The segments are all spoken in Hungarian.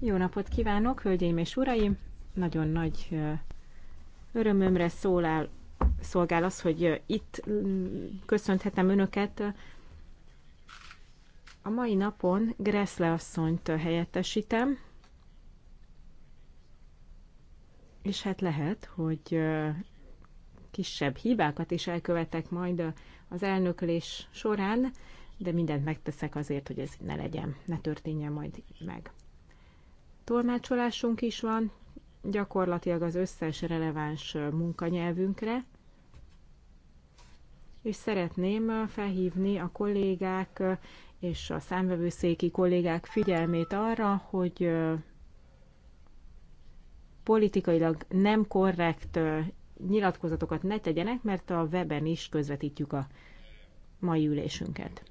Jó napot kívánok, hölgyeim és uraim! Nagyon nagy örömömre szólál, szolgál az, hogy itt mm, köszönthetem önöket. A mai napon Gressle asszonyt helyettesítem, és hát lehet, hogy kisebb hibákat is elkövetek majd az elnöklés során, de mindent megteszek azért, hogy ez ne legyen, ne történjen majd meg. Tolmácsolásunk is van, gyakorlatilag az összes releváns munkanyelvünkre, és szeretném felhívni a kollégák és a számvevőszéki kollégák figyelmét arra, hogy politikailag nem korrekt nyilatkozatokat ne tegyenek, mert a weben is közvetítjük a mai ülésünket.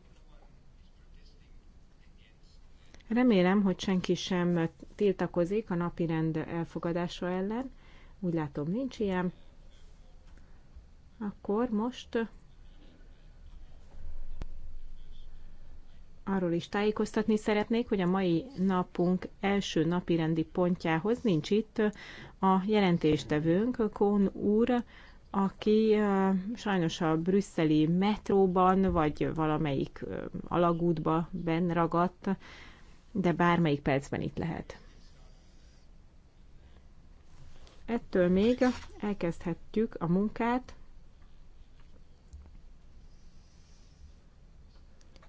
Remélem, hogy senki sem tiltakozik a napi rend elfogadása ellen. Úgy látom, nincs ilyen. Akkor most arról is tájékoztatni szeretnék, hogy a mai napunk első napi rendi pontjához nincs itt a jelentéstevőnk, Kón úr, aki sajnos a brüsszeli metróban vagy valamelyik alagútba benn ragadt, de bármelyik percben itt lehet. Ettől még elkezdhetjük a munkát,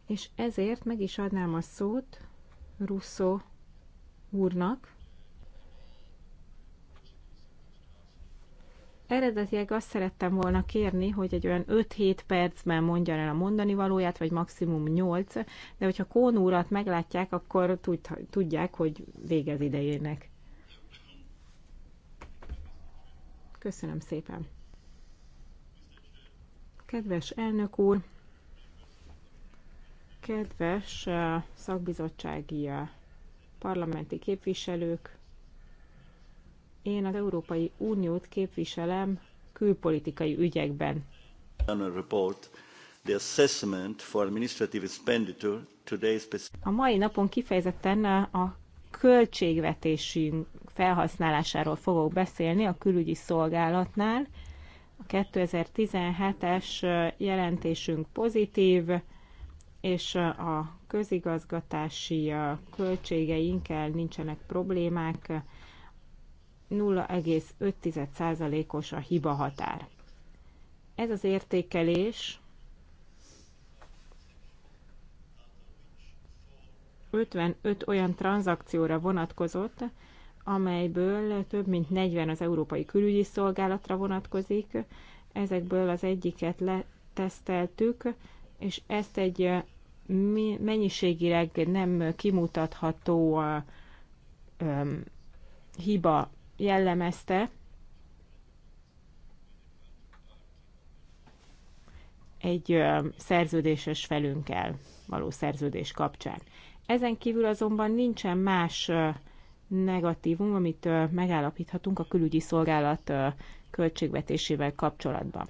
és ezért meg is adnám a szót Russo úrnak, Eredetileg azt szerettem volna kérni, hogy egy olyan 5-7 percben mondja el a mondani valóját, vagy maximum 8, de hogyha Kón úrat meglátják, akkor tudják, hogy vége az idejének. Köszönöm szépen. Kedves elnök úr, kedves uh, szakbizottsági uh, parlamenti képviselők, én az Európai Uniót képviselem külpolitikai ügyekben. A mai napon kifejezetten a költségvetésünk felhasználásáról fogok beszélni a külügyi szolgálatnál. A 2017-es jelentésünk pozitív, és a közigazgatási költségeinkkel nincsenek problémák, 0,5%-os a hiba határ. Ez az értékelés 55 olyan tranzakcióra vonatkozott, amelyből több mint 40 az Európai Külügyi Szolgálatra vonatkozik. Ezekből az egyiket leteszteltük, és ezt egy mennyiségileg nem kimutatható hiba jellemezte. egy szerződéses felünkkel való szerződés kapcsán. Ezen kívül azonban nincsen más negatívum, amit megállapíthatunk a külügyi szolgálat költségvetésével kapcsolatban.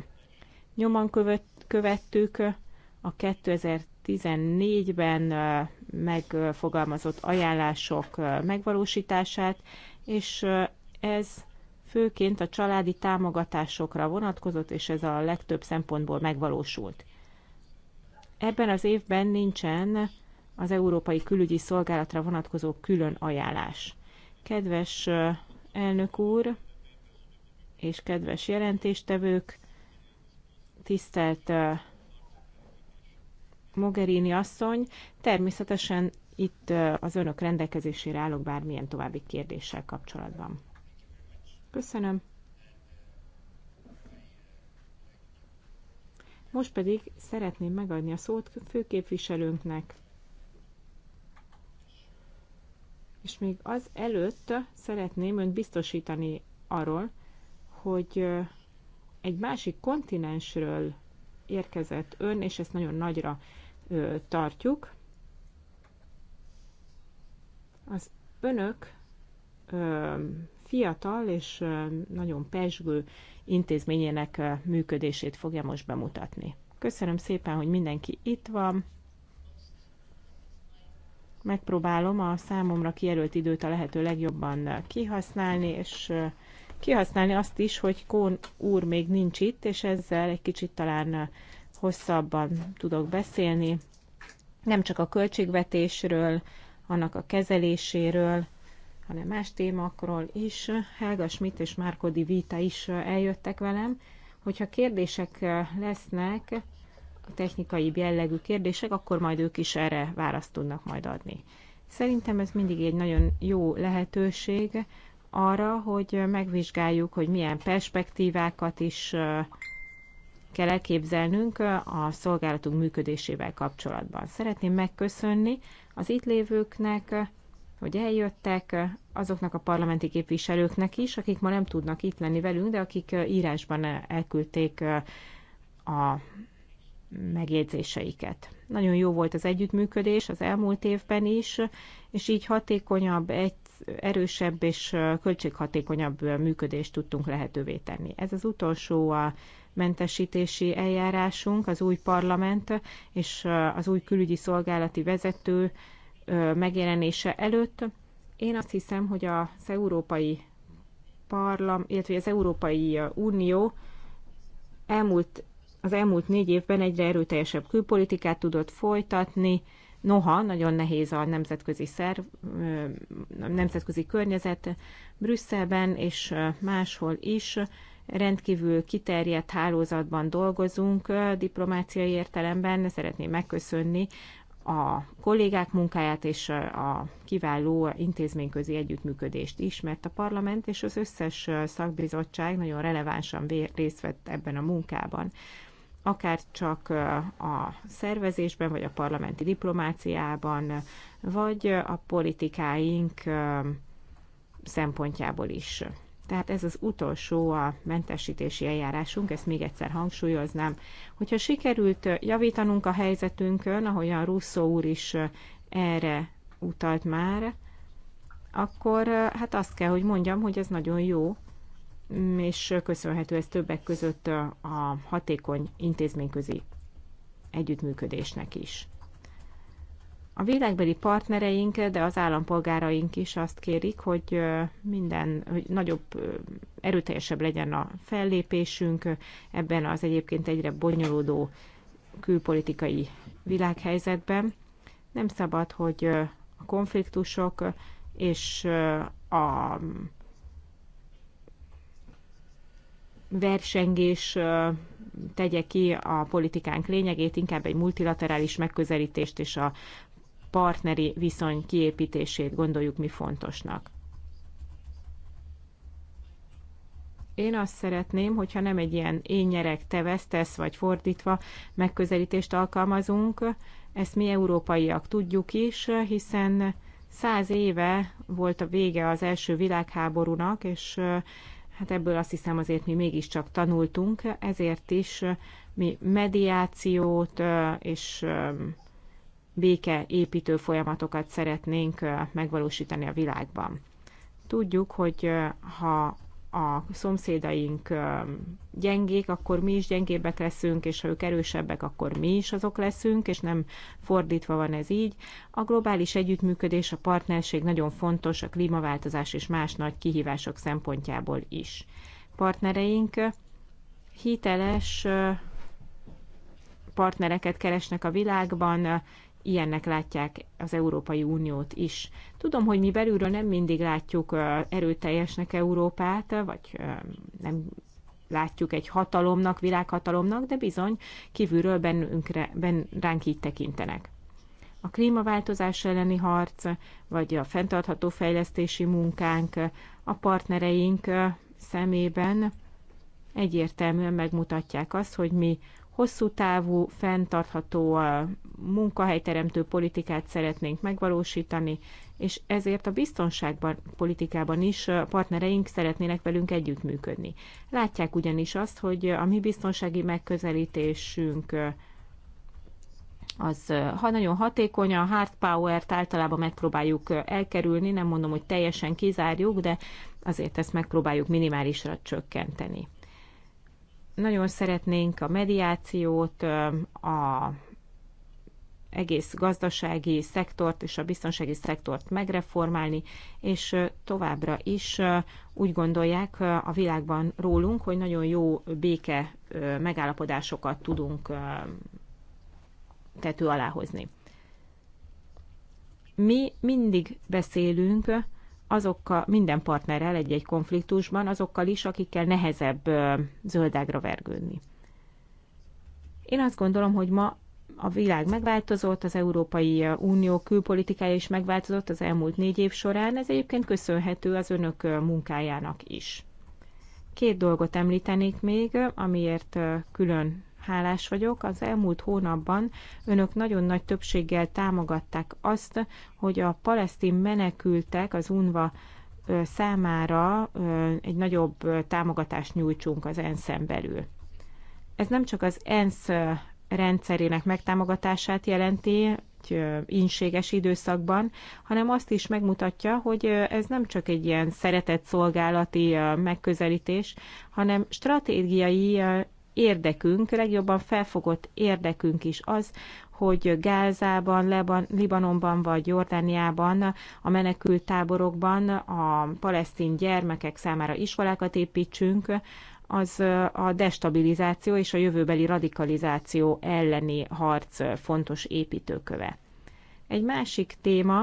Nyoman követ, követtük a 2014-ben megfogalmazott ajánlások megvalósítását, és ez főként a családi támogatásokra vonatkozott, és ez a legtöbb szempontból megvalósult. Ebben az évben nincsen az Európai Külügyi Szolgálatra vonatkozó külön ajánlás. Kedves elnök úr és kedves jelentéstevők, tisztelt Mogherini asszony, természetesen itt az önök rendelkezésére állok bármilyen további kérdéssel kapcsolatban. Köszönöm. Most pedig szeretném megadni a szót főképviselőnknek. És még az előtt szeretném önt biztosítani arról, hogy egy másik kontinensről érkezett ön, és ezt nagyon nagyra tartjuk. Az önök fiatal és nagyon pesgő intézményének működését fogja most bemutatni. Köszönöm szépen, hogy mindenki itt van. Megpróbálom a számomra kijelölt időt a lehető legjobban kihasználni, és kihasználni azt is, hogy Kón úr még nincs itt, és ezzel egy kicsit talán hosszabban tudok beszélni. Nem csak a költségvetésről, annak a kezeléséről, hanem más témakról is. Helga Schmidt és Márkodi Vita is eljöttek velem. Hogyha kérdések lesznek, a technikai jellegű kérdések, akkor majd ők is erre választ tudnak majd adni. Szerintem ez mindig egy nagyon jó lehetőség arra, hogy megvizsgáljuk, hogy milyen perspektívákat is kell elképzelnünk a szolgálatunk működésével kapcsolatban. Szeretném megköszönni az itt lévőknek, hogy eljöttek azoknak a parlamenti képviselőknek is, akik ma nem tudnak itt lenni velünk, de akik írásban elküldték a megjegyzéseiket. Nagyon jó volt az együttműködés az elmúlt évben is, és így hatékonyabb, egy, erősebb és költséghatékonyabb működést tudtunk lehetővé tenni. Ez az utolsó a mentesítési eljárásunk, az új parlament és az új külügyi szolgálati vezető megjelenése előtt. Én azt hiszem, hogy az Európai Parlam, illetve az Európai Unió elmúlt, az elmúlt négy évben egyre erőteljesebb külpolitikát tudott folytatni, Noha, nagyon nehéz a nemzetközi, szerv, nemzetközi környezet Brüsszelben és máshol is, rendkívül kiterjedt hálózatban dolgozunk diplomáciai értelemben. Szeretném megköszönni a kollégák munkáját és a kiváló intézményközi együttműködést is, mert a parlament és az összes szakbizottság nagyon relevánsan részt vett ebben a munkában akár csak a szervezésben, vagy a parlamenti diplomáciában, vagy a politikáink szempontjából is. Tehát ez az utolsó a mentesítési eljárásunk, ezt még egyszer hangsúlyoznám. Hogyha sikerült javítanunk a helyzetünkön, ahogyan Russo úr is erre utalt már, akkor hát azt kell, hogy mondjam, hogy ez nagyon jó, és köszönhető ez többek között a hatékony intézményközi együttműködésnek is. A világbeli partnereink, de az állampolgáraink is azt kérik, hogy minden, hogy nagyobb, erőteljesebb legyen a fellépésünk ebben az egyébként egyre bonyolódó külpolitikai világhelyzetben. Nem szabad, hogy a konfliktusok és a versengés tegye ki a politikánk lényegét, inkább egy multilaterális megközelítést és a partneri viszony kiépítését gondoljuk mi fontosnak. Én azt szeretném, hogyha nem egy ilyen én nyerek, te vesztesz, vagy fordítva megközelítést alkalmazunk. Ezt mi európaiak tudjuk is, hiszen száz éve volt a vége az első világháborúnak, és hát ebből azt hiszem azért mi mégiscsak tanultunk, ezért is mi mediációt és békeépítő folyamatokat szeretnénk megvalósítani a világban. Tudjuk, hogy ha a szomszédaink gyengék, akkor mi is gyengébbek leszünk, és ha ők erősebbek, akkor mi is azok leszünk, és nem fordítva van ez így. A globális együttműködés, a partnerség nagyon fontos a klímaváltozás és más nagy kihívások szempontjából is. Partnereink hiteles partnereket keresnek a világban, ilyennek látják az Európai Uniót is. Tudom, hogy mi belülről nem mindig látjuk erőteljesnek Európát, vagy nem látjuk egy hatalomnak, világhatalomnak, de bizony kívülről bennünkre, benn, ránk így tekintenek. A klímaváltozás elleni harc, vagy a fenntartható fejlesztési munkánk a partnereink szemében egyértelműen megmutatják azt, hogy mi hosszú távú, fenntartható munkahelyteremtő politikát szeretnénk megvalósítani, és ezért a biztonságban politikában is partnereink szeretnének velünk együttműködni. Látják ugyanis azt, hogy a mi biztonsági megközelítésünk az ha nagyon hatékony, a hard power-t általában megpróbáljuk elkerülni, nem mondom, hogy teljesen kizárjuk, de azért ezt megpróbáljuk minimálisra csökkenteni. Nagyon szeretnénk a mediációt, a egész gazdasági szektort és a biztonsági szektort megreformálni, és továbbra is úgy gondolják a világban rólunk, hogy nagyon jó béke megállapodásokat tudunk tető alá hozni. Mi mindig beszélünk azokkal, minden partnerrel egy-egy konfliktusban, azokkal is, akikkel nehezebb zöldágra vergődni. Én azt gondolom, hogy ma a világ megváltozott, az Európai Unió külpolitikája is megváltozott az elmúlt négy év során, ez egyébként köszönhető az önök munkájának is. Két dolgot említenék még, amiért külön hálás vagyok. Az elmúlt hónapban önök nagyon nagy többséggel támogatták azt, hogy a palesztin menekültek az UNVA számára egy nagyobb támogatást nyújtsunk az ensz belül. Ez nem csak az ENSZ rendszerének megtámogatását jelenti, egy inséges időszakban, hanem azt is megmutatja, hogy ez nem csak egy ilyen szeretett szolgálati megközelítés, hanem stratégiai érdekünk, legjobban felfogott érdekünk is az, hogy Gázában, Leban, Libanonban vagy Jordániában, a táborokban a palesztin gyermekek számára iskolákat építsünk, az a destabilizáció és a jövőbeli radikalizáció elleni harc fontos építőköve. Egy másik téma,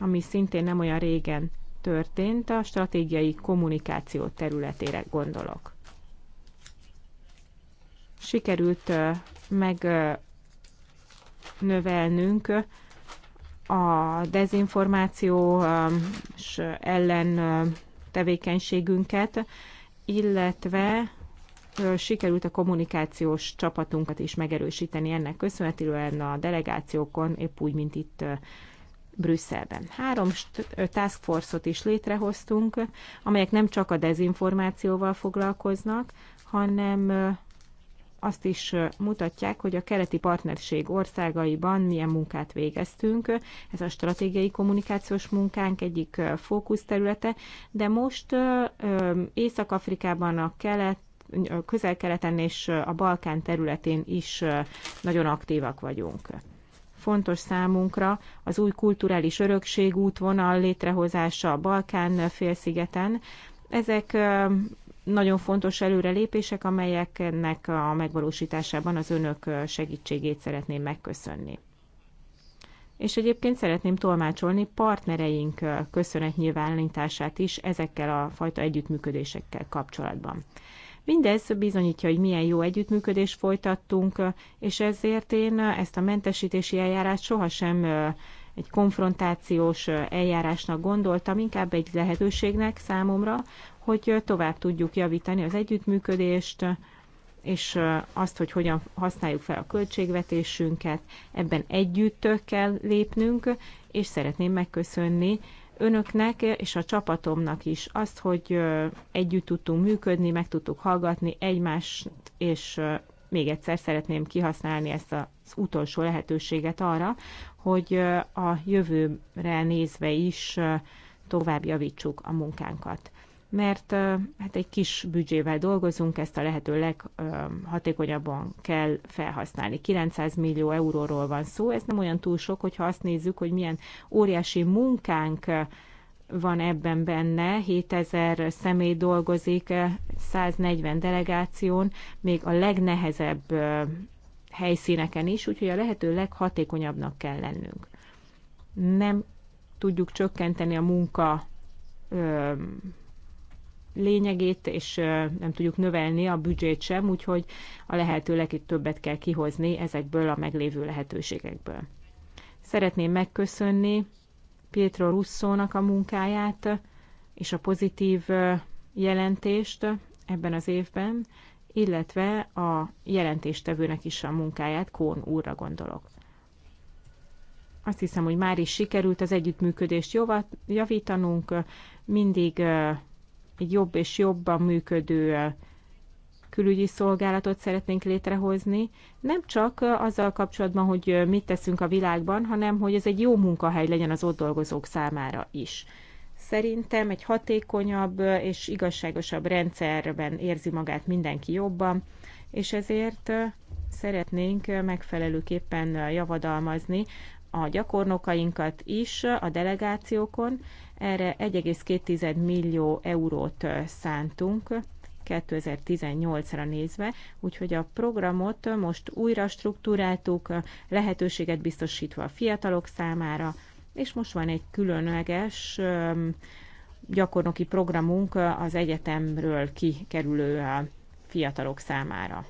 ami szintén nem olyan régen történt, a stratégiai kommunikáció területére gondolok sikerült megnövelnünk a dezinformáció és ellen tevékenységünket, illetve sikerült a kommunikációs csapatunkat is megerősíteni ennek köszönhetően a delegációkon, épp úgy, mint itt Brüsszelben. Három task force-ot is létrehoztunk, amelyek nem csak a dezinformációval foglalkoznak, hanem azt is mutatják, hogy a keleti partnerség országaiban milyen munkát végeztünk. Ez a stratégiai kommunikációs munkánk egyik fókuszterülete, de most Észak-Afrikában a kelet közel-keleten és a Balkán területén is nagyon aktívak vagyunk. Fontos számunkra az új kulturális örökség útvonal létrehozása a Balkán félszigeten. Ezek nagyon fontos előrelépések, amelyeknek a megvalósításában az önök segítségét szeretném megköszönni. És egyébként szeretném tolmácsolni partnereink köszönetnyilvánítását is ezekkel a fajta együttműködésekkel kapcsolatban. Mindez bizonyítja, hogy milyen jó együttműködés folytattunk, és ezért én ezt a mentesítési eljárást sohasem egy konfrontációs eljárásnak gondoltam, inkább egy lehetőségnek számomra, hogy tovább tudjuk javítani az együttműködést, és azt, hogy hogyan használjuk fel a költségvetésünket, ebben együtt kell lépnünk, és szeretném megköszönni önöknek és a csapatomnak is azt, hogy együtt tudtunk működni, meg tudtuk hallgatni egymást, és még egyszer szeretném kihasználni ezt az utolsó lehetőséget arra, hogy a jövőre nézve is tovább javítsuk a munkánkat mert hát egy kis büdzsével dolgozunk, ezt a lehető leghatékonyabban kell felhasználni. 900 millió euróról van szó, ez nem olyan túl sok, hogyha azt nézzük, hogy milyen óriási munkánk van ebben benne, 7000 személy dolgozik, 140 delegáción, még a legnehezebb helyszíneken is, úgyhogy a lehető leghatékonyabbnak kell lennünk. Nem tudjuk csökkenteni a munka lényegét, és nem tudjuk növelni a büdzsét sem, úgyhogy a lehető legtöbbet kell kihozni ezekből a meglévő lehetőségekből. Szeretném megköszönni Pietro Russzónak a munkáját és a pozitív jelentést ebben az évben, illetve a jelentéstevőnek is a munkáját, Kón úrra gondolok. Azt hiszem, hogy már is sikerült az együttműködést javítanunk, mindig egy jobb és jobban működő külügyi szolgálatot szeretnénk létrehozni, nem csak azzal kapcsolatban, hogy mit teszünk a világban, hanem hogy ez egy jó munkahely legyen az ott dolgozók számára is. Szerintem egy hatékonyabb és igazságosabb rendszerben érzi magát mindenki jobban, és ezért szeretnénk megfelelőképpen javadalmazni a gyakornokainkat is a delegációkon, erre 1,2 millió eurót szántunk 2018-ra nézve, úgyhogy a programot most újra struktúráltuk, lehetőséget biztosítva a fiatalok számára, és most van egy különleges gyakornoki programunk az egyetemről kikerülő fiatalok számára.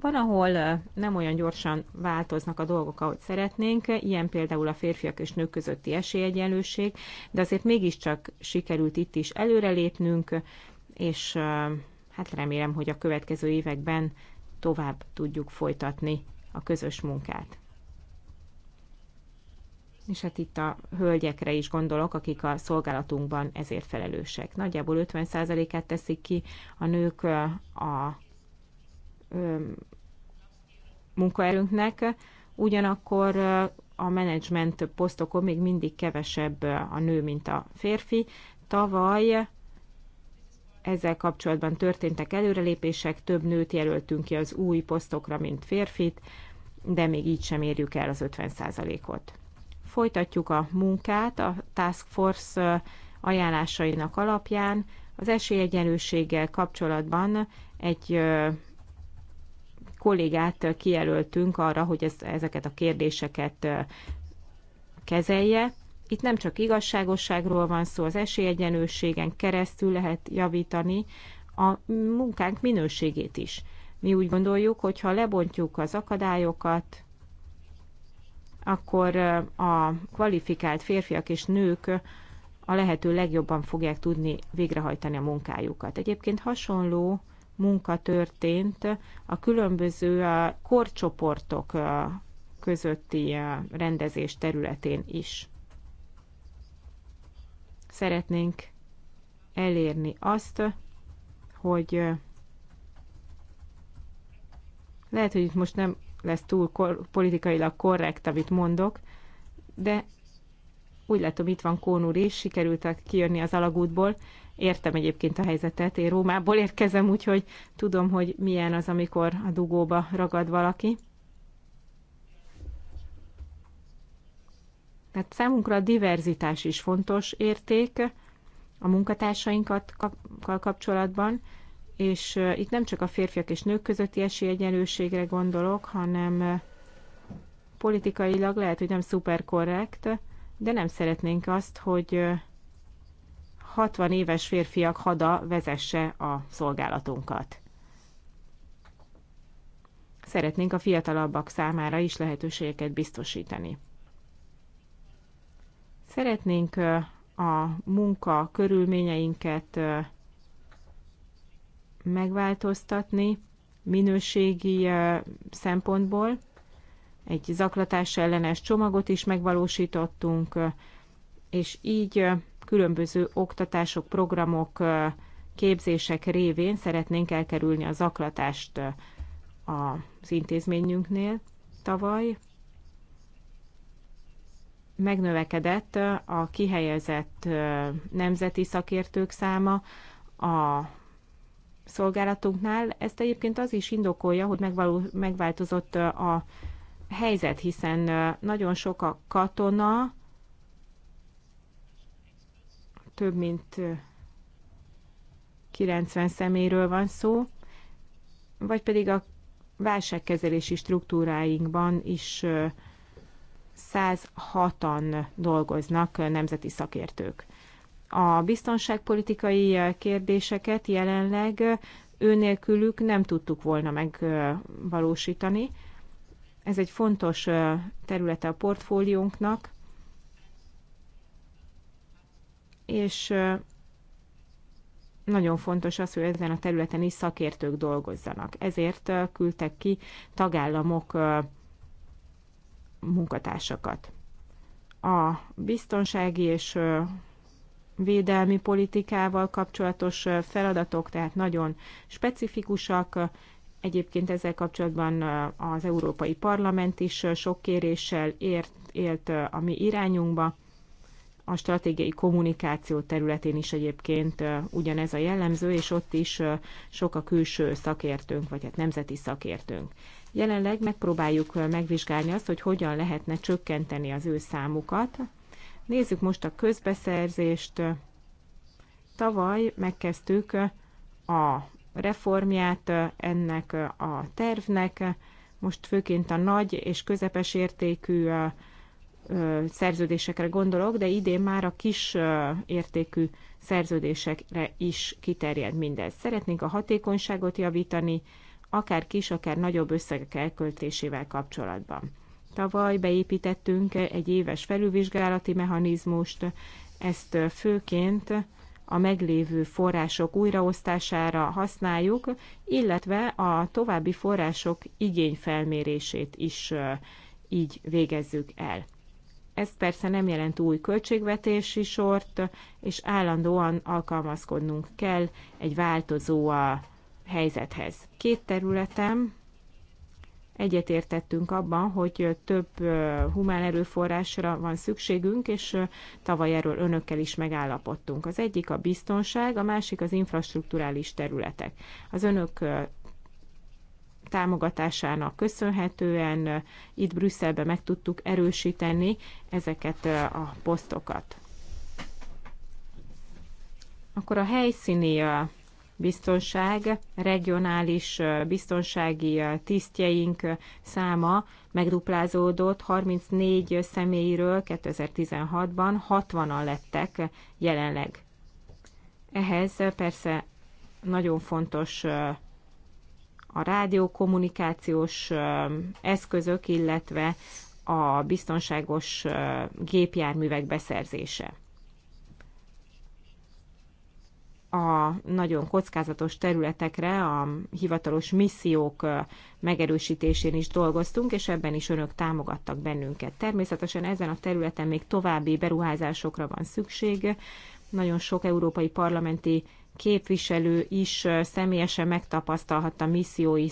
Van, ahol nem olyan gyorsan változnak a dolgok, ahogy szeretnénk, ilyen például a férfiak és nők közötti esélyegyenlőség, de azért mégiscsak sikerült itt is előrelépnünk, és hát remélem, hogy a következő években tovább tudjuk folytatni a közös munkát. És hát itt a hölgyekre is gondolok, akik a szolgálatunkban ezért felelősek. Nagyjából 50%-át teszik ki a nők a munkaerőnknek, ugyanakkor a menedzsment posztokon még mindig kevesebb a nő, mint a férfi. Tavaly ezzel kapcsolatban történtek előrelépések, több nőt jelöltünk ki az új posztokra, mint férfit, de még így sem érjük el az 50%-ot. Folytatjuk a munkát a Task Force ajánlásainak alapján. Az esélyegyenlőséggel kapcsolatban egy kollégát kijelöltünk arra, hogy ez, ezeket a kérdéseket kezelje. Itt nem csak igazságosságról van szó, az esélyegyenlőségen keresztül lehet javítani a munkánk minőségét is. Mi úgy gondoljuk, hogy ha lebontjuk az akadályokat, akkor a kvalifikált férfiak és nők a lehető legjobban fogják tudni végrehajtani a munkájukat. Egyébként hasonló munka történt a különböző korcsoportok közötti rendezés területén is. Szeretnénk elérni azt, hogy lehet, hogy itt most nem lesz túl kor- politikailag korrekt, amit mondok, de úgy látom, itt van Kón is, sikerült kijönni az alagútból, Értem egyébként a helyzetet, én Rómából érkezem, úgyhogy tudom, hogy milyen az, amikor a dugóba ragad valaki. Tehát számunkra a diverzitás is fontos érték a munkatársainkkal kapcsolatban, és itt nem csak a férfiak és nők közötti esélyegyenlőségre gondolok, hanem politikailag lehet, hogy nem szuper de nem szeretnénk azt, hogy 60 éves férfiak hada vezesse a szolgálatunkat. Szeretnénk a fiatalabbak számára is lehetőségeket biztosítani. Szeretnénk a munka körülményeinket megváltoztatni minőségi szempontból. Egy zaklatás ellenes csomagot is megvalósítottunk, és így különböző oktatások, programok, képzések révén szeretnénk elkerülni a zaklatást az intézményünknél tavaly. Megnövekedett a kihelyezett nemzeti szakértők száma a szolgálatunknál. Ezt egyébként az is indokolja, hogy megváltozott a helyzet, hiszen nagyon sok a katona, több mint 90 szeméről van szó, vagy pedig a válságkezelési struktúráinkban is 106-an dolgoznak nemzeti szakértők. A biztonságpolitikai kérdéseket jelenleg ő nélkülük nem tudtuk volna megvalósítani. Ez egy fontos területe a portfóliónknak, és nagyon fontos az, hogy ezen a területen is szakértők dolgozzanak. Ezért küldtek ki tagállamok munkatársakat. A biztonsági és védelmi politikával kapcsolatos feladatok, tehát nagyon specifikusak. Egyébként ezzel kapcsolatban az Európai Parlament is sok kéréssel ért, élt a mi irányunkba a stratégiai kommunikáció területén is egyébként ugyanez a jellemző, és ott is sok a külső szakértőnk, vagy hát nemzeti szakértőnk. Jelenleg megpróbáljuk megvizsgálni azt, hogy hogyan lehetne csökkenteni az ő számukat. Nézzük most a közbeszerzést. Tavaly megkezdtük a reformját ennek a tervnek, most főként a nagy és közepes értékű szerződésekre gondolok, de idén már a kis értékű szerződésekre is kiterjed mindez. Szeretnénk a hatékonyságot javítani, akár kis, akár nagyobb összegek elköltésével kapcsolatban. Tavaly beépítettünk egy éves felülvizsgálati mechanizmust, ezt főként a meglévő források újraosztására használjuk, illetve a további források igényfelmérését is így végezzük el. Ez persze nem jelent új költségvetési sort, és állandóan alkalmazkodnunk kell egy változó a helyzethez. Két területem egyetértettünk abban, hogy több humán erőforrásra van szükségünk, és tavaly erről önökkel is megállapodtunk. Az egyik a biztonság, a másik az infrastruktúrális területek. Az önök támogatásának köszönhetően itt Brüsszelben meg tudtuk erősíteni ezeket a posztokat. Akkor a helyszíni biztonság, regionális biztonsági tisztjeink száma megduplázódott 34 személyről 2016-ban 60-an lettek jelenleg. Ehhez persze nagyon fontos a rádiókommunikációs eszközök, illetve a biztonságos gépjárművek beszerzése. A nagyon kockázatos területekre a hivatalos missziók megerősítésén is dolgoztunk, és ebben is önök támogattak bennünket. Természetesen ezen a területen még további beruházásokra van szükség. Nagyon sok európai parlamenti képviselő is személyesen megtapasztalhatta missziói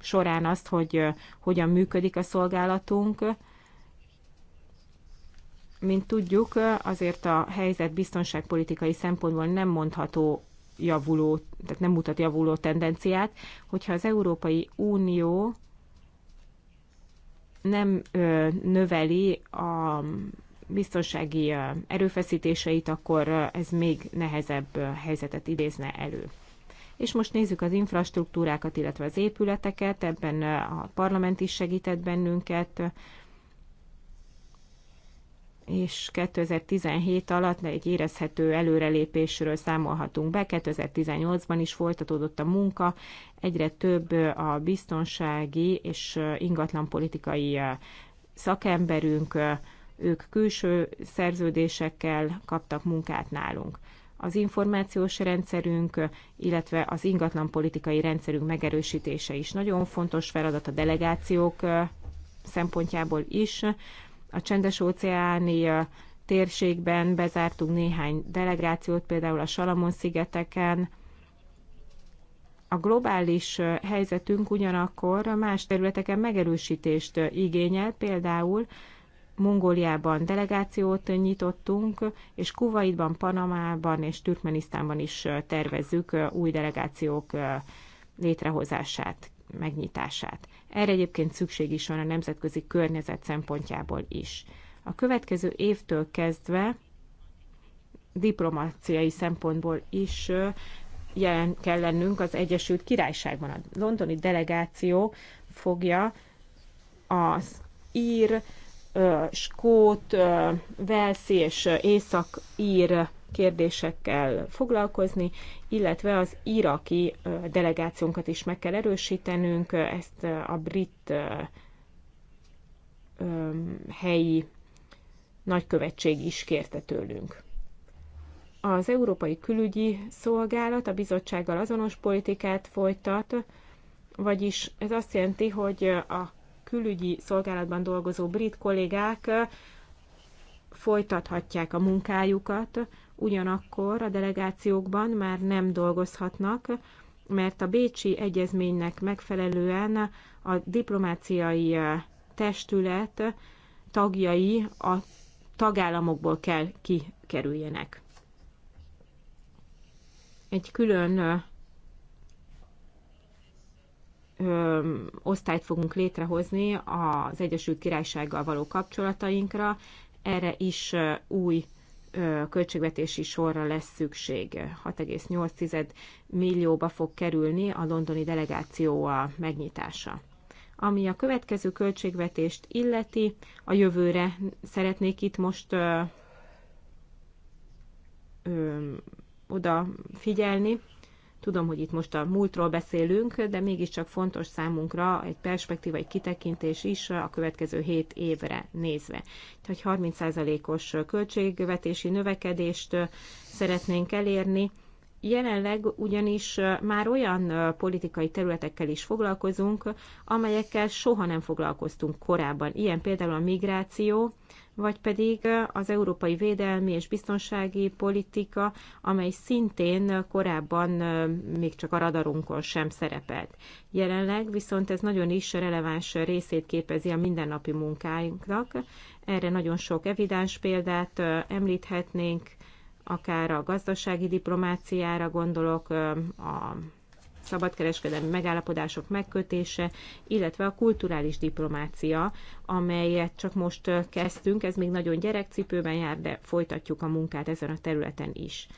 során azt, hogy hogyan működik a szolgálatunk. Mint tudjuk, azért a helyzet biztonságpolitikai szempontból nem mondható javuló, tehát nem mutat javuló tendenciát, hogyha az Európai Unió nem növeli a biztonsági erőfeszítéseit, akkor ez még nehezebb helyzetet idézne elő. És most nézzük az infrastruktúrákat, illetve az épületeket, ebben a parlament is segített bennünket, és 2017 alatt egy érezhető előrelépésről számolhatunk be. 2018-ban is folytatódott a munka, egyre több a biztonsági és ingatlanpolitikai szakemberünk ők külső szerződésekkel kaptak munkát nálunk. Az információs rendszerünk, illetve az ingatlan politikai rendszerünk megerősítése is nagyon fontos feladat a delegációk szempontjából is. A csendes óceáni térségben bezártunk néhány delegációt, például a Salamon-szigeteken. A globális helyzetünk ugyanakkor más területeken megerősítést igényel, például Mongóliában delegációt nyitottunk, és Kuwaitban, Panamában és Türkmenisztánban is tervezzük új delegációk létrehozását, megnyitását. Erre egyébként szükség is van a nemzetközi környezet szempontjából is. A következő évtől kezdve diplomáciai szempontból is jelen kell lennünk az Egyesült Királyságban. A londoni delegáció fogja az ír skót, velszi és észak-ír kérdésekkel foglalkozni, illetve az iraki delegációnkat is meg kell erősítenünk, ezt a brit helyi nagykövetség is kérte tőlünk. Az Európai Külügyi Szolgálat a bizottsággal azonos politikát folytat, vagyis ez azt jelenti, hogy a külügyi szolgálatban dolgozó brit kollégák folytathatják a munkájukat, ugyanakkor a delegációkban már nem dolgozhatnak, mert a Bécsi Egyezménynek megfelelően a diplomáciai testület tagjai a tagállamokból kell kikerüljenek. Egy külön ö, osztályt fogunk létrehozni az Egyesült Királysággal való kapcsolatainkra. Erre is új ö, költségvetési sorra lesz szükség. 6,8 millióba fog kerülni a londoni delegáció a megnyitása. Ami a következő költségvetést illeti, a jövőre szeretnék itt most ö, ö, oda figyelni. Tudom, hogy itt most a múltról beszélünk, de mégiscsak fontos számunkra egy perspektíva, egy kitekintés is a következő 7 évre nézve. Tehát 30%-os költségvetési növekedést szeretnénk elérni. Jelenleg ugyanis már olyan politikai területekkel is foglalkozunk, amelyekkel soha nem foglalkoztunk korábban. Ilyen például a migráció, vagy pedig az európai védelmi és biztonsági politika, amely szintén korábban még csak a radarunkon sem szerepelt. Jelenleg viszont ez nagyon is releváns részét képezi a mindennapi munkáinknak. Erre nagyon sok evidens példát említhetnénk, akár a gazdasági diplomáciára gondolok, a szabadkereskedelmi megállapodások megkötése, illetve a kulturális diplomácia, amelyet csak most kezdtünk, ez még nagyon gyerekcipőben jár, de folytatjuk a munkát ezen a területen is.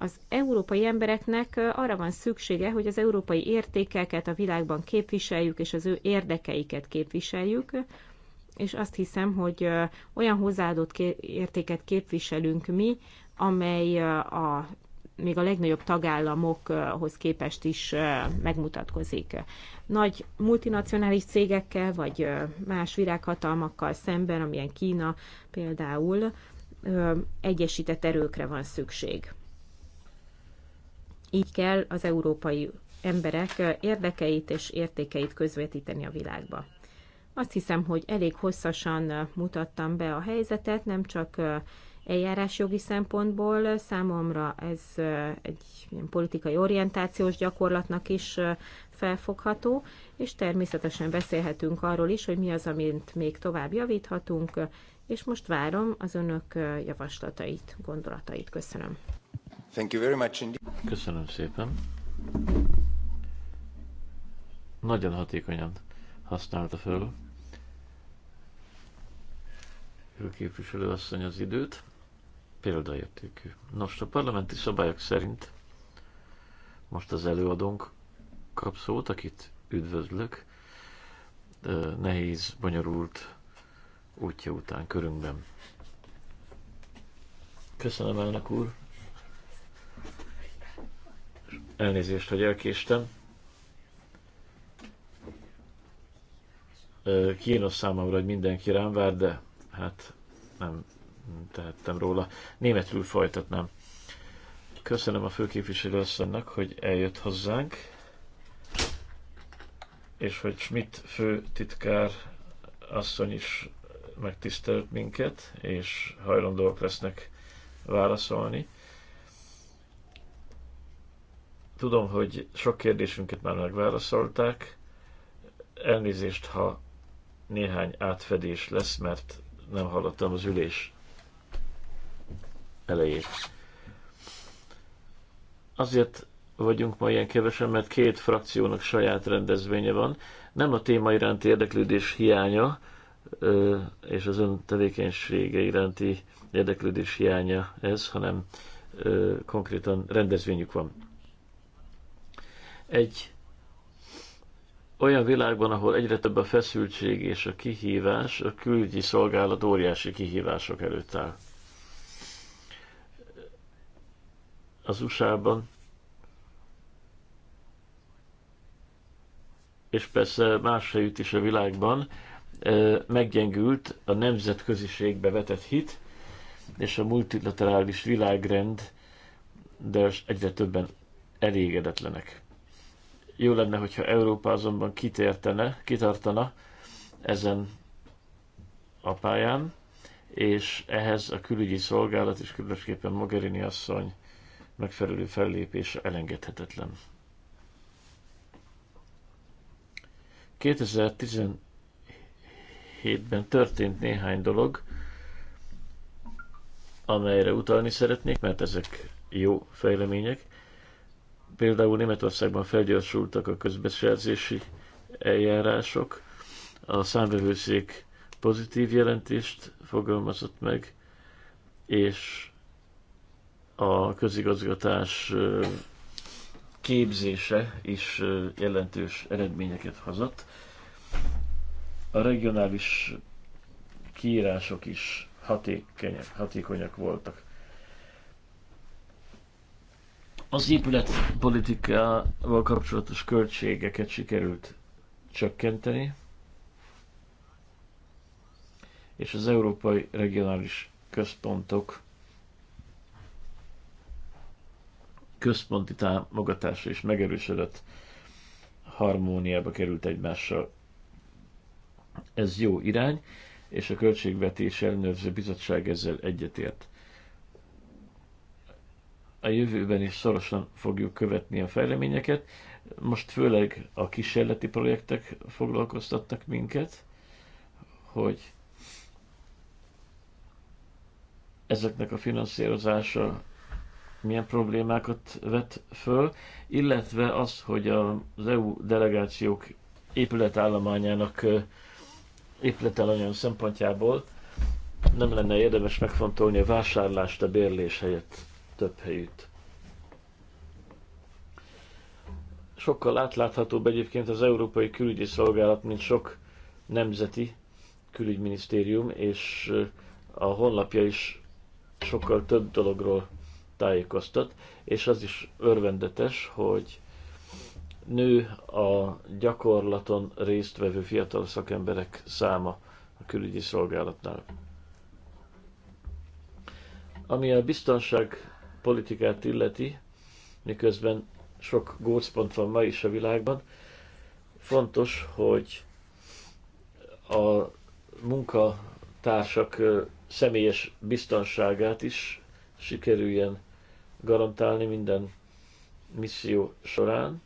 Az európai embereknek arra van szüksége, hogy az európai értékeket a világban képviseljük, és az ő érdekeiket képviseljük, és azt hiszem, hogy olyan hozzáadott értéket képviselünk mi, amely a még a legnagyobb tagállamokhoz eh, képest is eh, megmutatkozik. Nagy multinacionális cégekkel, vagy eh, más virághatalmakkal szemben, amilyen Kína például, egyesített erőkre van szükség. Így kell az európai emberek érdekeit és értékeit közvetíteni a világba. Azt hiszem, hogy elég hosszasan mutattam be a helyzetet, nem csak eljárásjogi szempontból. Számomra ez egy politikai orientációs gyakorlatnak is felfogható, és természetesen beszélhetünk arról is, hogy mi az, amit még tovább javíthatunk, és most várom az önök javaslatait, gondolatait. Köszönöm. Thank you very much indeed. Köszönöm szépen. Nagyon hatékonyan használta föl képviselő asszony az időt példaértékű. Nos, a parlamenti szabályok szerint most az előadónk kap szót, akit üdvözlök, nehéz, bonyolult útja után körünkben. Köszönöm, elnök úr! Elnézést, hogy elkéstem. Kínos számomra, hogy mindenki rám vár, de hát nem tehettem róla. Németül folytatnám. Köszönöm a főképviselő asszonynak, hogy eljött hozzánk, és hogy Schmidt főtitkár asszony is megtisztelt minket, és hajlandóak lesznek válaszolni. Tudom, hogy sok kérdésünket már megválaszolták. Elnézést, ha néhány átfedés lesz, mert nem hallottam az ülés elejét. Azért vagyunk ma ilyen kevesen, mert két frakciónak saját rendezvénye van. Nem a téma iránti érdeklődés hiánya és az ön tevékenysége iránti érdeklődés hiánya ez, hanem konkrétan rendezvényük van. Egy olyan világban, ahol egyre több a feszültség és a kihívás, a külügyi szolgálat óriási kihívások előtt áll. az USA-ban, és persze más helyütt is a világban meggyengült a nemzetköziségbe vetett hit, és a multilaterális világrend, de egyre többen elégedetlenek. Jó lenne, hogyha Európa azonban kitértene, kitartana ezen a pályán, és ehhez a külügyi szolgálat, és különösképpen Mogherini asszony megfelelő fellépése elengedhetetlen. 2017-ben történt néhány dolog, amelyre utalni szeretnék, mert ezek jó fejlemények. Például Németországban felgyorsultak a közbeszerzési eljárások, a számvevőszék pozitív jelentést fogalmazott meg, és a közigazgatás képzése is jelentős eredményeket hozott. A regionális kiírások is hatékonyak, hatékonyak voltak. Az épületpolitikával kapcsolatos költségeket sikerült csökkenteni, és az európai regionális központok központi támogatása és megerősödött harmóniába került egymással. Ez jó irány, és a Költségvetés Ellenőrző Bizottság ezzel egyetért. A jövőben is szorosan fogjuk követni a fejleményeket. Most főleg a kísérleti projektek foglalkoztattak minket, hogy ezeknek a finanszírozása milyen problémákat vet föl, illetve az, hogy az EU delegációk épületállományának épületállományán szempontjából nem lenne érdemes megfontolni a vásárlást a bérlés helyett több helyütt. Sokkal átláthatóbb egyébként az Európai Külügyi Szolgálat, mint sok nemzeti külügyminisztérium, és a honlapja is sokkal több dologról tájékoztat, és az is örvendetes, hogy nő a gyakorlaton résztvevő fiatal szakemberek száma a külügyi szolgálatnál. Ami a biztonság politikát illeti, miközben sok gócpont van ma is a világban, fontos, hogy a munkatársak személyes biztonságát is sikerüljen garantálni minden misszió során,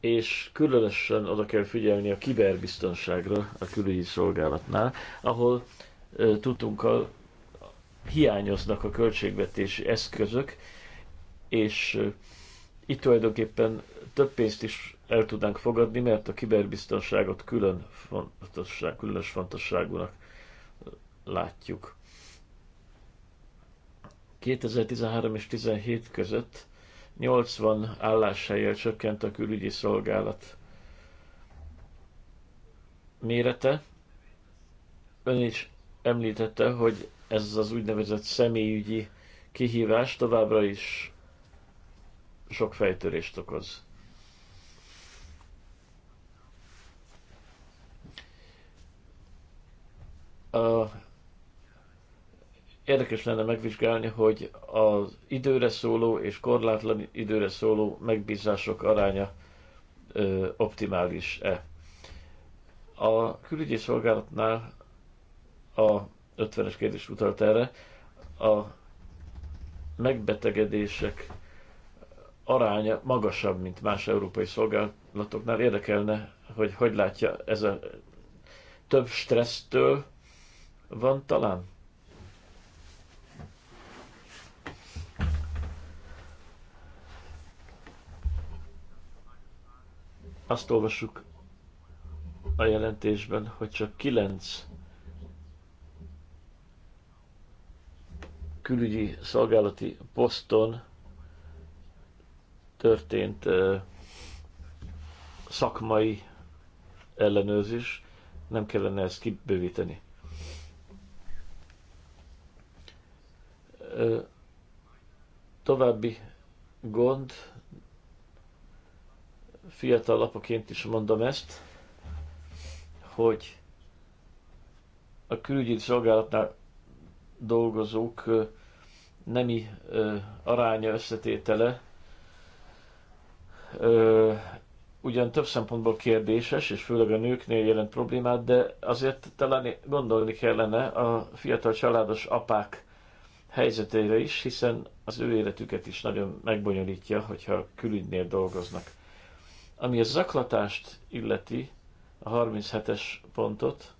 és különösen oda kell figyelni a kiberbiztonságra a külügyi szolgálatnál, ahol e, a hiányoznak a költségvetési eszközök, és e, itt tulajdonképpen több pénzt is el tudnánk fogadni, mert a kiberbiztonságot külön fontosság, különös fontosságúnak látjuk. 2013 és 2017 között 80 álláshelyel csökkent a külügyi szolgálat mérete. Ön is említette, hogy ez az úgynevezett személyügyi kihívás továbbra is sok fejtörést okoz. A érdekes lenne megvizsgálni, hogy az időre szóló és korlátlan időre szóló megbízások aránya optimális-e. A külügyi szolgálatnál a 50-es kérdés utalt erre, a megbetegedések aránya magasabb, mint más európai szolgálatoknál. Érdekelne, hogy hogy látja ez a több stressztől van talán? Azt olvassuk a jelentésben, hogy csak kilenc külügyi szolgálati poszton történt szakmai ellenőrzés, nem kellene ezt kibővíteni. További gond fiatal apaként is mondom ezt, hogy a külügyi szolgálatnál dolgozók nemi aránya összetétele ugyan több szempontból kérdéses, és főleg a nőknél jelent problémát, de azért talán gondolni kellene a fiatal családos apák helyzetére is, hiszen az ő életüket is nagyon megbonyolítja, hogyha külügynél dolgoznak. Ami a zaklatást illeti, a 37-es pontot,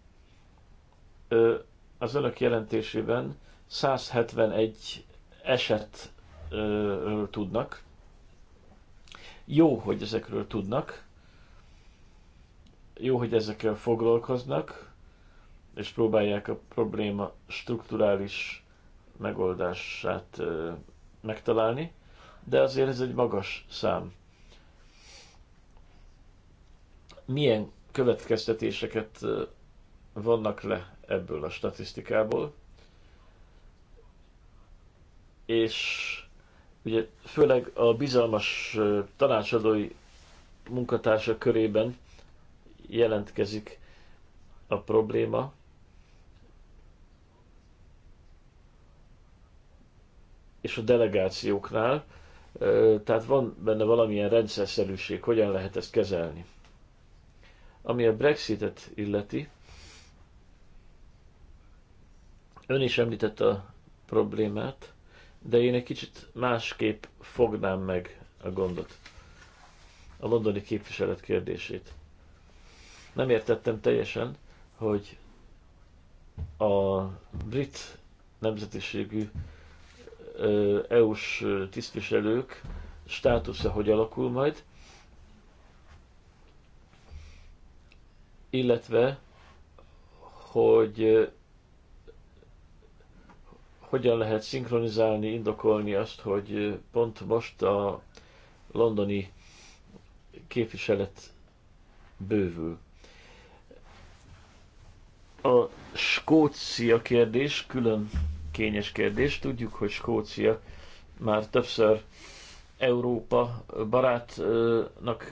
az önök jelentésében 171 esetről tudnak. Jó, hogy ezekről tudnak. Jó, hogy ezekkel foglalkoznak, és próbálják a probléma strukturális megoldását megtalálni, de azért ez egy magas szám milyen következtetéseket vannak le ebből a statisztikából. És ugye főleg a bizalmas tanácsadói munkatársa körében jelentkezik a probléma. És a delegációknál, tehát van benne valamilyen rendszerszerűség, hogyan lehet ezt kezelni. Ami a Brexitet illeti, ön is említette a problémát, de én egy kicsit másképp fognám meg a gondot. A londoni képviselet kérdését. Nem értettem teljesen, hogy a brit nemzetiségű EU-s tisztviselők státusza hogy alakul majd, illetve hogy hogyan lehet szinkronizálni, indokolni azt, hogy pont most a londoni képviselet bővül. A Skócia kérdés külön kényes kérdés. Tudjuk, hogy Skócia már többször Európa barátnak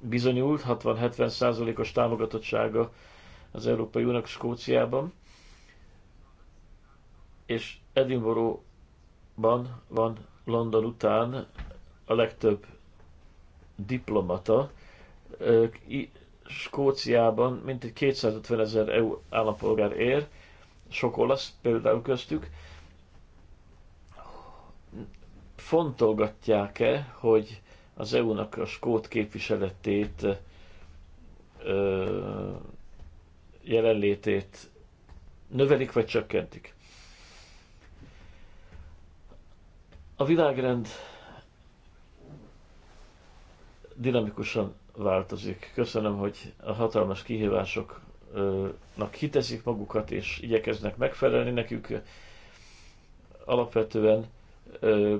bizonyult, 60-70 százalékos támogatottsága az Európai Uniónak Skóciában, és Edinburghban van London után a legtöbb diplomata. Skóciában mintegy 250 ezer EU állampolgár ér, sok olasz például köztük. Fontolgatják-e, hogy az EU-nak a skót képviseletét, jelenlétét növelik vagy csökkentik. A világrend dinamikusan változik. Köszönöm, hogy a hatalmas kihívásoknak hitezik magukat, és igyekeznek megfelelni nekük. Alapvetően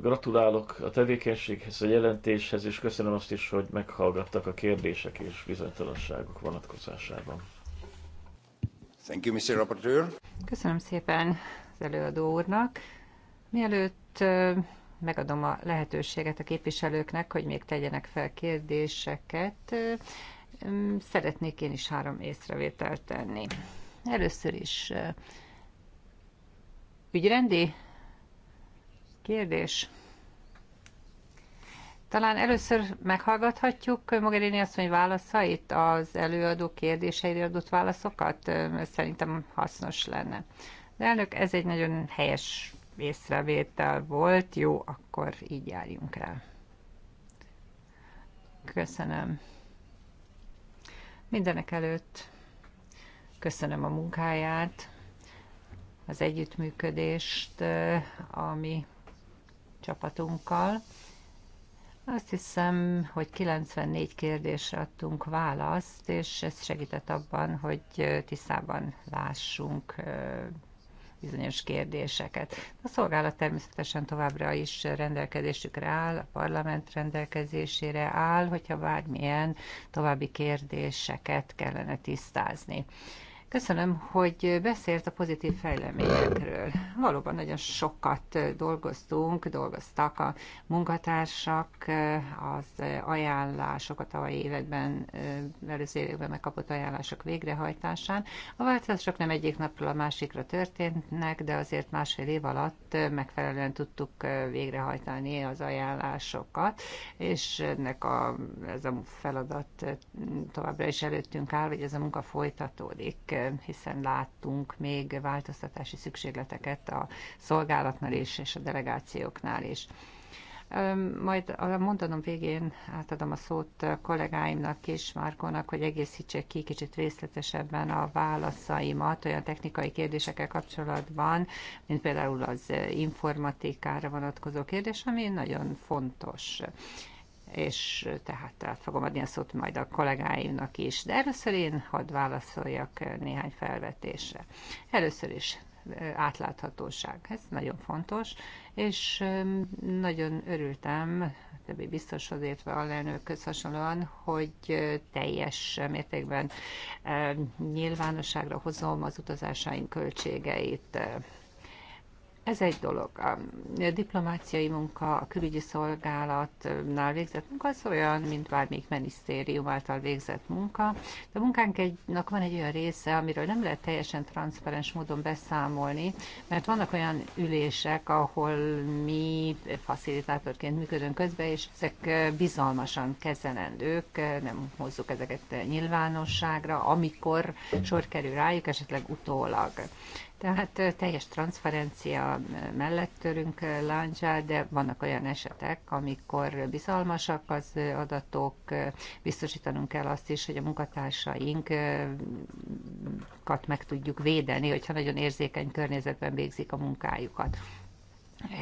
Gratulálok a tevékenységhez, a jelentéshez, és köszönöm azt is, hogy meghallgattak a kérdések és bizonytalanságok vonatkozásában. Thank you, Mr. Rapporteur. Köszönöm szépen az előadó úrnak. Mielőtt megadom a lehetőséget a képviselőknek, hogy még tegyenek fel kérdéseket, szeretnék én is három észrevételt tenni. Először is ügyrendi kérdés. Talán először meghallgathatjuk Mogherini asszony válaszait, az előadó kérdéseire adott válaszokat. Ez szerintem hasznos lenne. De elnök, ez egy nagyon helyes észrevétel volt. Jó, akkor így járjunk el. Köszönöm. Mindenek előtt köszönöm a munkáját, az együttműködést, eh, ami csapatunkkal. Azt hiszem, hogy 94 kérdésre adtunk választ, és ez segített abban, hogy tisztában lássunk bizonyos kérdéseket. A szolgálat természetesen továbbra is rendelkezésükre áll, a parlament rendelkezésére áll, hogyha bármilyen további kérdéseket kellene tisztázni. Köszönöm, hogy beszélt a pozitív fejleményekről. Valóban nagyon sokat dolgoztunk, dolgoztak a munkatársak, az ajánlások a tavalyi években, előző években megkapott ajánlások végrehajtásán. A változások nem egyik napról a másikra történnek, de azért másfél év alatt megfelelően tudtuk végrehajtani az ajánlásokat, és ennek a, ez a feladat továbbra is előttünk áll, hogy ez a munka folytatódik hiszen láttunk még változtatási szükségleteket a szolgálatnál is, és a delegációknál is. Majd a mondanom végén átadom a szót a kollégáimnak is, Márkónak, hogy egészítsék ki kicsit részletesebben a válaszaimat olyan technikai kérdésekkel kapcsolatban, mint például az informatikára vonatkozó kérdés, ami nagyon fontos és tehát át fogom adni a szót majd a kollégáimnak is. De először szóval én hadd válaszoljak néhány felvetésre. Először is átláthatóság. Ez nagyon fontos, és nagyon örültem, többi biztoshoz értve a lelnőkhöz hasonlóan, hogy teljes mértékben nyilvánosságra hozom az utazásaink költségeit ez egy dolog. A diplomáciai munka, a külügyi szolgálatnál végzett munka, az olyan, mint bármelyik minisztérium által végzett munka. De a munkánknak van egy olyan része, amiről nem lehet teljesen transzparens módon beszámolni, mert vannak olyan ülések, ahol mi facilitátorként működünk közbe, és ezek bizalmasan kezelendők, nem hozzuk ezeket nyilvánosságra, amikor sor kerül rájuk, esetleg utólag. Tehát teljes transzferencia mellett törünk láncsát, de vannak olyan esetek, amikor bizalmasak az adatok, biztosítanunk kell azt is, hogy a munkatársainkat meg tudjuk védeni, hogyha nagyon érzékeny környezetben végzik a munkájukat.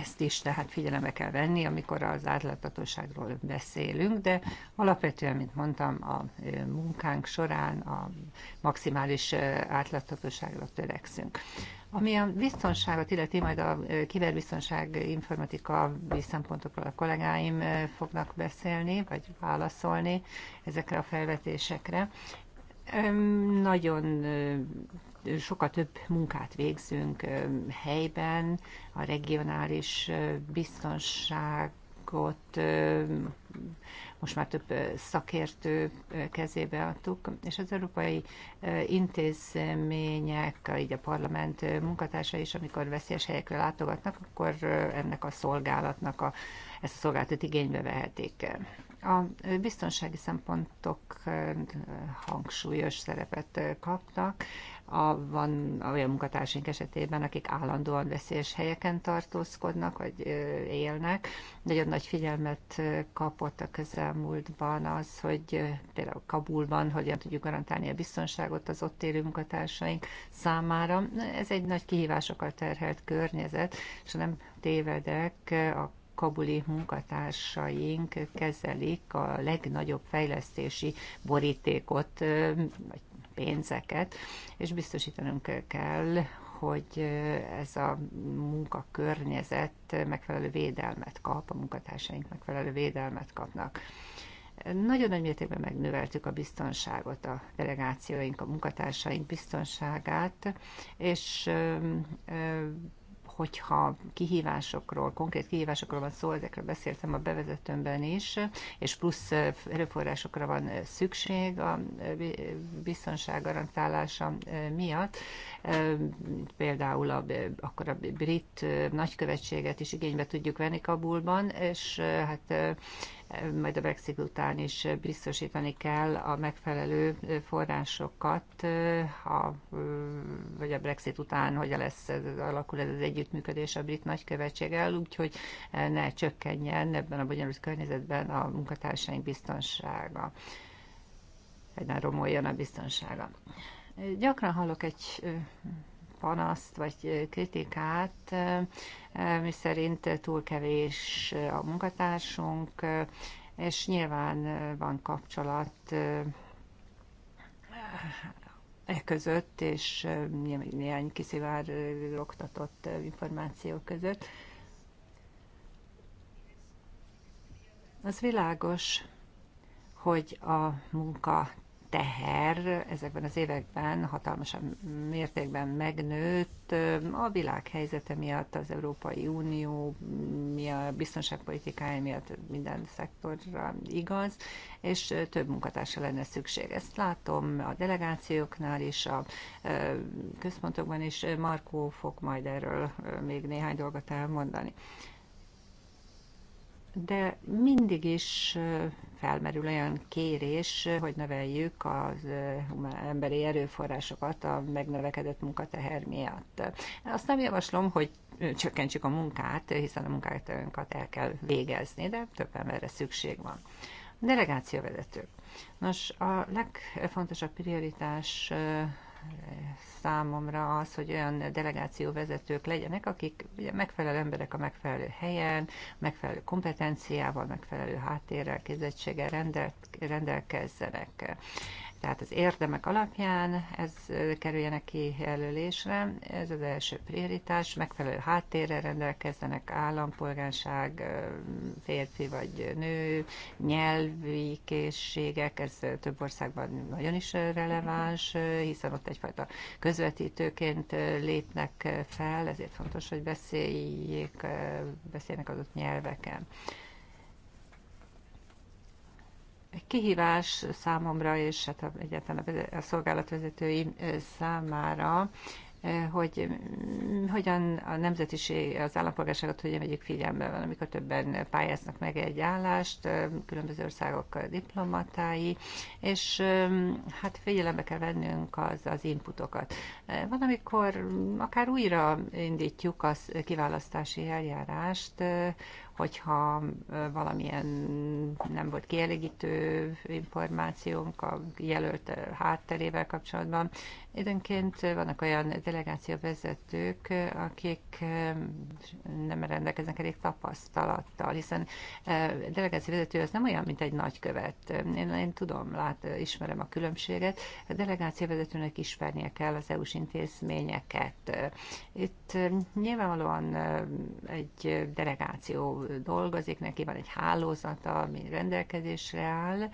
Ezt is tehát figyelembe kell venni, amikor az átláthatóságról beszélünk, de alapvetően, mint mondtam, a munkánk során a maximális átláthatóságra törekszünk. Ami a biztonságot illeti, majd a kiberbiztonság informatika szempontokról a kollégáim fognak beszélni, vagy válaszolni ezekre a felvetésekre. Nagyon sokkal több munkát végzünk helyben, a regionális biztonságot most már több szakértő kezébe adtuk, és az európai intézmények, így a parlament munkatársa is, amikor veszélyes helyekre látogatnak, akkor ennek a szolgálatnak a, ezt a szolgáltat igénybe vehetik. A biztonsági szempontok hangsúlyos szerepet kaptak a, van olyan munkatársaink esetében, akik állandóan veszélyes helyeken tartózkodnak, vagy élnek. Nagyon nagy figyelmet kapott a közelmúltban az, hogy például Kabulban hogyan tudjuk garantálni a biztonságot az ott élő munkatársaink számára. Ez egy nagy kihívásokkal terhelt környezet, és nem tévedek, a kabuli munkatársaink kezelik a legnagyobb fejlesztési borítékot, vagy pénzeket, és biztosítanunk kell, hogy ez a munkakörnyezet megfelelő védelmet kap, a munkatársaink megfelelő védelmet kapnak. Nagyon nagy mértékben megnöveltük a biztonságot, a delegációink, a munkatársaink biztonságát, és hogyha kihívásokról, konkrét kihívásokról van szó, ezekről beszéltem a bevezetőmben is, és plusz erőforrásokra van szükség a biztonság garantálása miatt. Például a, akkor a brit nagykövetséget is igénybe tudjuk venni Kabulban, és hát majd a Brexit után is biztosítani kell a megfelelő forrásokat, ha vagy a Brexit után hogyan lesz, alakul ez az együttműködés a brit nagykövetséggel, úgyhogy ne csökkenjen ebben a bonyolult környezetben a munkatársaink biztonsága, vagy ne romoljon a biztonsága. Gyakran hallok egy panaszt vagy kritikát, mi szerint túl kevés a munkatársunk, és nyilván van kapcsolat e között, és néhány kiszivárogtatott információ között. Az világos, hogy a munka teher ezekben az években hatalmasan mértékben megnőtt a világ helyzete miatt, az Európai Unió, mi a biztonságpolitikája miatt minden szektorra igaz, és több munkatársa lenne szükség. Ezt látom a delegációknál is, a központokban is. Markó fog majd erről még néhány dolgot elmondani de mindig is felmerül olyan kérés, hogy növeljük az emberi erőforrásokat a megnövekedett munkateher miatt. Azt nem javaslom, hogy csökkentsük a munkát, hiszen a munkákat el kell végezni, de több emberre szükség van. Delegációvezetők. Nos, a legfontosabb prioritás számomra az, hogy olyan delegációvezetők legyenek, akik ugye, megfelelő emberek a megfelelő helyen, megfelelő kompetenciával, megfelelő háttérrel, képzettséggel rendelkezzenek tehát az érdemek alapján ez kerüljenek kijelölésre. Ez az első prioritás, megfelelő háttérrel rendelkezzenek állampolgárság, férfi vagy nő, nyelvi készségek, ez több országban nagyon is releváns, hiszen ott egyfajta közvetítőként lépnek fel, ezért fontos, hogy beszéljék, beszélnek adott nyelveken egy kihívás számomra, és hát egyáltalán a szolgálatvezetői számára, hogy mm, hogyan a nemzetiség, az állampolgárságot hogyan vegyük figyelembe, amikor többen pályáznak meg egy állást, különböző országok diplomatái, és hát figyelembe kell vennünk az, az inputokat. Van, amikor akár újra indítjuk a kiválasztási eljárást, hogyha valamilyen nem volt kielégítő információnk a jelölt hátterével kapcsolatban, Időnként vannak olyan delegáció vezetők, akik nem rendelkeznek elég tapasztalattal, hiszen delegáció vezető az nem olyan, mint egy nagykövet. Én, én tudom, lát, ismerem a különbséget. A vezetőnek ismernie kell az EU-s intézményeket. Itt nyilvánvalóan egy delegáció dolgozik, neki van egy hálózata, ami rendelkezésre áll,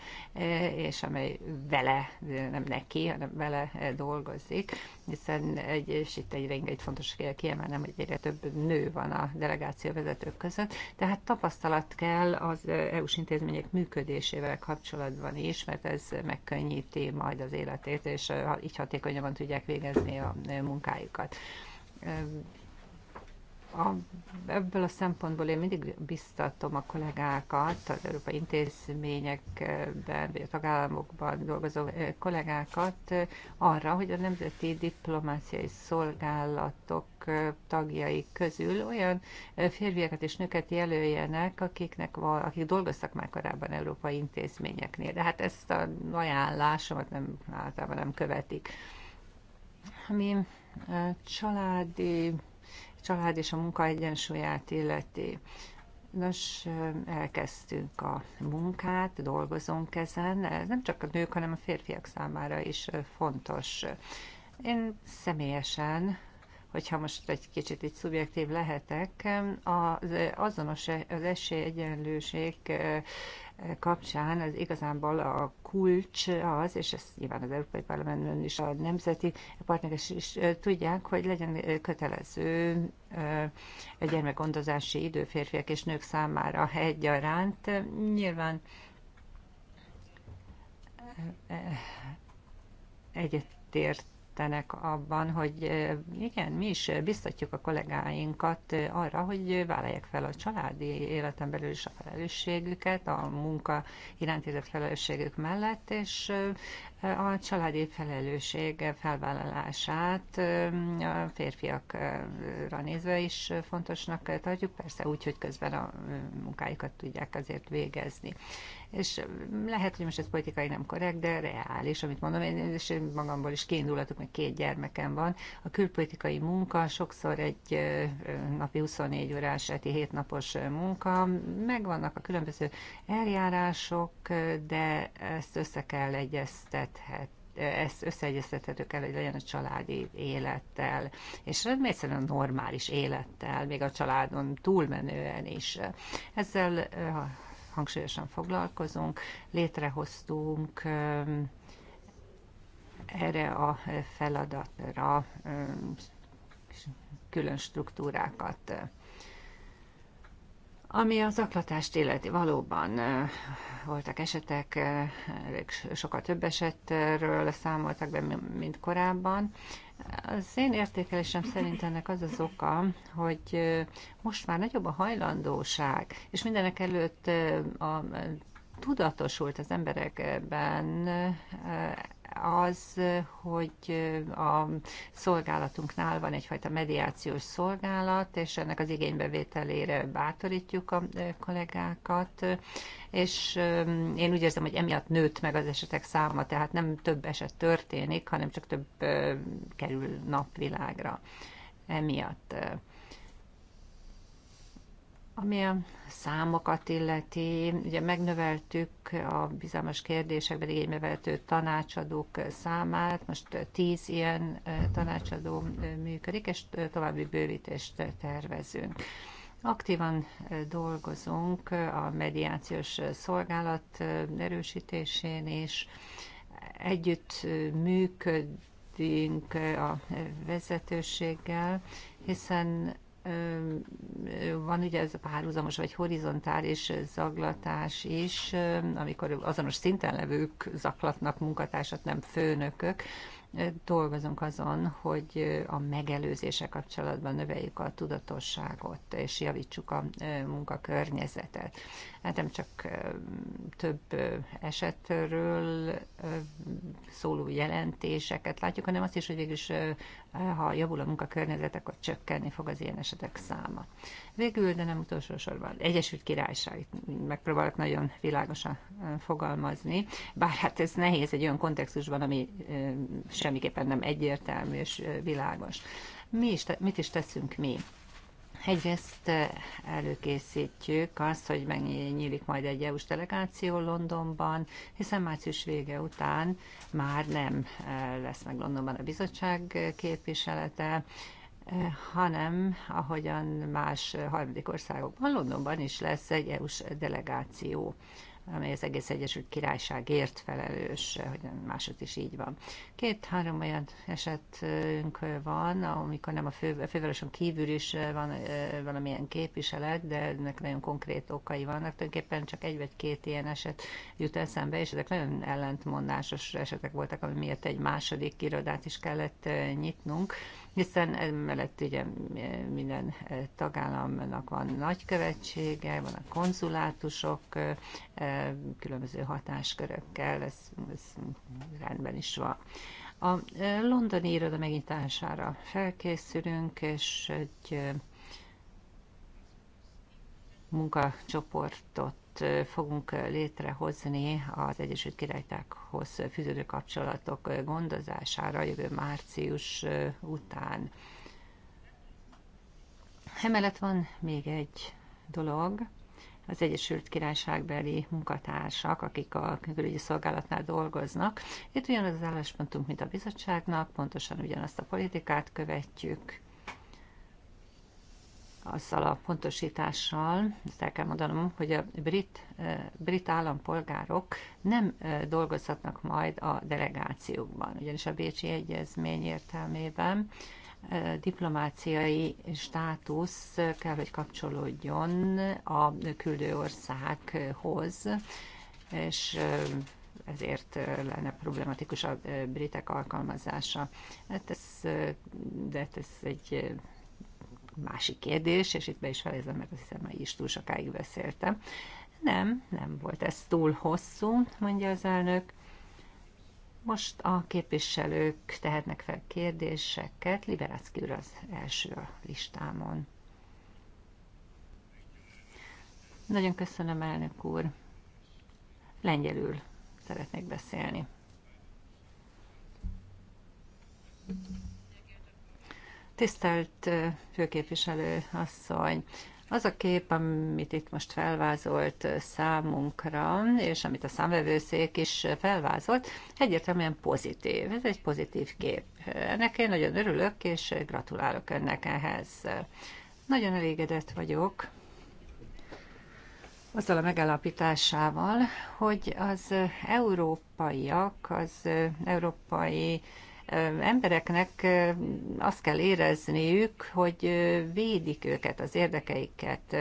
és amely vele, nem neki, hanem vele dolgozik dolgozik, hiszen egy, és itt egy rengeteg fontos kiemelnem, hogy egyre több nő van a delegáció vezetők között, tehát tapasztalat kell az EU-s intézmények működésével kapcsolatban is, mert ez megkönnyíti majd az életét, és így hatékonyabban tudják végezni a munkájukat a, ebből a szempontból én mindig biztatom a kollégákat, az európai intézményekben, vagy a tagállamokban dolgozó eh, kollégákat eh, arra, hogy a nemzeti diplomáciai szolgálatok eh, tagjai közül olyan férfiakat és nőket jelöljenek, akiknek val, akik dolgoztak már korábban európai intézményeknél. De hát ezt a ajánlásomat nem, általában nem követik. Ami családi család és a munka egyensúlyát illeti. Nos, elkezdtünk a munkát, dolgozunk ezen. Ez nem csak a nők, hanem a férfiak számára is fontos. Én személyesen hogyha most egy kicsit így szubjektív lehetek, az azonos e- az esélyegyenlőség e, kapcsán az igazából a kulcs az, és ezt nyilván az Európai Parlamentben is a nemzeti partnerek is e, tudják, hogy legyen kötelező a gyermekgondozási idő férfiak és nők számára egyaránt. Nyilván egyetért segítenek abban, hogy igen, mi is biztatjuk a kollégáinkat arra, hogy vállalják fel a családi életen belül is a felelősségüket, a munka iránti felelősségük mellett, és a családi felelősség felvállalását a férfiakra nézve is fontosnak tartjuk, persze úgy, hogy közben a munkájukat tudják azért végezni és lehet, hogy most ez politikai nem korrekt, de reális, amit mondom, én, és én magamból is kiindulatok, mert két gyermekem van. A külpolitikai munka sokszor egy napi 24 órás, heti hétnapos munka, megvannak a különböző eljárások, de ezt össze kell egyeztethet ezt összeegyeztethető kell, hogy legyen a családi élettel, és egyszerűen a normális élettel, még a családon túlmenően is. Ezzel hangsúlyosan foglalkozunk. Létrehoztunk erre a feladatra külön struktúrákat. Ami az zaklatást illeti, valóban voltak esetek, sokkal több esetről számoltak be, mint korábban, az én értékelésem szerint ennek az az oka, hogy most már nagyobb a hajlandóság, és mindenek előtt a tudatosult az emberekben az, hogy a szolgálatunknál van egyfajta mediációs szolgálat, és ennek az igénybevételére bátorítjuk a kollégákat, és én úgy érzem, hogy emiatt nőtt meg az esetek száma, tehát nem több eset történik, hanem csak több kerül napvilágra emiatt. Ami a számokat illeti, ugye megnöveltük a bizalmas kérdésekben igénybevető tanácsadók számát, most tíz ilyen tanácsadó működik, és további bővítést tervezünk. Aktívan dolgozunk a mediációs szolgálat erősítésén és Együtt működünk a vezetőséggel, hiszen van ugye ez a párhuzamos vagy horizontális zaglatás is, amikor azonos szinten levők zaklatnak munkatársat, nem főnökök, dolgozunk azon, hogy a megelőzése kapcsolatban növeljük a tudatosságot, és javítsuk a munkakörnyezetet. Hát nem csak több esetről szóló jelentéseket látjuk, hanem azt is, hogy végülis ha javul a munkakörnyezet, akkor csökkenni fog az ilyen esetek száma. Végül, de nem utolsó sorban, Egyesült Királyság, megpróbálok nagyon világosan fogalmazni, bár hát ez nehéz egy olyan kontextusban, ami semmiképpen nem egyértelmű és világos. Mi is, mit is teszünk mi? Egyrészt előkészítjük azt, hogy megnyílik majd egy EU-s delegáció Londonban, hiszen március vége után már nem lesz meg Londonban a bizottság képviselete, hanem ahogyan más harmadik országokban, Londonban is lesz egy EU-s delegáció amely az egész Egyesült Királyságért felelős, hogy másod is így van. Két-három olyan esetünk van, amikor nem a, fő, a fővároson kívül is van valamilyen képviselet, de ennek nagyon konkrét okai vannak. Tulajdonképpen csak egy vagy két ilyen eset jut eszembe, és ezek nagyon ellentmondásos esetek voltak, ami miatt egy második irodát is kellett nyitnunk hiszen emellett ugye eh, minden eh, tagállamnak van nagykövetsége, van a konzulátusok, eh, különböző hatáskörökkel, ez, ez rendben is van. A londoni iroda megnyitására felkészülünk, és egy munkacsoportot fogunk létrehozni az Egyesült Királytákhoz fűződő kapcsolatok gondozására jövő március után. Emellett van még egy dolog, az Egyesült Királyságbeli munkatársak, akik a külügyi szolgálatnál dolgoznak. Itt ugyanaz az álláspontunk, mint a bizottságnak, pontosan ugyanazt a politikát követjük, azzal a pontosítással, ezt el kell mondanom, hogy a brit, brit állampolgárok nem dolgozhatnak majd a delegációkban, ugyanis a Bécsi Egyezmény értelmében diplomáciai státusz kell, hogy kapcsolódjon a küldő országhoz, és ezért lenne problematikus a britek alkalmazása. Hát ez, de hát ez egy másik kérdés, és itt be is felezem, mert azt hiszem, hogy is túl sokáig beszéltem. Nem, nem volt ez túl hosszú, mondja az elnök. Most a képviselők tehetnek fel kérdéseket. Liberácki úr az első a listámon. Nagyon köszönöm, elnök úr. Lengyelül szeretnék beszélni. Thank you. Tisztelt főképviselő asszony, az a kép, amit itt most felvázolt számunkra, és amit a számvevőszék is felvázolt, egyértelműen pozitív. Ez egy pozitív kép. Ennek én nagyon örülök, és gratulálok önnek ehhez. Nagyon elégedett vagyok azzal a megállapításával, hogy az európaiak, az európai embereknek azt kell érezniük, hogy védik őket, az érdekeiket,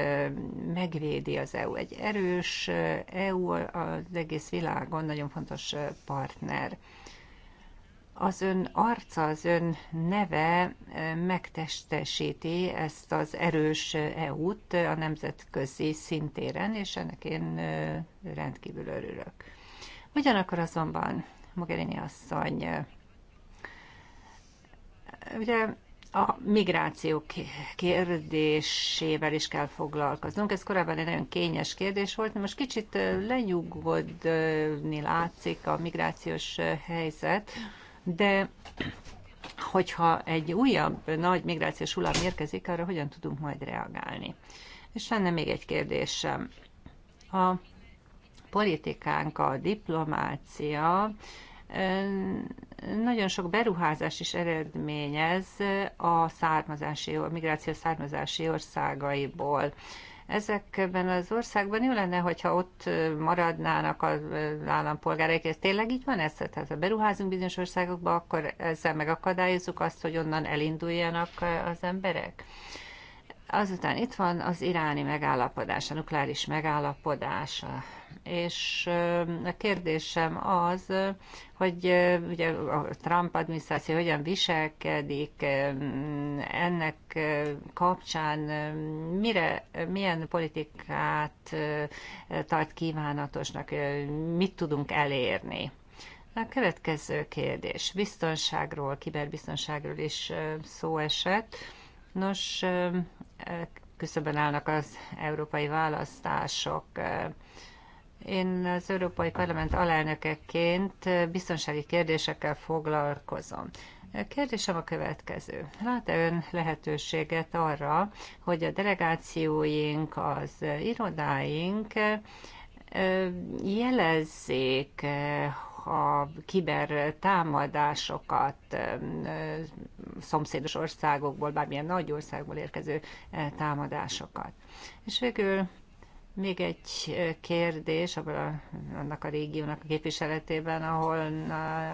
megvédi az EU. Egy erős EU az egész világon nagyon fontos partner. Az ön arca, az ön neve megtestesíti ezt az erős EU-t a nemzetközi szintéren, és ennek én rendkívül örülök. Ugyanakkor azonban Mogherini asszony Ugye a migráció kérdésével is kell foglalkoznunk. Ez korábban egy nagyon kényes kérdés volt, de most kicsit lenyugodni látszik a migrációs helyzet, de hogyha egy újabb nagy migrációs hullám érkezik, arra hogyan tudunk majd reagálni. És lenne még egy kérdésem. A politikánk, a diplomácia nagyon sok beruházás is eredményez a származási, a migráció származási országaiból. Ezekben az országban jó lenne, hogyha ott maradnának az állampolgáraik. Ez tényleg így van ez? Tehát ha beruházunk bizonyos országokba, akkor ezzel megakadályozunk azt, hogy onnan elinduljanak az emberek. Azután itt van az iráni megállapodás, a nukleáris megállapodás. És a kérdésem az, hogy ugye a Trump adminisztráció hogyan viselkedik ennek kapcsán, mire, milyen politikát tart kívánatosnak, mit tudunk elérni? A következő kérdés. Biztonságról, kiberbiztonságról is szó esett. Nos, küszöben állnak az európai választások. Én az Európai Parlament alelnökeként biztonsági kérdésekkel foglalkozom. Kérdésem a következő. Lát-e ön lehetőséget arra, hogy a delegációink, az irodáink jelezzék, a kiber támadásokat, szomszédos országokból, bármilyen nagy országból érkező támadásokat. És végül még egy kérdés abban a, annak a régiónak a képviseletében, ahol,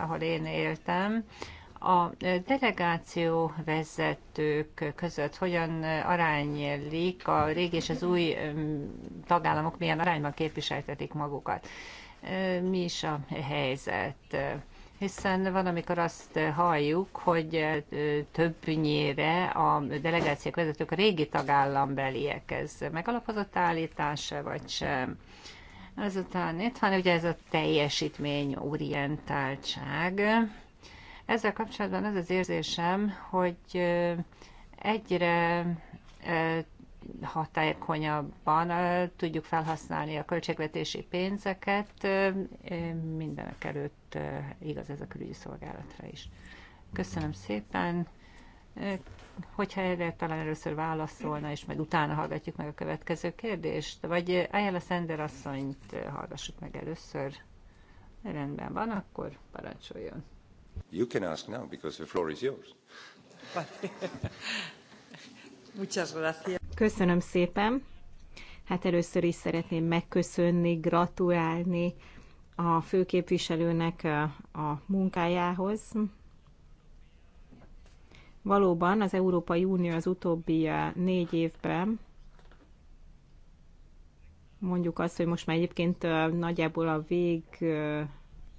ahol én éltem. A delegáció vezetők között hogyan aránylik a régi és az új tagállamok, milyen arányban képviseltetik magukat? mi is a helyzet hiszen van, amikor azt halljuk, hogy többnyire a delegációk vezetők a régi tagállambeliek, ez megalapozott állítása, vagy sem. Azután itt van ugye ez a teljesítményorientáltság. Ezzel kapcsolatban az az érzésem, hogy egyre hatékonyabban tudjuk felhasználni a költségvetési pénzeket. Mindenek előtt igaz ez a külügyi szolgálatra is. Köszönöm szépen. Hogyha erre talán először válaszolna, és majd utána hallgatjuk meg a következő kérdést, vagy Ayala Szender asszonyt hallgassuk meg először. Rendben van, akkor parancsoljon. You can ask now, because the floor is yours. Muchas gracias. Köszönöm szépen. Hát először is szeretném megköszönni, gratulálni a főképviselőnek a munkájához. Valóban az Európai Unió az utóbbi négy évben mondjuk azt, hogy most már egyébként nagyjából a vég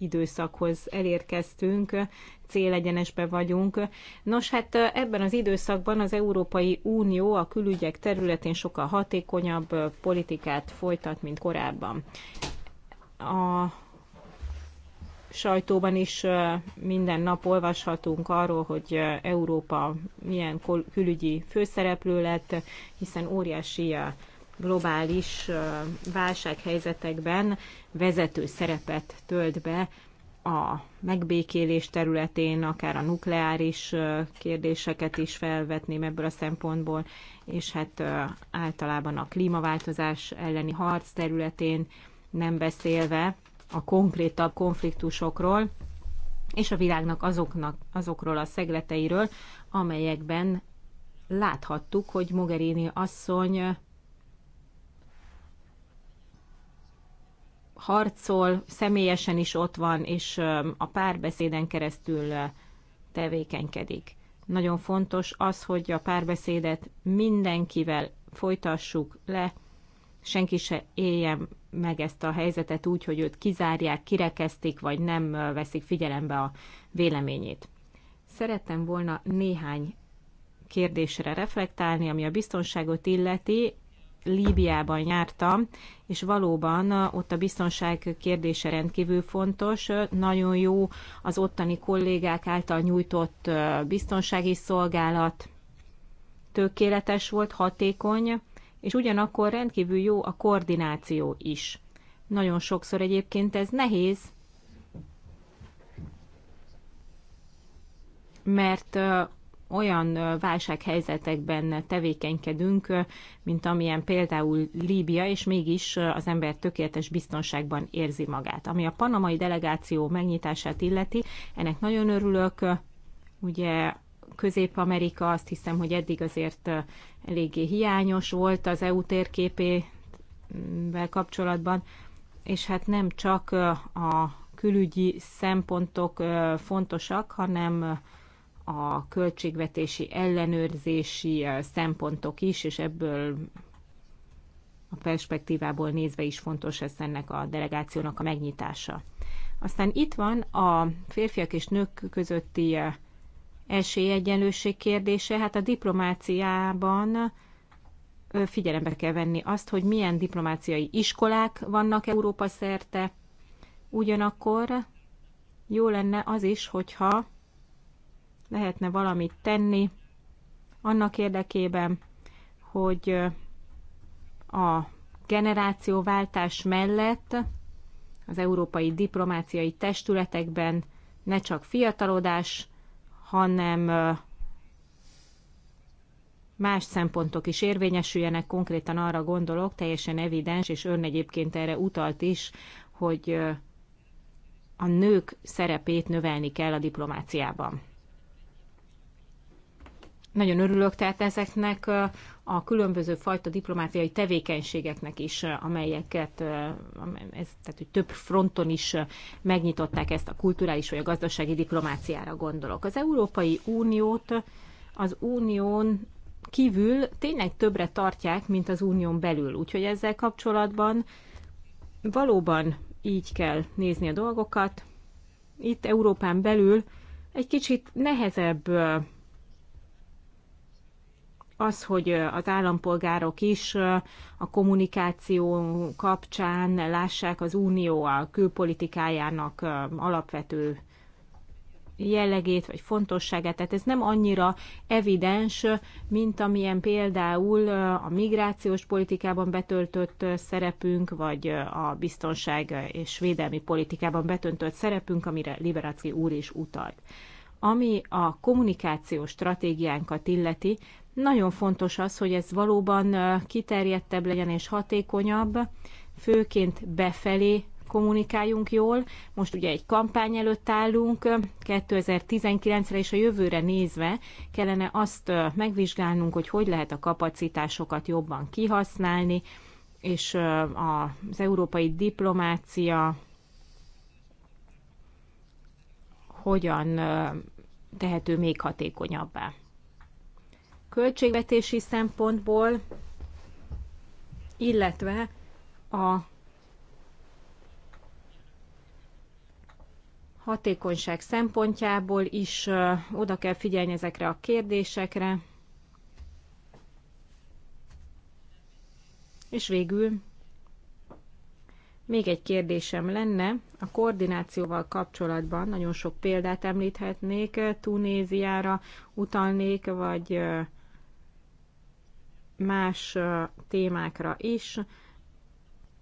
időszakhoz elérkeztünk, célegyenesbe vagyunk. Nos, hát ebben az időszakban az Európai Unió a külügyek területén sokkal hatékonyabb politikát folytat, mint korábban. A sajtóban is minden nap olvashatunk arról, hogy Európa milyen külügyi főszereplő lett, hiszen óriási globális válsághelyzetekben vezető szerepet tölt be a megbékélés területén, akár a nukleáris kérdéseket is felvetném ebből a szempontból, és hát általában a klímaváltozás elleni harc területén nem beszélve a konkrétabb konfliktusokról, és a világnak azoknak, azokról a szegleteiről, amelyekben láthattuk, hogy Mogherini asszony harcol, személyesen is ott van, és a párbeszéden keresztül tevékenykedik. Nagyon fontos az, hogy a párbeszédet mindenkivel folytassuk le, senki se éljen meg ezt a helyzetet úgy, hogy őt kizárják, kirekeztik, vagy nem veszik figyelembe a véleményét. Szerettem volna néhány kérdésre reflektálni, ami a biztonságot illeti, Líbiában jártam, és valóban ott a biztonság kérdése rendkívül fontos. Nagyon jó az ottani kollégák által nyújtott biztonsági szolgálat. Tökéletes volt, hatékony, és ugyanakkor rendkívül jó a koordináció is. Nagyon sokszor egyébként ez nehéz, mert olyan válsághelyzetekben tevékenykedünk, mint amilyen például Líbia, és mégis az ember tökéletes biztonságban érzi magát. Ami a panamai delegáció megnyitását illeti, ennek nagyon örülök. Ugye Közép-Amerika azt hiszem, hogy eddig azért eléggé hiányos volt az EU térképével kapcsolatban, és hát nem csak a külügyi szempontok fontosak, hanem a költségvetési ellenőrzési eh, szempontok is, és ebből a perspektívából nézve is fontos ez ennek a delegációnak a megnyitása. Aztán itt van a férfiak és nők közötti eh, esélyegyenlőség kérdése. Hát a diplomáciában figyelembe kell venni azt, hogy milyen diplomáciai iskolák vannak Európa szerte. Ugyanakkor jó lenne az is, hogyha lehetne valamit tenni annak érdekében, hogy a generációváltás mellett az európai diplomáciai testületekben ne csak fiatalodás, hanem más szempontok is érvényesüljenek, konkrétan arra gondolok, teljesen evidens, és ön egyébként erre utalt is, hogy a nők szerepét növelni kell a diplomáciában. Nagyon örülök tehát ezeknek a különböző fajta diplomáciai tevékenységeknek is, amelyeket ez, tehát, hogy több fronton is megnyitották ezt a kulturális vagy a gazdasági diplomáciára gondolok. Az Európai Uniót az unión kívül tényleg többre tartják, mint az unión belül. Úgyhogy ezzel kapcsolatban valóban így kell nézni a dolgokat. Itt Európán belül egy kicsit nehezebb az, hogy az állampolgárok is a kommunikáció kapcsán lássák az unió a külpolitikájának alapvető jellegét vagy fontosságát. Tehát ez nem annyira evidens, mint amilyen például a migrációs politikában betöltött szerepünk, vagy a biztonság és védelmi politikában betöltött szerepünk, amire Liberáci úr is utalt. Ami a kommunikációs stratégiánkat illeti, nagyon fontos az, hogy ez valóban kiterjedtebb legyen és hatékonyabb, főként befelé kommunikáljunk jól. Most ugye egy kampány előtt állunk, 2019-re és a jövőre nézve kellene azt megvizsgálnunk, hogy hogy lehet a kapacitásokat jobban kihasználni, és az európai diplomácia hogyan tehető még hatékonyabbá. Költségvetési szempontból, illetve a hatékonyság szempontjából is oda kell figyelni ezekre a kérdésekre. És végül még egy kérdésem lenne, a koordinációval kapcsolatban nagyon sok példát említhetnék, Tunéziára utalnék, vagy más témákra is.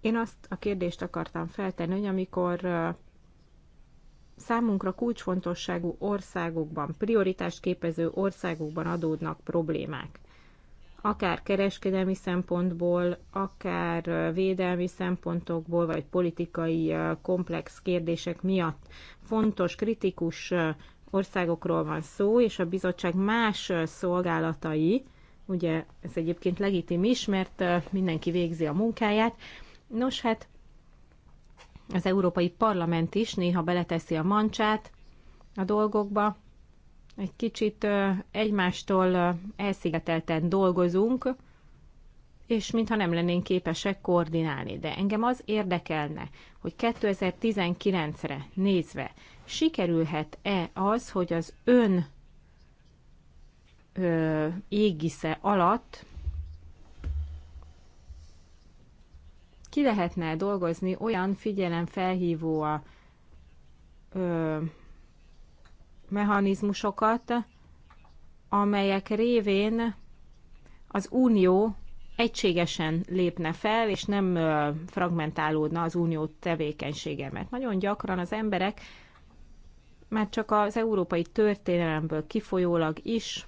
Én azt a kérdést akartam feltenni, hogy amikor számunkra kulcsfontosságú országokban, prioritást képező országokban adódnak problémák, akár kereskedelmi szempontból, akár védelmi szempontokból, vagy politikai komplex kérdések miatt fontos, kritikus országokról van szó, és a bizottság más szolgálatai, ugye ez egyébként legitim is, mert mindenki végzi a munkáját. Nos, hát az Európai Parlament is néha beleteszi a mancsát a dolgokba, egy kicsit egymástól elszigetelten dolgozunk, és mintha nem lennénk képesek koordinálni. De engem az érdekelne, hogy 2019-re nézve sikerülhet-e az, hogy az ön ö, égisze alatt ki lehetne dolgozni olyan figyelemfelhívó a ö, mechanizmusokat, amelyek révén az Unió egységesen lépne fel, és nem fragmentálódna az unió tevékenysége, mert nagyon gyakran az emberek már csak az európai történelemből kifolyólag is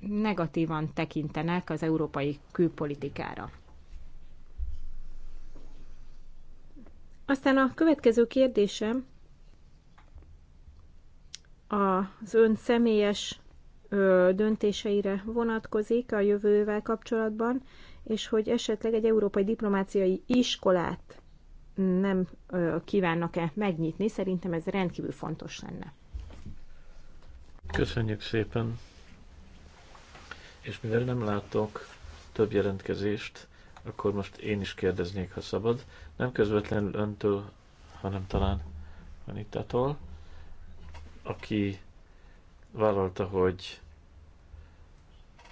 negatívan tekintenek az európai külpolitikára. Aztán a következő kérdésem az ön személyes döntéseire vonatkozik a jövővel kapcsolatban, és hogy esetleg egy európai diplomáciai iskolát nem kívánnak-e megnyitni. Szerintem ez rendkívül fontos lenne. Köszönjük szépen! És mivel nem látok több jelentkezést, akkor most én is kérdeznék, ha szabad nem közvetlenül öntől, hanem talán Anitától, aki vállalta, hogy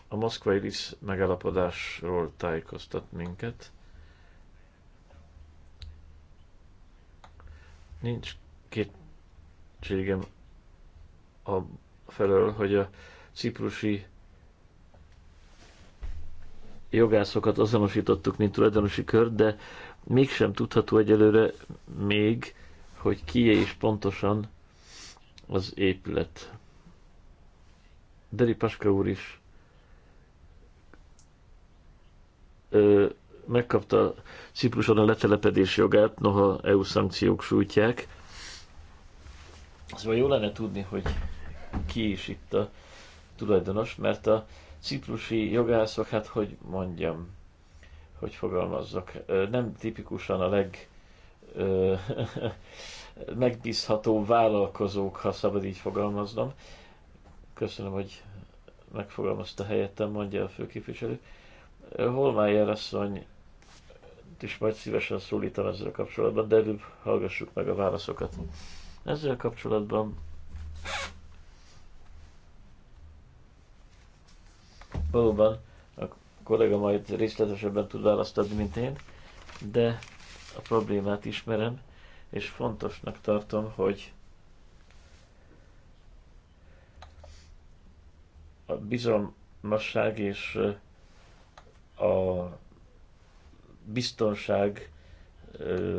a moszkvai lisz megalapodásról tájékoztat minket. Nincs kétségem a felől, hogy a ciprusi jogászokat azonosítottuk, mint tulajdonosi kör, de mégsem tudható egyelőre még, hogy kié is pontosan az épület. Deri Paska úr is ö, megkapta Cipruson a letelepedés jogát, noha EU szankciók sújtják. Szóval jó lenne tudni, hogy ki is itt a tulajdonos, mert a ciprusi jogászok, hát hogy mondjam, hogy fogalmazzak, nem tipikusan a leg megbízható vállalkozók, ha szabad így fogalmaznom. Köszönöm, hogy megfogalmazta helyettem, mondja a főképviselő. Holmájer asszony is majd szívesen szólítom ezzel kapcsolatban, de előbb hallgassuk meg a válaszokat. Ezzel kapcsolatban valóban kollega majd részletesebben tud választ adni, mint én, de a problémát ismerem, és fontosnak tartom, hogy a bizalmasság és a biztonság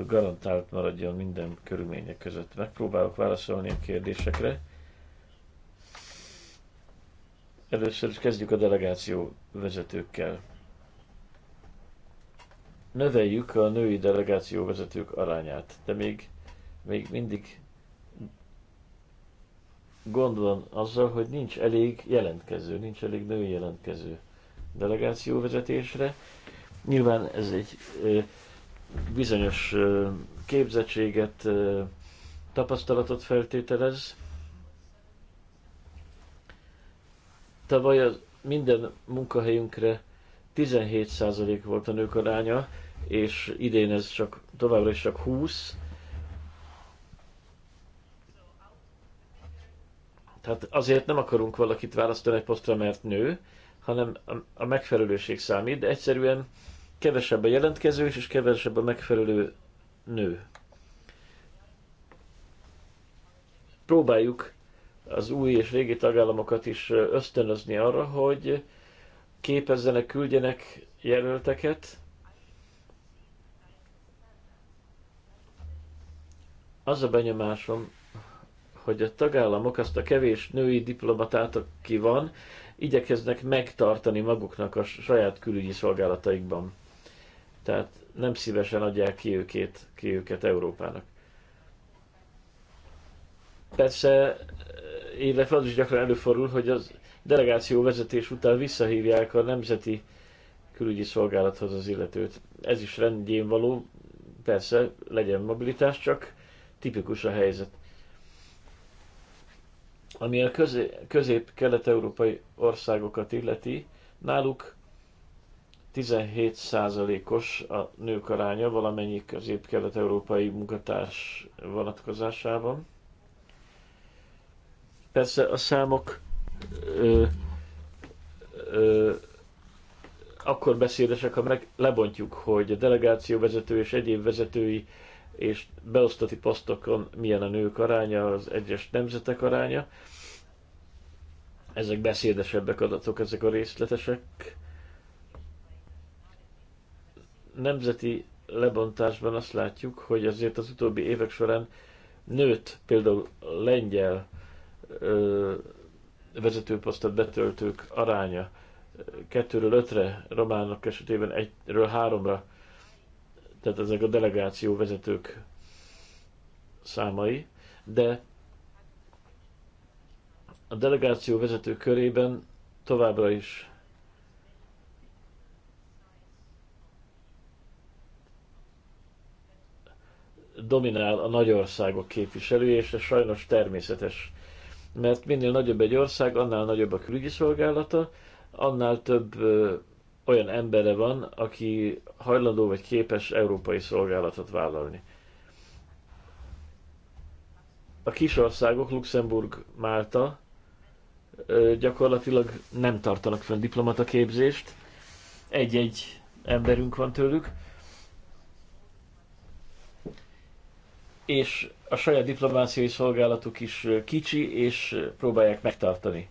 garantált maradjon minden körülmények között. Megpróbálok válaszolni a kérdésekre. Először is kezdjük a delegáció vezetőkkel. Növeljük a női delegáció vezetők arányát, de még, még mindig gond van azzal, hogy nincs elég jelentkező, nincs elég női jelentkező delegáció vezetésre. Nyilván ez egy bizonyos képzettséget, tapasztalatot feltételez, Tavaly az minden munkahelyünkre 17% volt a nők aránya, és idén ez csak továbbra is csak 20. Tehát azért nem akarunk valakit választani egy posztra, mert nő, hanem a megfelelőség számít, de egyszerűen kevesebb a jelentkező és kevesebb a megfelelő nő. Próbáljuk az új és régi tagállamokat is ösztönözni arra, hogy képezzenek, küldjenek jelölteket. Az a benyomásom, hogy a tagállamok azt a kevés női diplomatát, aki van, igyekeznek megtartani maguknak a saját külügyi szolgálataikban. Tehát nem szívesen adják ki őket, ki őket Európának. Persze illetve az is gyakran előfordul, hogy az delegáció vezetés után visszahívják a nemzeti külügyi szolgálathoz az illetőt. Ez is rendjén való, persze legyen mobilitás, csak tipikus a helyzet. Ami a közép-kelet-európai országokat illeti, náluk 17%-os a nők aránya valamennyi közép-kelet-európai munkatárs vonatkozásában. Persze a számok ö, ö, akkor beszédesek, ha meg lebontjuk, hogy a delegáció vezető és egyéb vezetői és beosztati posztokon milyen a nők aránya, az egyes nemzetek aránya. Ezek beszédesebbek adatok, ezek a részletesek. Nemzeti lebontásban azt látjuk, hogy azért az utóbbi évek során nőtt például lengyel vezetőposztot betöltők aránya 2-ről 5-re, románok esetében 1-ről 3-ra, tehát ezek a delegáció vezetők számai, de a delegáció vezető körében továbbra is dominál a nagyországok képviselője, és ez sajnos természetes mert minél nagyobb egy ország, annál nagyobb a külügyi szolgálata, annál több olyan embere van, aki hajlandó vagy képes európai szolgálatot vállalni. A kis országok, Luxemburg, Málta gyakorlatilag nem tartanak fenn diplomataképzést, egy-egy emberünk van tőlük, és a saját diplomáciai szolgálatuk is kicsi, és próbálják megtartani.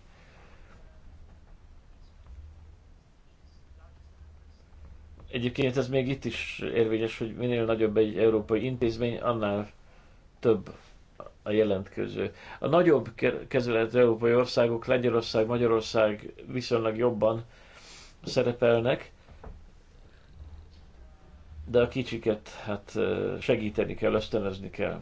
Egyébként ez még itt is érvényes, hogy minél nagyobb egy európai intézmény, annál több a jelentkező. A nagyobb kezelett európai országok, Lengyelország, Magyarország viszonylag jobban szerepelnek, de a kicsiket hát segíteni kell, ösztönözni kell.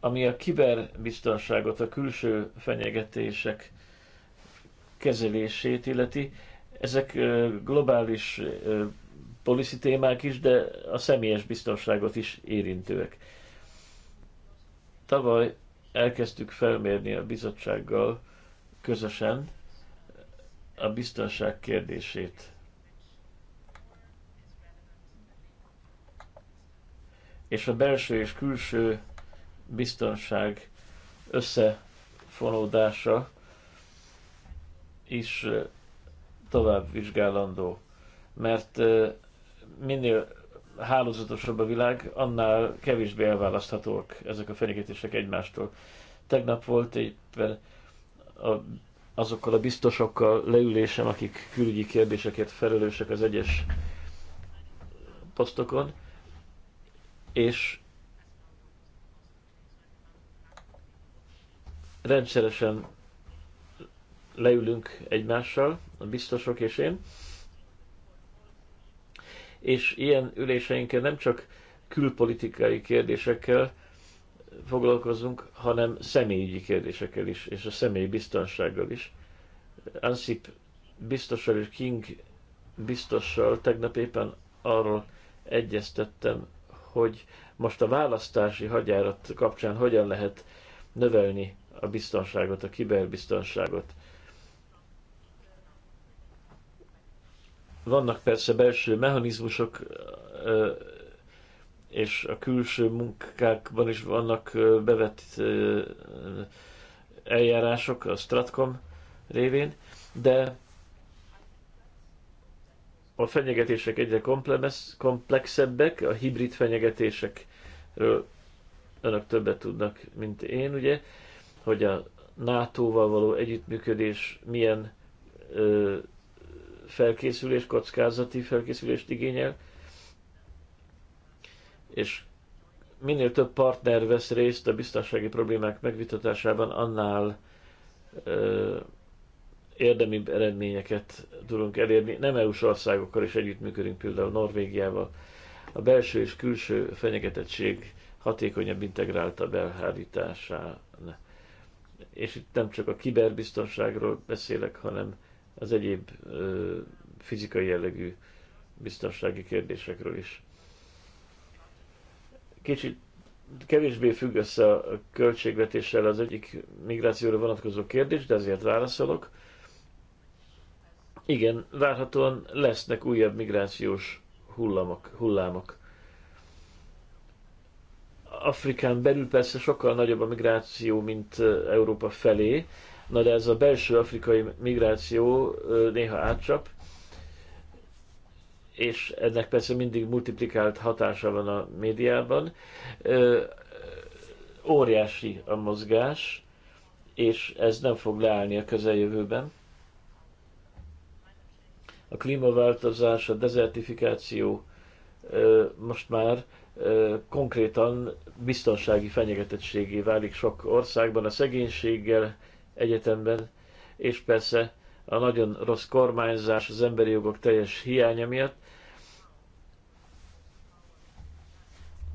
Ami a kiberbiztonságot, a külső fenyegetések kezelését illeti, ezek globális policy témák is, de a személyes biztonságot is érintőek. Tavaly elkezdtük felmérni a bizottsággal közösen, a biztonság kérdését. És a belső és külső biztonság összefonódása is tovább vizsgálandó, mert minél hálózatosabb a világ, annál kevésbé elválaszthatók ezek a fenyegetések egymástól. Tegnap volt éppen a azokkal a biztosokkal leülésem, akik külügyi kérdésekért felelősek az egyes posztokon, és rendszeresen leülünk egymással, a biztosok és én, és ilyen üléseinken nem csak külpolitikai kérdésekkel, foglalkozunk, hanem személyügyi kérdésekkel is, és a személyi biztonsággal is. Ansip biztossal és King biztossal tegnap éppen arról egyeztettem, hogy most a választási hagyárat kapcsán hogyan lehet növelni a biztonságot, a kiberbiztonságot. Vannak persze belső mechanizmusok, és a külső munkákban is vannak bevett eljárások a Stratcom révén, de a fenyegetések egyre komplexebbek, a hibrid fenyegetésekről önök többet tudnak, mint én, ugye, hogy a NATO-val való együttműködés milyen ö, felkészülés, kockázati felkészülést igényel, és minél több partner vesz részt a biztonsági problémák megvitatásában, annál ö, érdemibb eredményeket tudunk elérni. Nem EU-s országokkal is együttműködünk, például Norvégiával. A belső és külső fenyegetettség hatékonyabb integrálta belhárításán. És itt nem csak a kiberbiztonságról beszélek, hanem az egyéb ö, fizikai jellegű biztonsági kérdésekről is kicsit kevésbé függ össze a költségvetéssel az egyik migrációra vonatkozó kérdés, de azért válaszolok. Igen, várhatóan lesznek újabb migrációs hullamok, hullámok. Afrikán belül persze sokkal nagyobb a migráció, mint Európa felé, na de ez a belső afrikai migráció néha átcsap, és ennek persze mindig multiplikált hatása van a médiában, óriási a mozgás, és ez nem fog leállni a közeljövőben. A klímaváltozás, a dezertifikáció most már konkrétan biztonsági fenyegetettségé válik sok országban, a szegénységgel egyetemben, és persze a nagyon rossz kormányzás, az emberi jogok teljes hiánya miatt,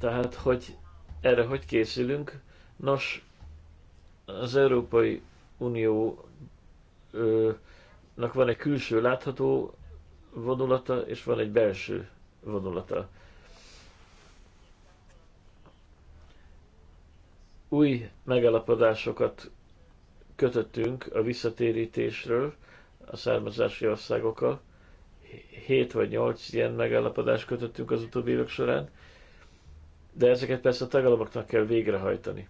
Tehát, hogy erre hogy készülünk? Nos, az Európai Uniónak van egy külső látható vonulata, és van egy belső vonulata. Új megalapodásokat kötöttünk a visszatérítésről a származási országokkal. 7 vagy 8 ilyen megállapodást kötöttünk az utóbbi évek során de ezeket persze a tagállamoknak kell végrehajtani,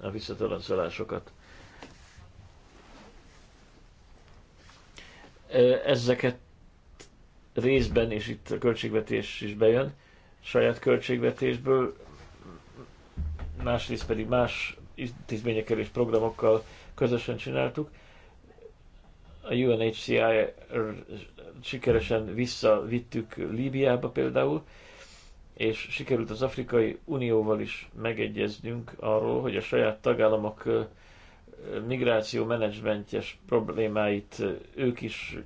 a visszatalanszolásokat. Ezeket részben, és itt a költségvetés is bejön, saját költségvetésből, másrészt pedig más intézményekkel és programokkal közösen csináltuk. A UNHCR sikeresen visszavittük Líbiába például, és sikerült az Afrikai Unióval is megegyeznünk arról, hogy a saját tagállamok migráció menedzsmentjes problémáit ők is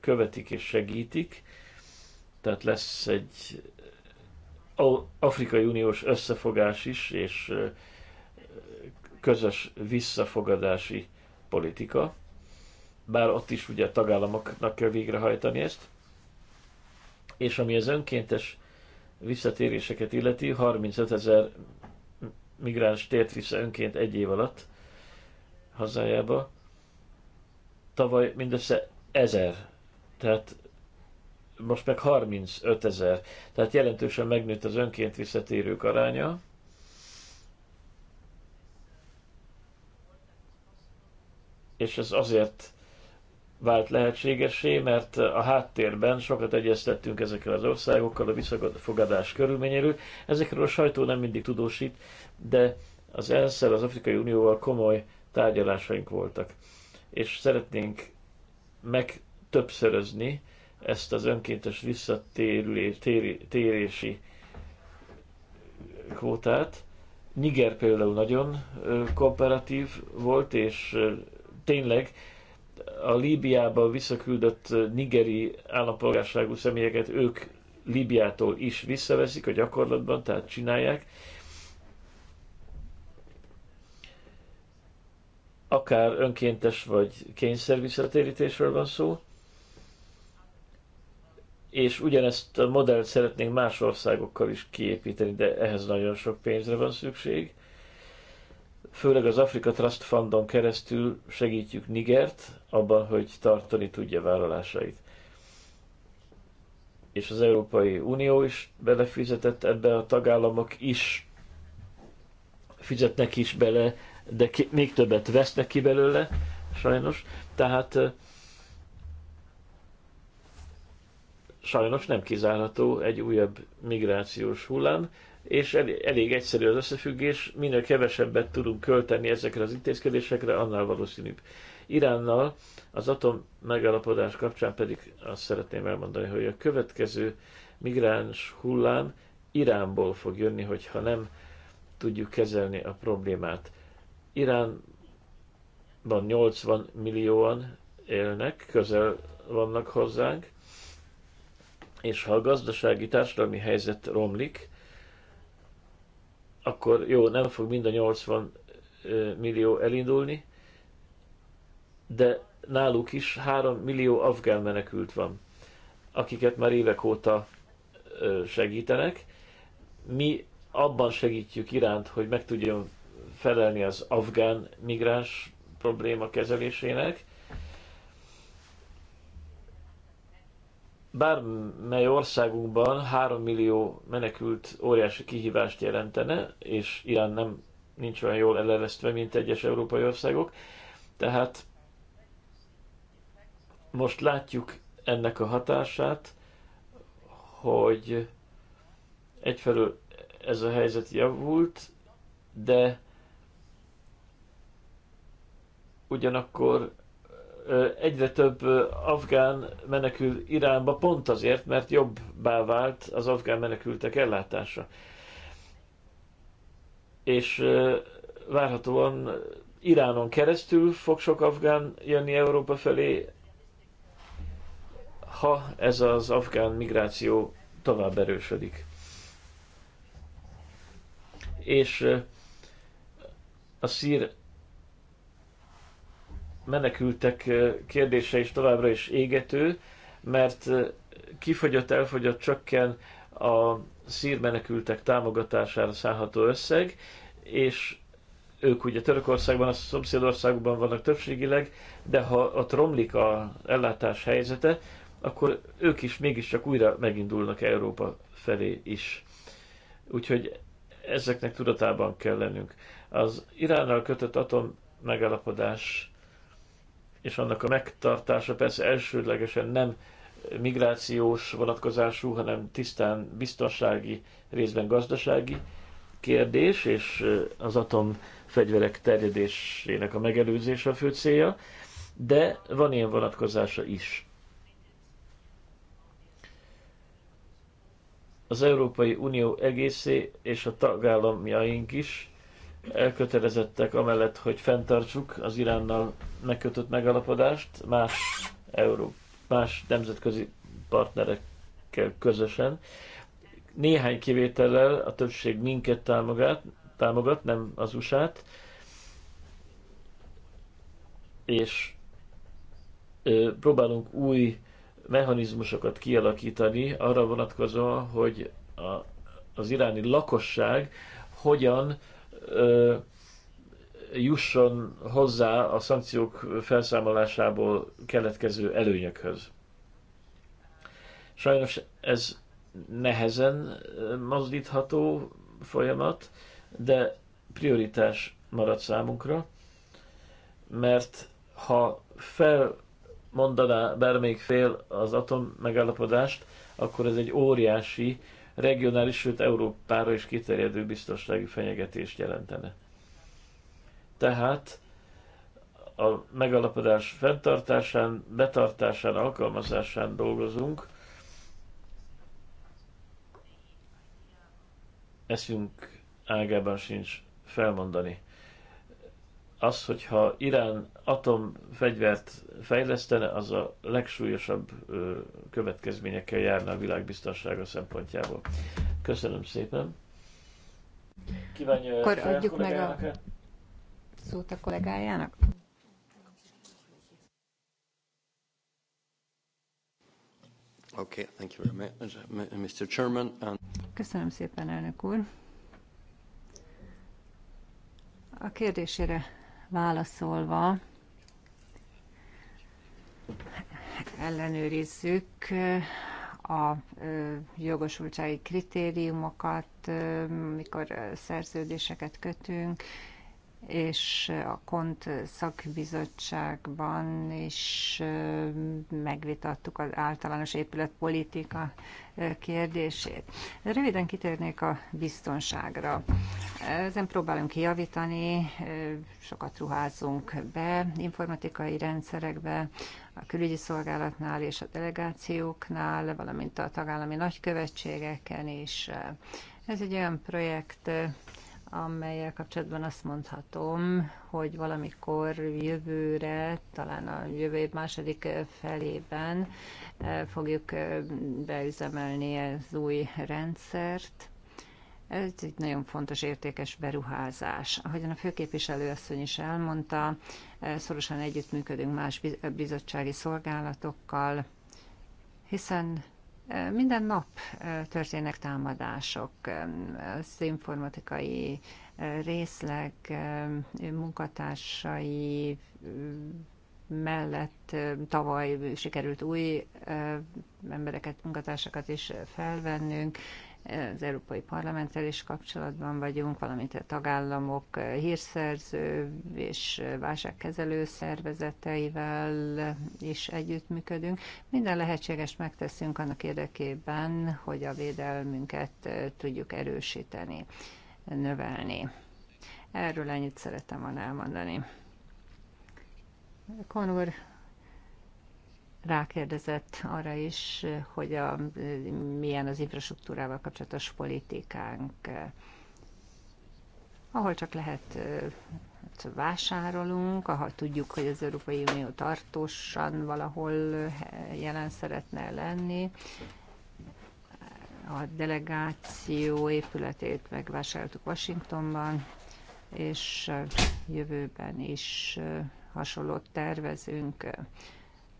követik és segítik. Tehát lesz egy Afrikai Uniós összefogás is, és közös visszafogadási politika. Bár ott is ugye a tagállamoknak kell végrehajtani ezt. És ami az önkéntes visszatéréseket illeti, 35 ezer migráns tért vissza önként egy év alatt hazájába. Tavaly mindössze ezer, tehát most meg 35 ezer, tehát jelentősen megnőtt az önként visszatérők aránya. És ez azért vált lehetségesé, mert a háttérben sokat egyeztettünk ezekkel az országokkal a visszafogadás körülményéről. Ezekről a sajtó nem mindig tudósít, de az ensz az Afrikai Unióval komoly tárgyalásaink voltak. És szeretnénk meg többszörözni ezt az önkéntes visszatérési kvótát. Niger például nagyon kooperatív volt, és tényleg a Líbiába visszaküldött nigeri állampolgárságú személyeket ők Líbiától is visszaveszik a gyakorlatban, tehát csinálják. Akár önkéntes vagy kényszer visszatérítésről van szó, és ugyanezt a modellt szeretnénk más országokkal is kiépíteni, de ehhez nagyon sok pénzre van szükség főleg az Afrika Trust Fundon keresztül segítjük Nigert abban, hogy tartani tudja vállalásait. És az Európai Unió is belefizetett ebbe, a tagállamok is fizetnek is bele, de ki, még többet vesznek ki belőle, sajnos. Tehát sajnos nem kizárható egy újabb migrációs hullám, és elég egyszerű az összefüggés, minél kevesebbet tudunk költeni ezekre az intézkedésekre, annál valószínűbb. Iránnal az atom megállapodás kapcsán pedig azt szeretném elmondani, hogy a következő migráns hullám Iránból fog jönni, hogyha nem tudjuk kezelni a problémát. Iránban 80 millióan élnek, közel vannak hozzánk, és ha a gazdasági társadalmi helyzet romlik, akkor jó, nem fog mind a 80 millió elindulni, de náluk is 3 millió afgán menekült van, akiket már évek óta segítenek. Mi abban segítjük iránt, hogy meg tudjon felelni az afgán migráns probléma kezelésének, bármely országunkban 3 millió menekült óriási kihívást jelentene, és ilyen nem nincs olyan jól elevesztve, mint egyes európai országok. Tehát most látjuk ennek a hatását, hogy egyfelől ez a helyzet javult, de ugyanakkor egyre több afgán menekül Iránba pont azért, mert jobbá vált az afgán menekültek ellátása. És várhatóan Iránon keresztül fog sok afgán jönni Európa felé, ha ez az afgán migráció tovább erősödik. És a szír menekültek kérdése is továbbra is égető, mert kifogyott, elfogyott, csökken a szír menekültek támogatására szállható összeg, és ők ugye Törökországban, a szomszédországban vannak többségileg, de ha a romlik a ellátás helyzete, akkor ők is mégiscsak újra megindulnak Európa felé is. Úgyhogy ezeknek tudatában kell lennünk. Az Iránnal kötött atom megállapodás és annak a megtartása persze elsődlegesen nem migrációs vonatkozású, hanem tisztán biztonsági, részben gazdasági kérdés, és az atom fegyverek terjedésének a megelőzése a fő célja, de van ilyen vonatkozása is. Az Európai Unió egészé és a tagállamjaink is elkötelezettek amellett, hogy fenntartsuk az Iránnal megkötött megalapodást más, Euró, más nemzetközi partnerekkel közösen. Néhány kivétellel a többség minket támogat, támogat nem az USA-t, és ö, próbálunk új mechanizmusokat kialakítani arra vonatkozóan, hogy a, az iráni lakosság hogyan ö, jusson hozzá a szankciók felszámolásából keletkező előnyökhöz. Sajnos ez nehezen mozdítható folyamat, de prioritás marad számunkra, mert ha felmondaná bármelyik fél az atom megállapodást, akkor ez egy óriási regionális, sőt Európára is kiterjedő biztonsági fenyegetést jelentene. Tehát a megalapodás fenntartásán, betartásán, alkalmazásán dolgozunk. Eszünk ágában sincs felmondani az, hogyha Irán atomfegyvert fejlesztene, az a legsúlyosabb következményekkel járna a világ szempontjából. Köszönöm szépen. Kívánja Akkor adjuk meg a szót a kollégájának. Okay, thank you very much, Mr. Chairman. And... Köszönöm szépen, elnök úr. A kérdésére válaszolva, ellenőrizzük eh, a eh, jogosultsági kritériumokat, eh, mikor szerződéseket kötünk, és a KONT szakbizottságban is megvitattuk az általános épületpolitika kérdését. Röviden kitérnék a biztonságra. Ezen próbálunk kijavítani, sokat ruházunk be informatikai rendszerekbe, a külügyi szolgálatnál és a delegációknál, valamint a tagállami nagykövetségeken is. Ez egy olyan projekt, amelyel kapcsolatban azt mondhatom, hogy valamikor jövőre, talán a jövő év második felében eh, fogjuk eh, beüzemelni az új rendszert. Ez egy nagyon fontos, értékes beruházás. Ahogyan a főképviselő asszony is elmondta, eh, szorosan együttműködünk más bizottsági szolgálatokkal, hiszen minden nap történnek támadások, az informatikai részleg munkatársai mellett tavaly sikerült új embereket, munkatársakat is felvennünk, az Európai Parlamenttel is kapcsolatban vagyunk, valamint a tagállamok hírszerző és válságkezelő szervezeteivel is együttműködünk. Minden lehetséges megteszünk annak érdekében, hogy a védelmünket tudjuk erősíteni, növelni. Erről ennyit szeretem volna elmondani. Konur rákérdezett arra is, hogy a, milyen az infrastruktúrával kapcsolatos politikánk. Ahol csak lehet, hát vásárolunk, ha tudjuk, hogy az Európai Unió tartósan valahol eh, jelen szeretne lenni, a delegáció épületét megvásároltuk Washingtonban, és jövőben is eh, hasonlót tervezünk.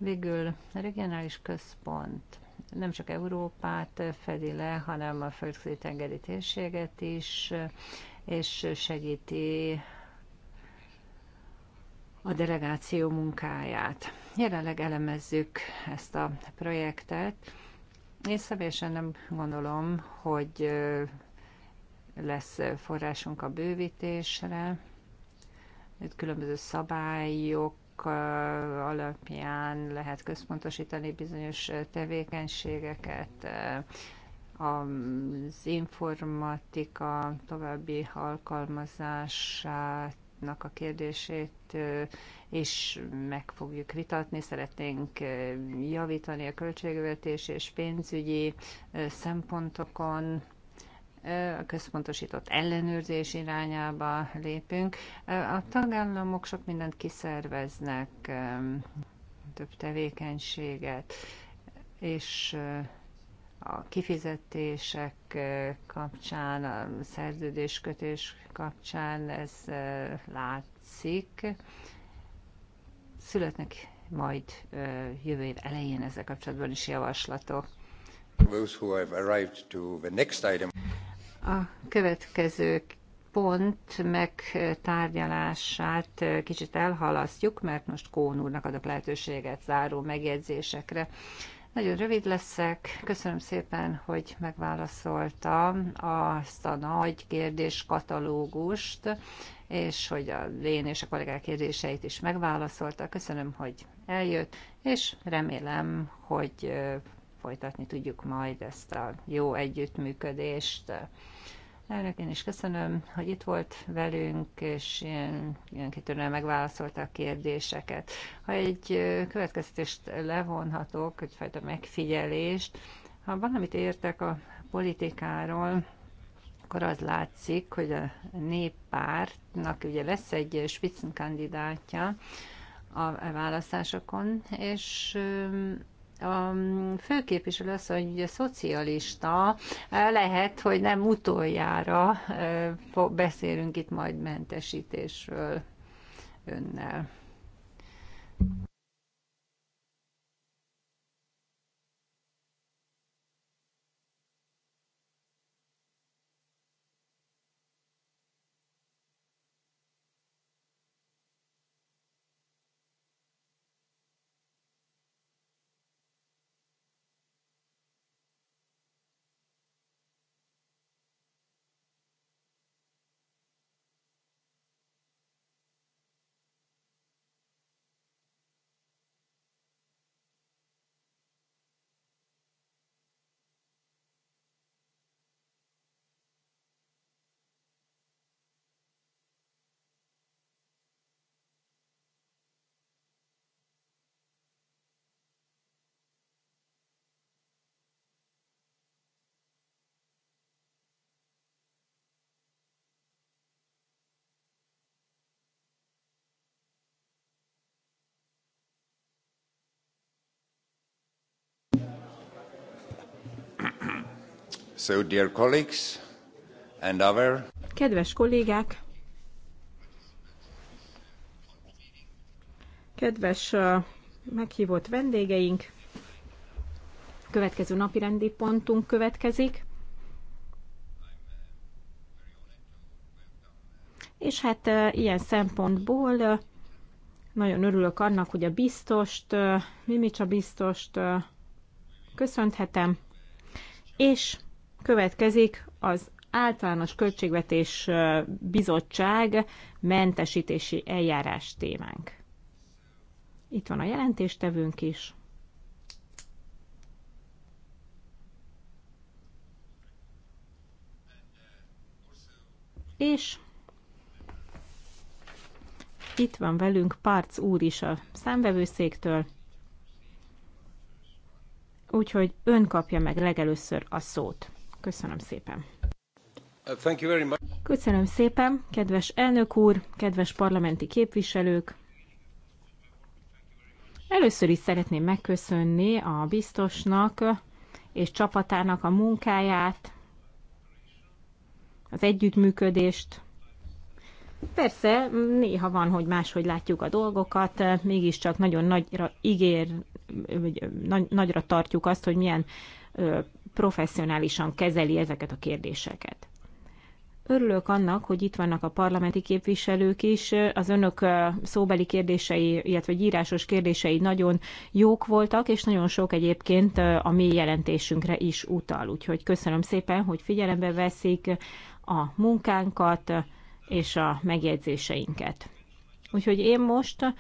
Végül regionális központ nem csak Európát fedi le, hanem a földközi tengeri térséget is, és segíti a delegáció munkáját. Jelenleg elemezzük ezt a projektet. Én személyesen nem gondolom, hogy lesz forrásunk a bővítésre. Itt különböző szabályok alapján lehet központosítani bizonyos tevékenységeket, az informatika további alkalmazását a kérdését, és meg fogjuk vitatni, szeretnénk javítani a költségvetés és pénzügyi szempontokon, a központosított ellenőrzés irányába lépünk. A tagállamok sok mindent kiszerveznek, több tevékenységet, és a kifizetések kapcsán, a szerződéskötés kapcsán ez látszik. Születnek majd jövő év elején ezzel kapcsolatban is javaslatok. A következő pont megtárgyalását kicsit elhalasztjuk, mert most Kón úrnak adok lehetőséget záró megjegyzésekre. Nagyon rövid leszek. Köszönöm szépen, hogy megválaszoltam azt a nagy kérdéskatalógust, és hogy a én és a kollégák kérdéseit is megválaszolta. Köszönöm, hogy eljött, és remélem, hogy folytatni tudjuk majd ezt a jó együttműködést. Elnök, én is köszönöm, hogy itt volt velünk, és ilyen, ilyen kitűnően megválaszolta a kérdéseket. Ha egy következtetést levonhatok, egyfajta megfigyelést, ha valamit értek a politikáról, akkor az látszik, hogy a néppártnak ugye lesz egy spitzenkandidátja a választásokon, és a mm, főképviselő az, hogy szocialista, lehet, hogy nem utoljára beszélünk itt majd mentesítésről önnel. So, dear colleagues and other... Kedves kollégák, kedves uh, meghívott vendégeink, következő napi rendi pontunk következik. És hát uh, ilyen szempontból uh, nagyon örülök annak, hogy a biztost, Mimicsa biztost köszönhetem, és Következik az általános költségvetés bizottság mentesítési eljárás témánk. Itt van a jelentéstevőnk is. És itt van velünk Parc úr is a számvevőszéktől, úgyhogy ön kapja meg legelőször a szót. Köszönöm szépen. Köszönöm szépen, kedves elnök úr, kedves parlamenti képviselők. Először is szeretném megköszönni a biztosnak és csapatának a munkáját, az együttműködést. Persze, néha van, hogy máshogy látjuk a dolgokat, mégiscsak nagyon nagyra ígér, vagy nagyra tartjuk azt, hogy milyen professzionálisan kezeli ezeket a kérdéseket. Örülök annak, hogy itt vannak a parlamenti képviselők is. Az önök szóbeli kérdései, illetve írásos kérdései nagyon jók voltak, és nagyon sok egyébként a mi jelentésünkre is utal. Úgyhogy köszönöm szépen, hogy figyelembe veszik a munkánkat és a megjegyzéseinket. Úgyhogy én most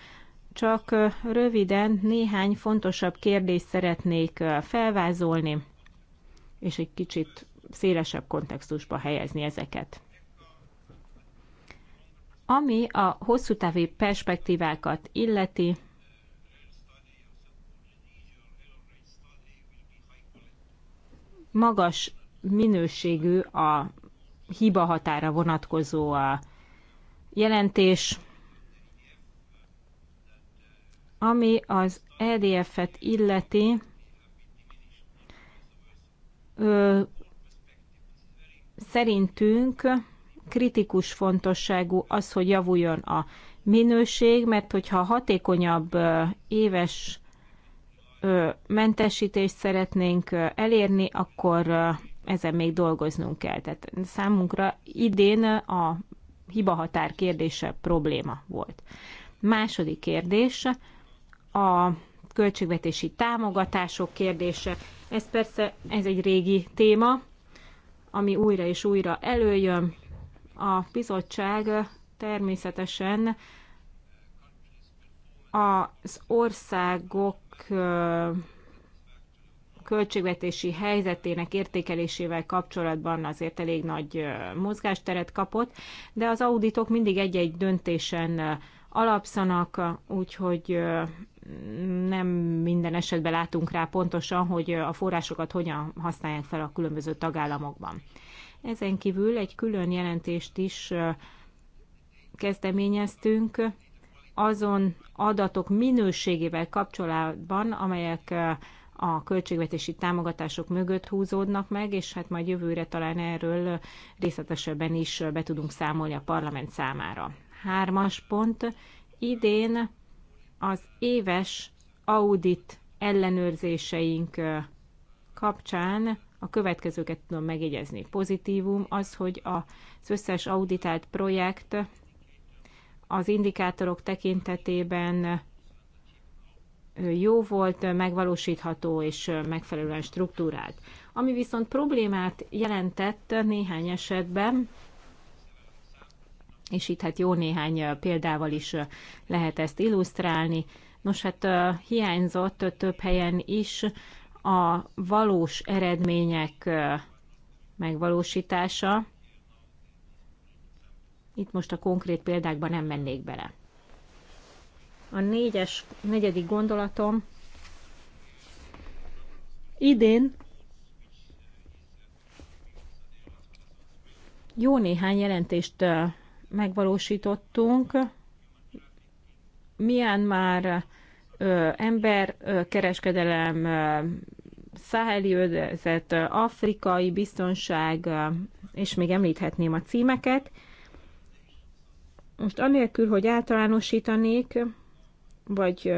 csak röviden néhány fontosabb kérdést szeretnék felvázolni és egy kicsit szélesebb kontextusba helyezni ezeket. Ami a hosszú távú perspektívákat illeti, magas minőségű a hiba határa vonatkozó a jelentés, ami az EDF-et illeti, ö, szerintünk kritikus fontosságú az, hogy javuljon a minőség, mert hogyha hatékonyabb éves mentesítést szeretnénk elérni, akkor ezen még dolgoznunk kell. Tehát számunkra idén a hibahatár kérdése probléma volt. Második kérdés, a költségvetési támogatások kérdése. Ez persze ez egy régi téma, ami újra és újra előjön. A bizottság természetesen az országok költségvetési helyzetének értékelésével kapcsolatban azért elég nagy mozgásteret kapott, de az auditok mindig egy-egy döntésen alapszanak, úgyhogy nem minden esetben látunk rá pontosan, hogy a forrásokat hogyan használják fel a különböző tagállamokban. Ezen kívül egy külön jelentést is kezdeményeztünk azon adatok minőségével kapcsolatban, amelyek a költségvetési támogatások mögött húzódnak meg, és hát majd jövőre talán erről részletesebben is be tudunk számolni a parlament számára. Hármas pont. Idén az éves audit ellenőrzéseink kapcsán a következőket tudom megjegyezni. Pozitívum az, hogy az összes auditált projekt az indikátorok tekintetében jó volt, megvalósítható és megfelelően struktúrált. Ami viszont problémát jelentett néhány esetben, és itt hát jó néhány példával is lehet ezt illusztrálni. Nos, hát hiányzott több helyen is a valós eredmények megvalósítása. Itt most a konkrét példákban nem mennék bele. A négyes, negyedik gondolatom. Idén jó néhány jelentést megvalósítottunk. Milyen már emberkereskedelem, száheli ödezet, afrikai biztonság, és még említhetném a címeket. Most anélkül, hogy általánosítanék, vagy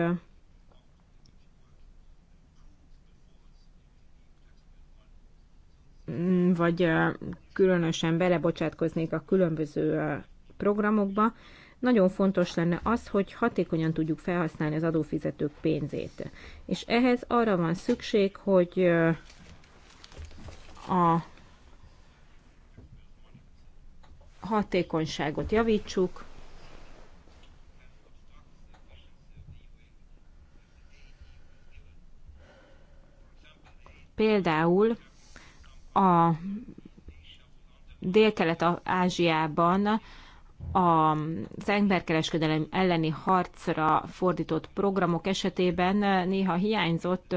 vagy különösen belebocsátkoznék a különböző programokba, nagyon fontos lenne az, hogy hatékonyan tudjuk felhasználni az adófizetők pénzét. És ehhez arra van szükség, hogy a hatékonyságot javítsuk, Például a Dél-Kelet-Ázsiában az emberkereskedelem elleni harcra fordított programok esetében néha hiányzott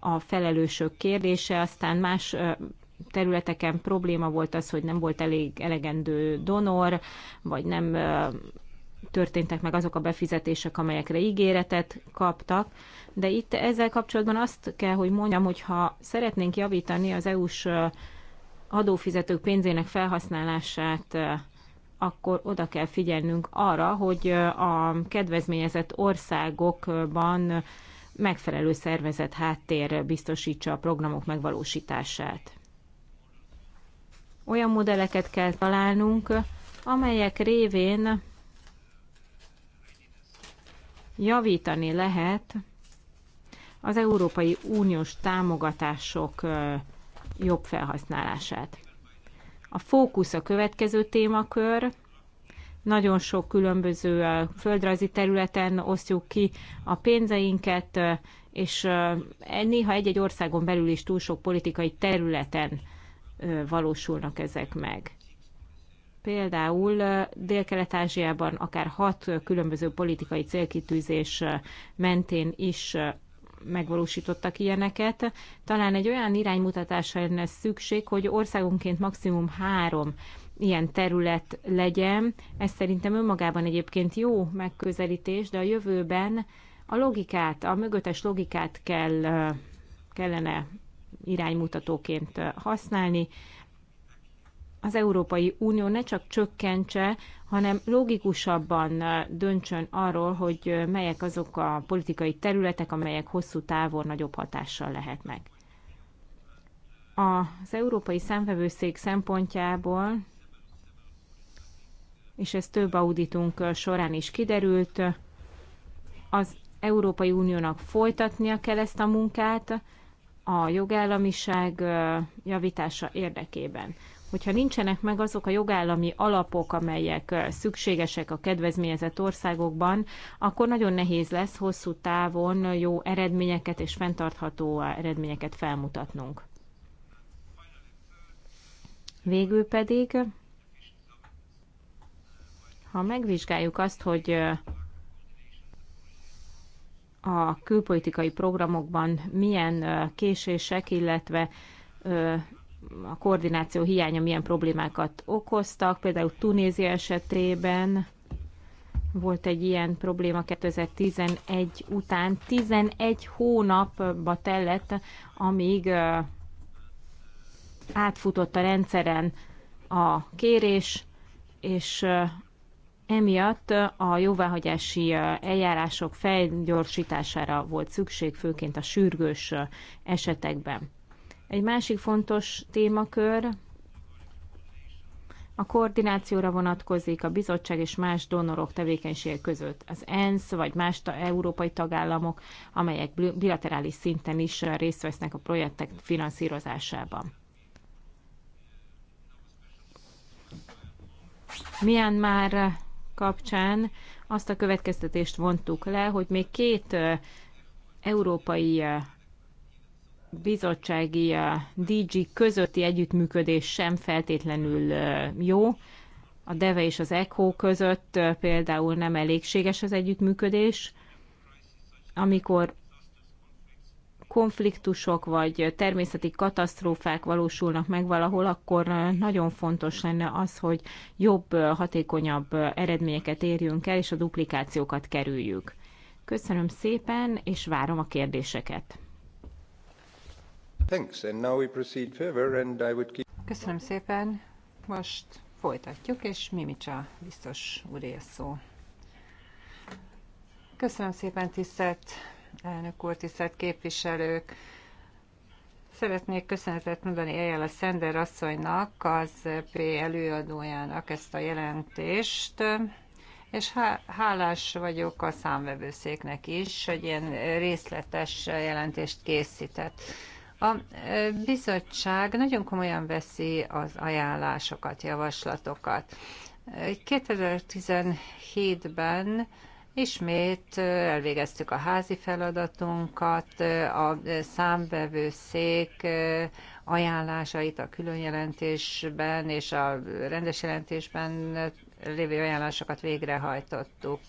a felelősök kérdése, aztán más területeken probléma volt az, hogy nem volt elég elegendő donor, vagy nem történtek meg azok a befizetések, amelyekre ígéretet kaptak. De itt ezzel kapcsolatban azt kell, hogy mondjam, hogy ha szeretnénk javítani az EU-s adófizetők pénzének felhasználását akkor oda kell figyelnünk arra, hogy a kedvezményezett országokban megfelelő szervezet háttér biztosítsa a programok megvalósítását. Olyan modelleket kell találnunk, amelyek révén javítani lehet az Európai Uniós támogatások jobb felhasználását. A fókusz a következő témakör. Nagyon sok különböző földrajzi területen osztjuk ki a pénzeinket, és e, néha egy-egy országon belül is túl sok politikai területen valósulnak ezek meg. Például Dél-Kelet-Ázsiában akár hat különböző politikai célkitűzés mentén is megvalósítottak ilyeneket. Talán egy olyan iránymutatásra lenne szükség, hogy országonként maximum három ilyen terület legyen. Ez szerintem önmagában egyébként jó megközelítés, de a jövőben a logikát, a mögöttes logikát kell, kellene iránymutatóként használni. Az Európai Unió ne csak csökkentse hanem logikusabban döntsön arról, hogy melyek azok a politikai területek, amelyek hosszú távon nagyobb hatással lehetnek. Az Európai Számvevőszék szempontjából, és ez több auditunk során is kiderült, az Európai Uniónak folytatnia kell ezt a munkát a jogállamiság javítása érdekében hogyha nincsenek meg azok a jogállami alapok, amelyek szükségesek a kedvezményezett országokban, akkor nagyon nehéz lesz hosszú távon jó eredményeket és fenntartható eredményeket felmutatnunk. Végül pedig, ha megvizsgáljuk azt, hogy a külpolitikai programokban milyen késések, illetve a koordináció hiánya milyen problémákat okoztak. Például Tunézia esetében volt egy ilyen probléma 2011 után. 11 hónapba tellett, amíg átfutott a rendszeren a kérés, és emiatt a jóváhagyási eljárások felgyorsítására volt szükség, főként a sürgős esetekben. Egy másik fontos témakör a koordinációra vonatkozik a bizottság és más donorok tevékenysége között, az ENSZ vagy más ta, európai tagállamok, amelyek bilaterális szinten is részt vesznek a projektek finanszírozásában. már kapcsán azt a következtetést vontuk le, hogy még két európai bizottsági uh, DG közötti együttműködés sem feltétlenül uh, jó. A DEVE és az ECHO között uh, például nem elégséges az együttműködés, amikor konfliktusok vagy természeti katasztrófák valósulnak meg valahol, akkor nagyon fontos lenne az, hogy jobb, hatékonyabb eredményeket érjünk el, és a duplikációkat kerüljük. Köszönöm szépen, és várom a kérdéseket. Köszönöm szépen. Most folytatjuk, és Mimicsa biztos úré szó. Köszönöm szépen, tisztelt elnök úr, tisztelt képviselők! Szeretnék köszönetet mondani Ejjel a Szender asszonynak, az e P előadójának ezt a jelentést, és hálás vagyok a számvevőszéknek is, hogy ilyen részletes jelentést készített. A bizottság nagyon komolyan veszi az ajánlásokat, javaslatokat. 2017-ben Ismét elvégeztük a házi feladatunkat, a számbevőszék ajánlásait a különjelentésben és a rendes jelentésben lévő ajánlásokat végrehajtottuk.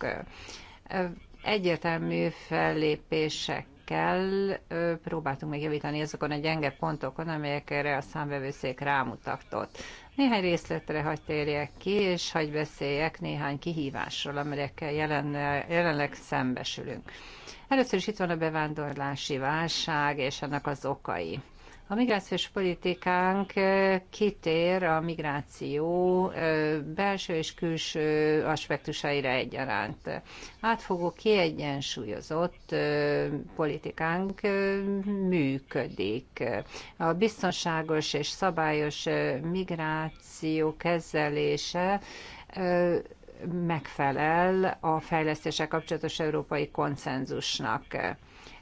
Egyértelmű fellépések ezekkel próbáltunk javítani azokon a gyenge pontokon, amelyekre a számvevőszék rámutatott. Néhány részletre hagy térjek ki, és hagy beszéljek néhány kihívásról, amelyekkel jelen, jelenleg szembesülünk. Először is itt van a bevándorlási válság és ennek az okai. A migrációs politikánk kitér a migráció belső és külső aspektusaira egyaránt. Átfogó kiegyensúlyozott politikánk működik. A biztonságos és szabályos migráció kezelése megfelel a fejlesztése kapcsolatos európai konszenzusnak.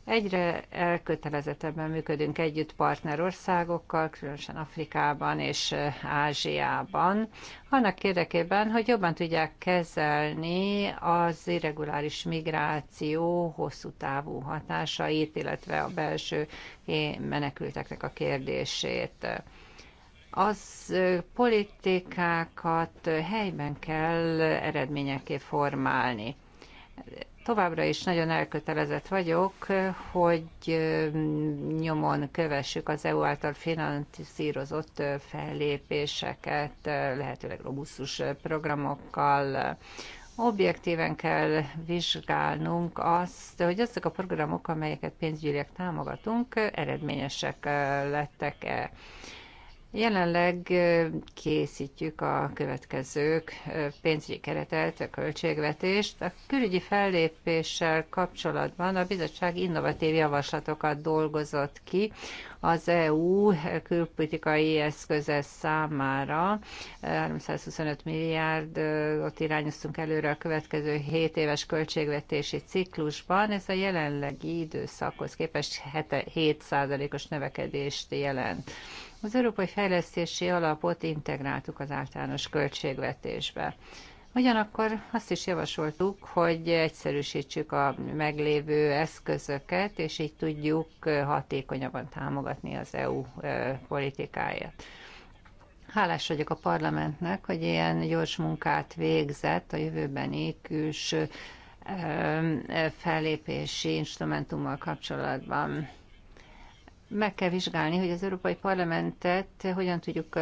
Egyre elkötelezettebben működünk együtt partnerországokkal, különösen Afrikában és Ázsiában, annak érdekében, hogy jobban tudják kezelni az irreguláris migráció hosszú távú hatásait, illetve a belső menekülteknek a kérdését az politikákat helyben kell eredményeké formálni továbbra is nagyon elkötelezett vagyok, hogy nyomon kövessük az EU által finanszírozott fellépéseket, lehetőleg robusztus programokkal, objektíven kell vizsgálnunk azt, hogy azok a programok, amelyeket pénzügyileg támogatunk, eredményesek lettek-e. Jelenleg készítjük a következők pénzügyi keretet, a költségvetést. A külügyi fellépéssel kapcsolatban a bizottság innovatív javaslatokat dolgozott ki az EU külpolitikai eszköze számára. 325 milliárdot irányoztunk előre a következő 7 éves költségvetési ciklusban. Ez a jelenlegi időszakhoz képest 7%-os növekedést jelent. Az Európai Fejlesztési Alapot integráltuk az általános költségvetésbe. Ugyanakkor azt is javasoltuk, hogy egyszerűsítsük a meglévő eszközöket, és így tudjuk hatékonyabban támogatni az EU e, politikáját. Hálás vagyok a parlamentnek, hogy ilyen gyors munkát végzett a jövőben ékűs e, e, fellépési instrumentummal kapcsolatban meg kell vizsgálni, hogy az Európai Parlamentet hogyan tudjuk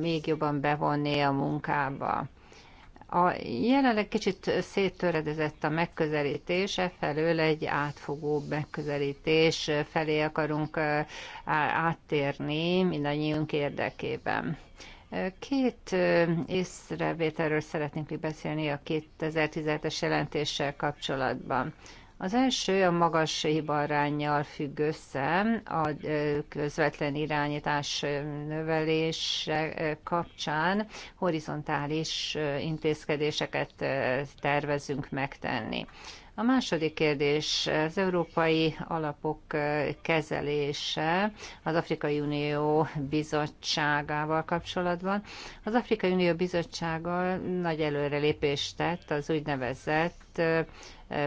még jobban bevonni a munkába. A jelenleg kicsit széttöredezett a megközelítés, e felől egy átfogó megközelítés felé akarunk áttérni mindannyiunk érdekében. Két észrevételről szeretnénk beszélni a 2010 es jelentéssel kapcsolatban. Az első a magas hibarányjal függ össze a közvetlen irányítás növelése kapcsán horizontális intézkedéseket tervezünk megtenni. A második kérdés az európai alapok kezelése az Afrikai Unió bizottságával kapcsolatban. Az Afrikai Unió bizottsága nagy előrelépést tett az úgynevezett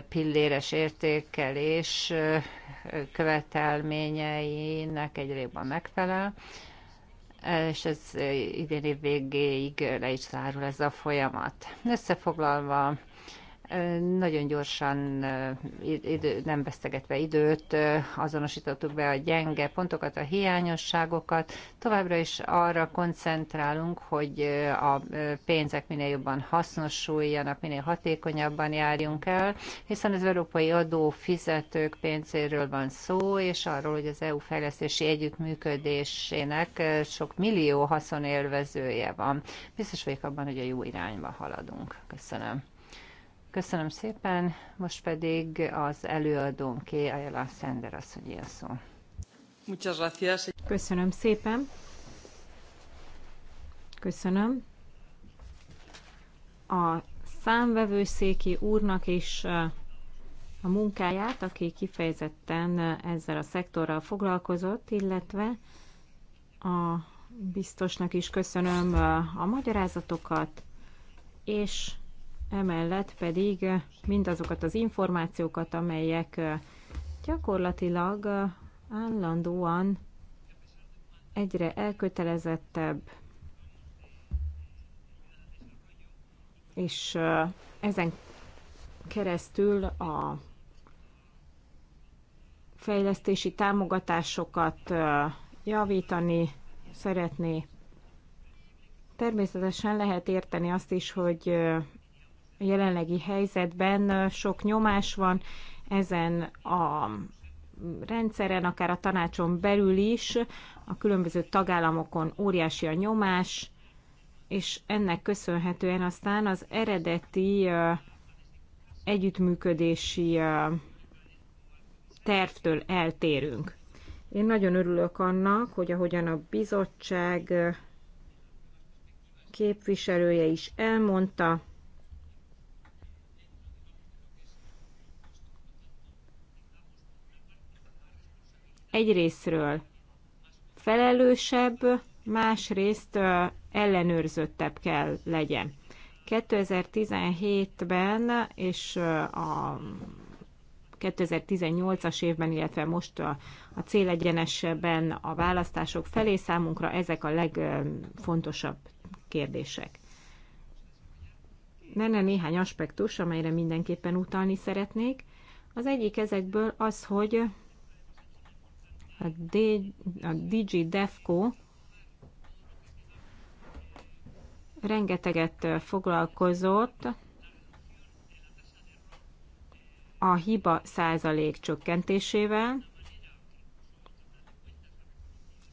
pilléres értékelés követelményeinek egyrében megfelel, és ez idén év végéig le is zárul ez a folyamat. Összefoglalva, nagyon gyorsan, idő, nem vesztegetve időt, azonosítottuk be a gyenge pontokat, a hiányosságokat. Továbbra is arra koncentrálunk, hogy a pénzek minél jobban hasznosuljanak, minél hatékonyabban járjunk el, hiszen az európai adófizetők pénzéről van szó, és arról, hogy az EU fejlesztési együttműködésének sok millió haszonélvezője van. Biztos vagyok abban, hogy a jó irányba haladunk. Köszönöm. Köszönöm szépen, most pedig az előadónké Ayala Sender asszonyi a szó. Köszönöm szépen. Köszönöm. A számvevőszéki úrnak is a munkáját, aki kifejezetten ezzel a szektorral foglalkozott, illetve a biztosnak is köszönöm a magyarázatokat, és emellett pedig mindazokat az információkat, amelyek gyakorlatilag állandóan egyre elkötelezettebb és ezen keresztül a fejlesztési támogatásokat javítani szeretné. Természetesen lehet érteni azt is, hogy jelenlegi helyzetben sok nyomás van ezen a rendszeren, akár a tanácson belül is, a különböző tagállamokon óriási a nyomás, és ennek köszönhetően aztán az eredeti együttműködési tervtől eltérünk. Én nagyon örülök annak, hogy ahogyan a bizottság képviselője is elmondta, egyrésztről felelősebb, másrészt ellenőrzöttebb kell legyen. 2017-ben és a 2018-as évben, illetve most a, a célegyenesben a választások felé számunkra ezek a legfontosabb kérdések. Lenne néhány aspektus, amelyre mindenképpen utalni szeretnék. Az egyik ezekből az, hogy a, D, a DG DEFCO rengeteget foglalkozott a hiba százalék csökkentésével,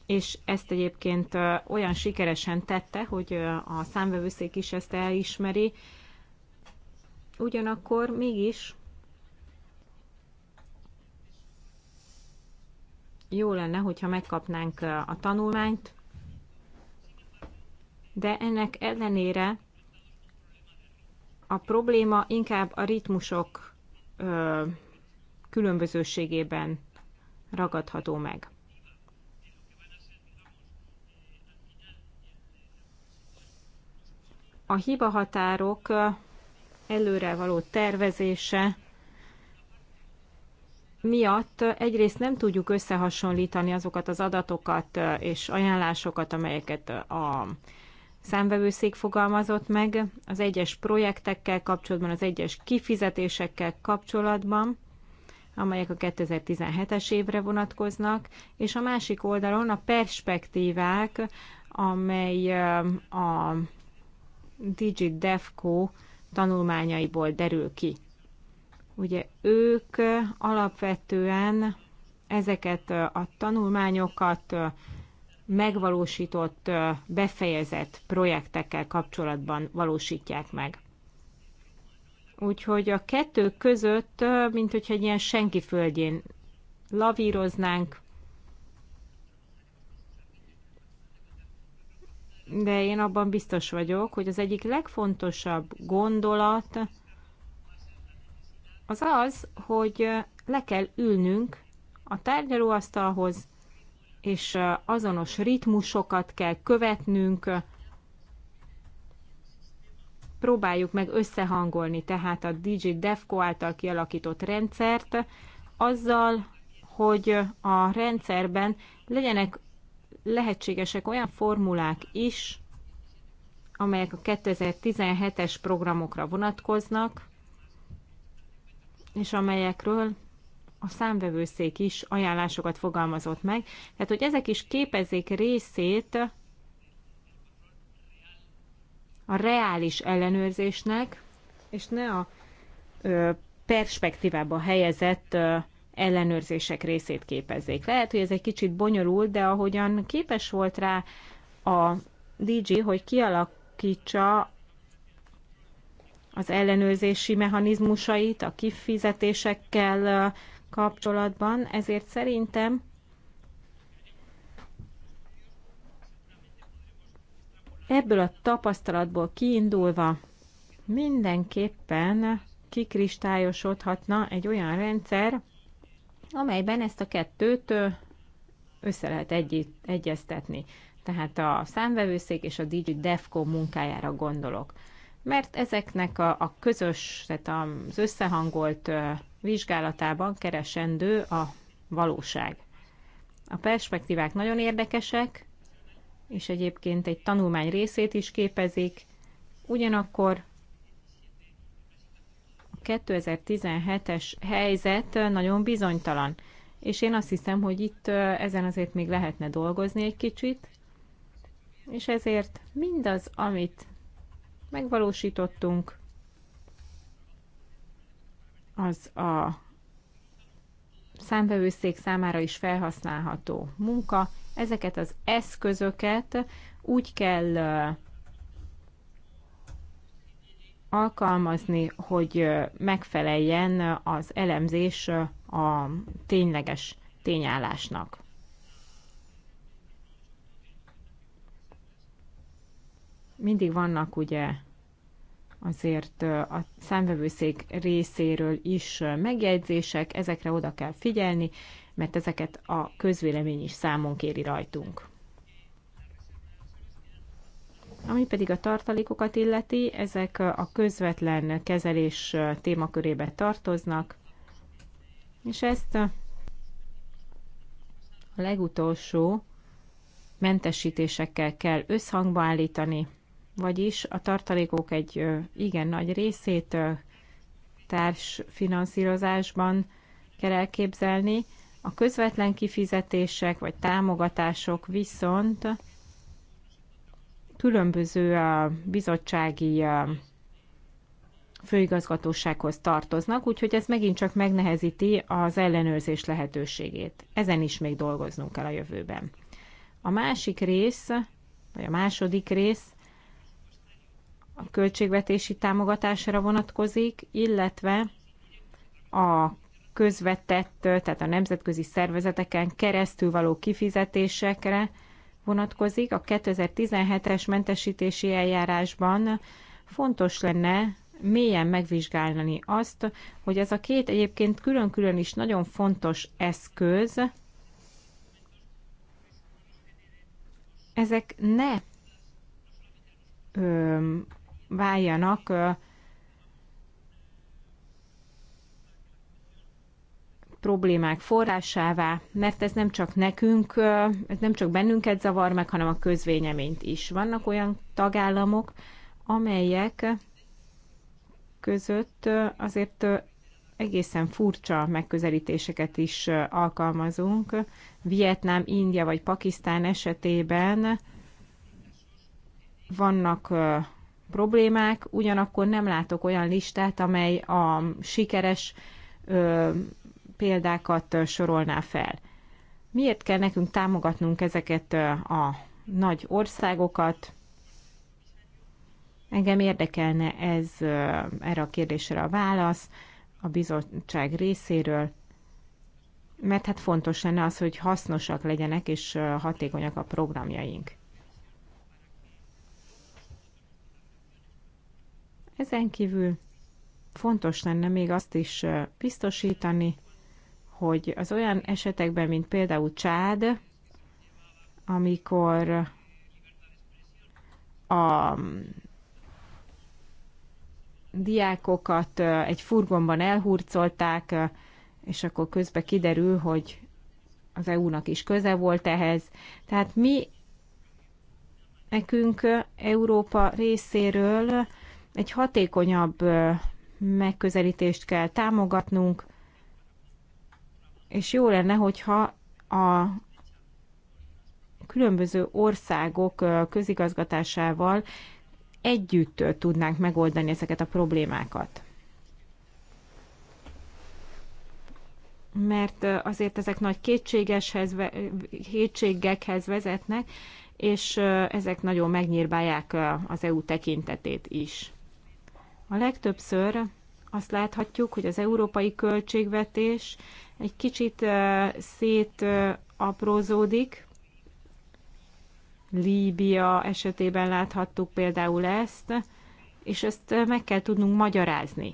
és ezt egyébként olyan sikeresen tette, hogy a számvevőszék is ezt elismeri, ugyanakkor mégis jó lenne, hogyha megkapnánk a tanulmányt, de ennek ellenére a probléma inkább a ritmusok ö, különbözőségében ragadható meg. A hibahatárok előre való tervezése miatt egyrészt nem tudjuk összehasonlítani azokat az adatokat és ajánlásokat, amelyeket a számvevőszék fogalmazott meg az egyes projektekkel kapcsolatban, az egyes kifizetésekkel kapcsolatban, amelyek a 2017-es évre vonatkoznak, és a másik oldalon a perspektívák, amely a DigiDefco tanulmányaiból derül ki. Ugye ők alapvetően ezeket a tanulmányokat megvalósított, befejezett projektekkel kapcsolatban valósítják meg. Úgyhogy a kettő között, mint hogyha egy ilyen senki földjén lavíroznánk, de én abban biztos vagyok, hogy az egyik legfontosabb gondolat az az, hogy le kell ülnünk a tárgyalóasztalhoz, és azonos ritmusokat kell követnünk, próbáljuk meg összehangolni tehát a DJ Defco által kialakított rendszert azzal, hogy a rendszerben legyenek lehetségesek olyan formulák is, amelyek a 2017-es programokra vonatkoznak, és amelyekről a számvevőszék is ajánlásokat fogalmazott meg. Tehát, hogy ezek is képezzék részét a reális ellenőrzésnek, és ne a perspektívába helyezett ellenőrzések részét képezzék. Lehet, hogy ez egy kicsit bonyolult, de ahogyan képes volt rá a DJ, hogy kialakítsa az ellenőrzési mechanizmusait a kifizetésekkel kapcsolatban, ezért szerintem ebből a tapasztalatból kiindulva mindenképpen kikristályosodhatna egy olyan rendszer, amelyben ezt a kettőt össze lehet egy- egyeztetni. Tehát a számvevőszék és a DigiDefco munkájára gondolok mert ezeknek a, a közös, tehát az összehangolt vizsgálatában keresendő a valóság. A perspektívák nagyon érdekesek, és egyébként egy tanulmány részét is képezik, ugyanakkor a 2017-es helyzet nagyon bizonytalan, és én azt hiszem, hogy itt ezen azért még lehetne dolgozni egy kicsit, és ezért mindaz, amit megvalósítottunk, az a számbevőszék számára is felhasználható munka. Ezeket az eszközöket úgy kell alkalmazni, hogy megfeleljen az elemzés a tényleges tényállásnak. mindig vannak ugye azért a számvevőszék részéről is megjegyzések, ezekre oda kell figyelni, mert ezeket a közvélemény is számon kéri rajtunk. Ami pedig a tartalékokat illeti, ezek a közvetlen kezelés témakörébe tartoznak, és ezt a legutolsó mentesítésekkel kell összhangba állítani, vagyis a tartalékok egy igen nagy részét társfinanszírozásban kell elképzelni, a közvetlen kifizetések vagy támogatások viszont különböző bizottsági főigazgatósághoz tartoznak, úgyhogy ez megint csak megnehezíti az ellenőrzés lehetőségét. Ezen is még dolgoznunk kell a jövőben. A másik rész, vagy a második rész a költségvetési támogatásra vonatkozik, illetve a közvetett, tehát a nemzetközi szervezeteken keresztül való kifizetésekre vonatkozik. A 2017-es mentesítési eljárásban fontos lenne mélyen megvizsgálni azt, hogy ez a két egyébként külön-külön is nagyon fontos eszköz, ezek ne váljanak problémák forrásává, mert ez nem csak nekünk, ez nem csak bennünket zavar meg, hanem a közvéleményt is. Vannak olyan tagállamok, amelyek között azért egészen furcsa megközelítéseket is alkalmazunk. Vietnám, India vagy Pakisztán esetében vannak problémák, ugyanakkor nem látok olyan listát, amely a sikeres ö, példákat sorolná fel. Miért kell nekünk támogatnunk ezeket a nagy országokat? Engem érdekelne ez erre a kérdésre a válasz a bizottság részéről, mert hát fontos lenne az, hogy hasznosak legyenek és hatékonyak a programjaink. Ezen kívül fontos lenne még azt is biztosítani, hogy az olyan esetekben, mint például Csád, amikor a mm, diákokat egy furgonban elhurcolták, és akkor közben kiderül, hogy az EU-nak is köze volt ehhez. Tehát mi nekünk Európa részéről egy hatékonyabb megközelítést kell támogatnunk, és jó lenne, hogyha a különböző országok közigazgatásával együtt tudnánk megoldani ezeket a problémákat. Mert azért ezek nagy kétségeshez, kétségekhez vezetnek, és ezek nagyon megnyírbálják az EU tekintetét is. A legtöbbször azt láthatjuk, hogy az európai költségvetés egy kicsit szétaprózódik. Líbia esetében láthattuk például ezt, és ezt meg kell tudnunk magyarázni.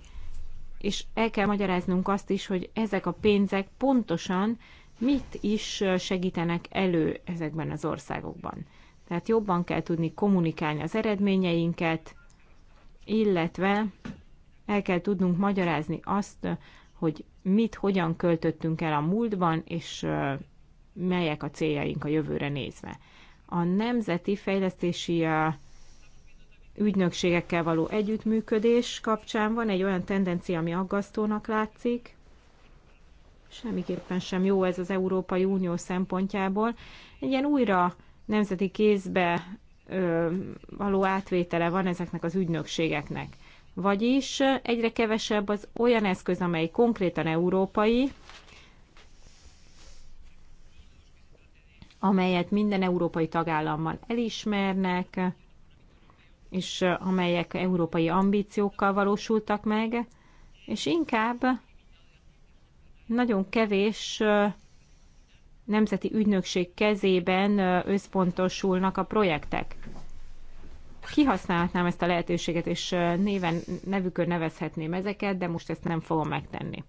És el kell magyaráznunk azt is, hogy ezek a pénzek pontosan mit is segítenek elő ezekben az országokban. Tehát jobban kell tudni kommunikálni az eredményeinket, illetve el kell tudnunk magyarázni azt, hogy mit, hogyan költöttünk el a múltban, és melyek a céljaink a jövőre nézve. A nemzeti fejlesztési ügynökségekkel való együttműködés kapcsán van egy olyan tendencia, ami aggasztónak látszik. Semmiképpen sem jó ez az Európai Unió szempontjából. Egy ilyen újra nemzeti kézbe való átvétele van ezeknek az ügynökségeknek. Vagyis egyre kevesebb az olyan eszköz, amely konkrétan európai, amelyet minden európai tagállammal elismernek, és amelyek európai ambíciókkal valósultak meg, és inkább nagyon kevés nemzeti ügynökség kezében összpontosulnak a projektek. Kihasználhatnám ezt a lehetőséget, és néven, nevükön nevezhetném ezeket, de most ezt nem fogom megtenni.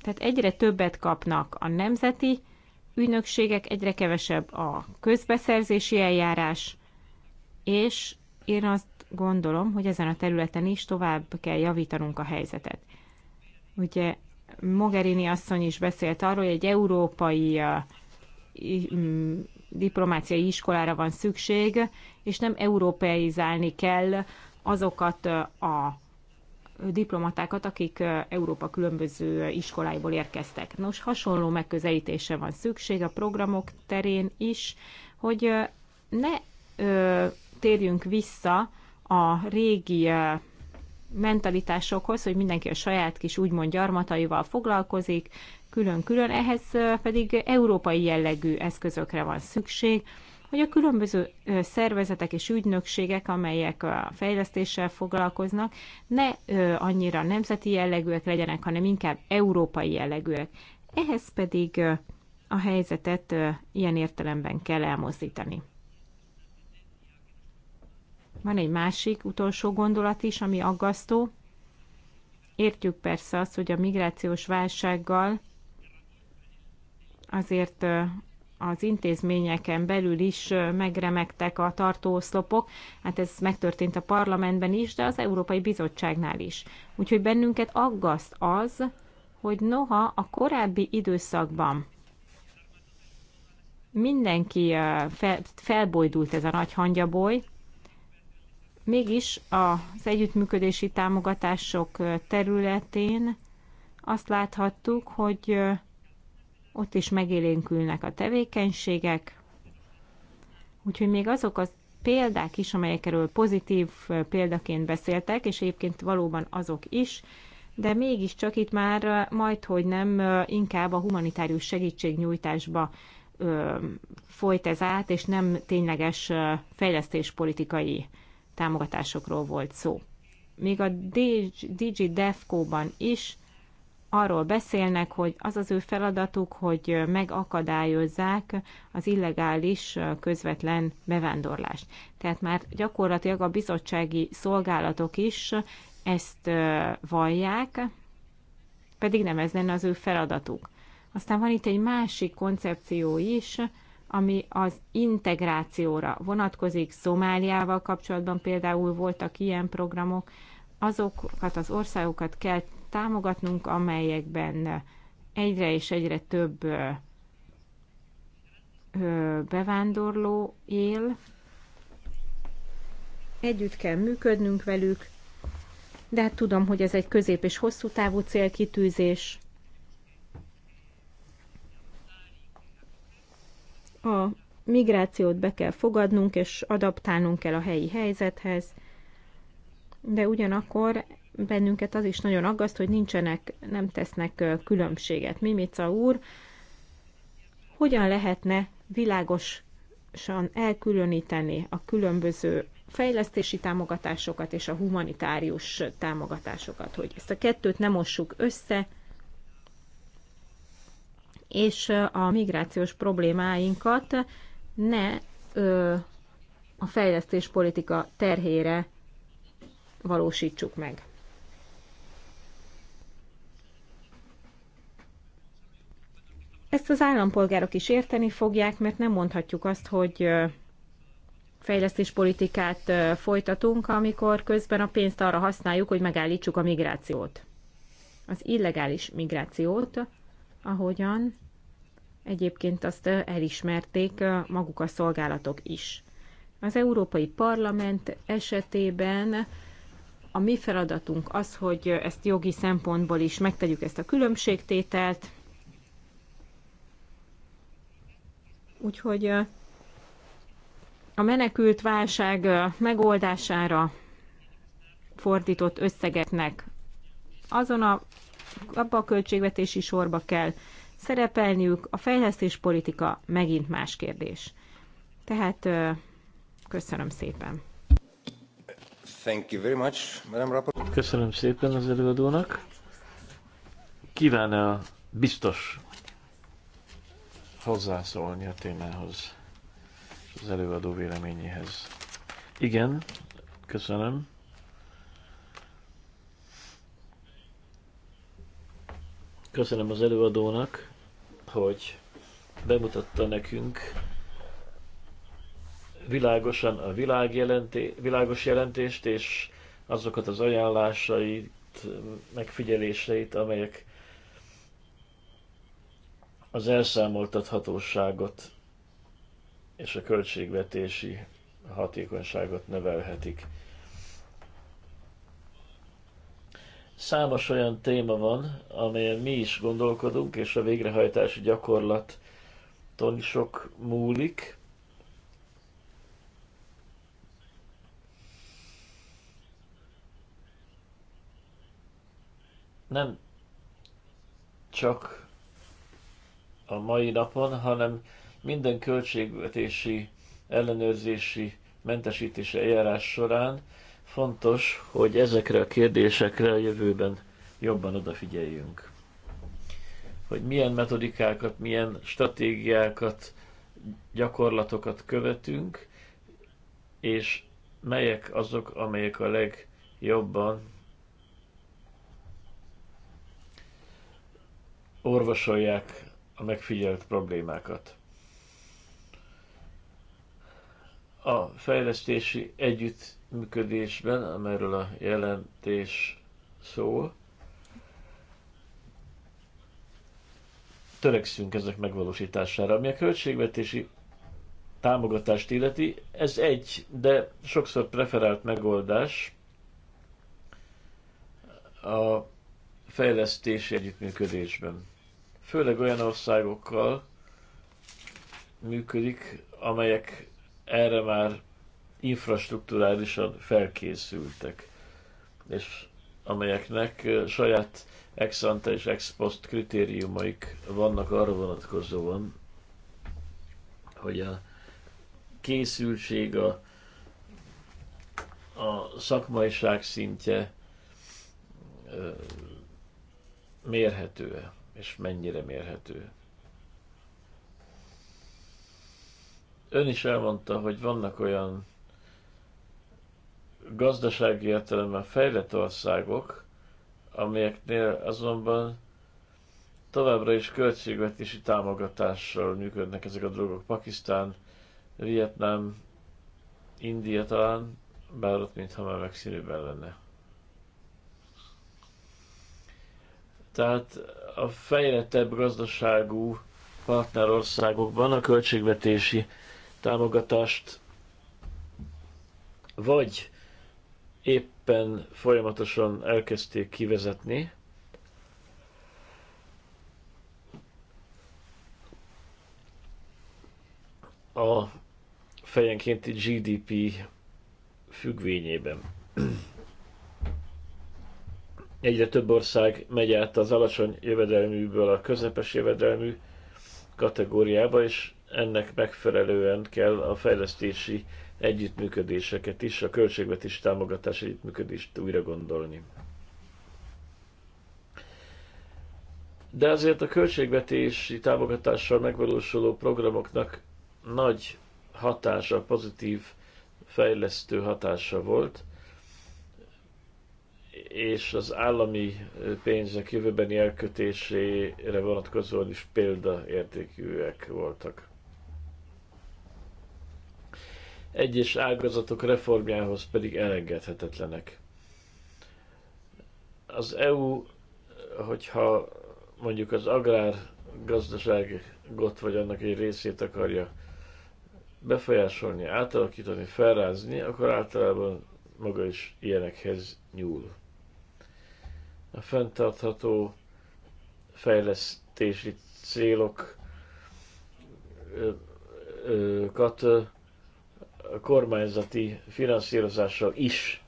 Tehát egyre többet kapnak a nemzeti ügynökségek, egyre kevesebb a közbeszerzési eljárás, és én azt gondolom, hogy ezen a területen is tovább kell javítanunk a helyzetet. Ugye Mogherini asszony is beszélt arról, hogy egy európai diplomáciai iskolára van szükség, és nem európeizálni kell azokat a diplomatákat, akik Európa különböző iskoláiból érkeztek. Nos, hasonló megközelítése van szükség a programok terén is, hogy ne ö, térjünk vissza a régi mentalitásokhoz, hogy mindenki a saját kis úgymond gyarmataival foglalkozik, külön-külön, ehhez pedig európai jellegű eszközökre van szükség, hogy a különböző szervezetek és ügynökségek, amelyek a fejlesztéssel foglalkoznak, ne annyira nemzeti jellegűek legyenek, hanem inkább európai jellegűek. Ehhez pedig a helyzetet ilyen értelemben kell elmozdítani. Van egy másik utolsó gondolat is, ami aggasztó. Értjük persze azt, hogy a migrációs válsággal azért az intézményeken belül is megremegtek a tartóoszlopok. Hát ez megtörtént a parlamentben is, de az Európai Bizottságnál is. Úgyhogy bennünket aggaszt az, hogy noha a korábbi időszakban mindenki fel, felbojdult ez a nagy hangyaboly, Mégis az együttműködési támogatások területén azt láthattuk, hogy ott is megélénkülnek a tevékenységek, úgyhogy még azok az példák is, amelyekről pozitív példaként beszéltek, és egyébként valóban azok is, de mégiscsak itt már majd, hogy nem inkább a humanitárius segítségnyújtásba folyt ez át, és nem tényleges fejlesztéspolitikai támogatásokról volt szó. Még a DG Defco-ban is arról beszélnek, hogy az az ő feladatuk, hogy megakadályozzák az illegális közvetlen bevándorlást. Tehát már gyakorlatilag a bizottsági szolgálatok is ezt vallják, pedig nem ez lenne az ő feladatuk. Aztán van itt egy másik koncepció is, ami az integrációra vonatkozik, Szomáliával kapcsolatban például voltak ilyen programok, azokat az országokat kell támogatnunk, amelyekben egyre és egyre több bevándorló él. Együtt kell működnünk velük, de hát tudom, hogy ez egy közép és hosszú távú célkitűzés, a migrációt be kell fogadnunk, és adaptálnunk kell a helyi helyzethez, de ugyanakkor bennünket az is nagyon aggaszt, hogy nincsenek, nem tesznek különbséget. Mimica úr, hogyan lehetne világosan elkülöníteni a különböző fejlesztési támogatásokat és a humanitárius támogatásokat, hogy ezt a kettőt nem mossuk össze, és a migrációs problémáinkat ne ö, a fejlesztéspolitika terhére valósítsuk meg. Ezt az állampolgárok is érteni fogják, mert nem mondhatjuk azt, hogy fejlesztéspolitikát folytatunk, amikor közben a pénzt arra használjuk, hogy megállítsuk a migrációt. Az illegális migrációt, ahogyan Egyébként azt elismerték maguk a szolgálatok is. Az Európai Parlament esetében a mi feladatunk az, hogy ezt jogi szempontból is megtegyük ezt a különbségtételt. Úgyhogy a menekült válság megoldására fordított összegeknek azon a, abba a költségvetési sorba kell szerepelniük. A fejlesztés politika megint más kérdés. Tehát köszönöm szépen. Thank you very much, Madam Köszönöm szépen az előadónak. Kíván a biztos hozzászólni a témához, az előadó véleményéhez. Igen, köszönöm. Köszönöm az előadónak hogy bemutatta nekünk világosan a világ jelenté, világos jelentést, és azokat az ajánlásait, megfigyeléseit, amelyek az elszámoltathatóságot és a költségvetési hatékonyságot növelhetik. Számos olyan téma van, amelyen mi is gondolkodunk, és a végrehajtási gyakorlaton sok múlik. Nem csak a mai napon, hanem minden költségvetési ellenőrzési mentesítési eljárás során Fontos, hogy ezekre a kérdésekre a jövőben jobban odafigyeljünk. Hogy milyen metodikákat, milyen stratégiákat, gyakorlatokat követünk, és melyek azok, amelyek a legjobban orvosolják a megfigyelt problémákat. A fejlesztési együtt működésben, amelyről a jelentés szól. Törekszünk ezek megvalósítására. Ami a költségvetési támogatást illeti, ez egy, de sokszor preferált megoldás a fejlesztési együttműködésben. Főleg olyan országokkal működik, amelyek erre már infrastruktúrálisan felkészültek, és amelyeknek saját ex ante és ex post kritériumaik vannak arra vonatkozóan, hogy a készültség, a, a szakmaiság szintje mérhető-e, és mennyire mérhető. Ön is elmondta, hogy vannak olyan gazdasági értelemben fejlett országok, amelyeknél azonban továbbra is költségvetési támogatással működnek ezek a drogok. Pakisztán, Vietnám, India talán, bár ott mintha már megszínűben lenne. Tehát a fejlettebb gazdaságú partnerországokban a költségvetési támogatást vagy éppen folyamatosan elkezdték kivezetni. A fejenkénti GDP függvényében. Egyre több ország megy át az alacsony jövedelműből a közepes jövedelmű kategóriába, és ennek megfelelően kell a fejlesztési együttműködéseket is, a költségvetési támogatás együttműködést újra gondolni. De azért a költségvetési támogatással megvalósuló programoknak nagy hatása, pozitív fejlesztő hatása volt, és az állami pénzek jövőbeni elkötésére vonatkozóan is példaértékűek voltak egyes ágazatok reformjához pedig elengedhetetlenek. Az EU, hogyha mondjuk az agrár gazdaságot vagy annak egy részét akarja befolyásolni, átalakítani, felrázni, akkor általában maga is ilyenekhez nyúl. A fenntartható fejlesztési célokat kormányzati finanszírozással is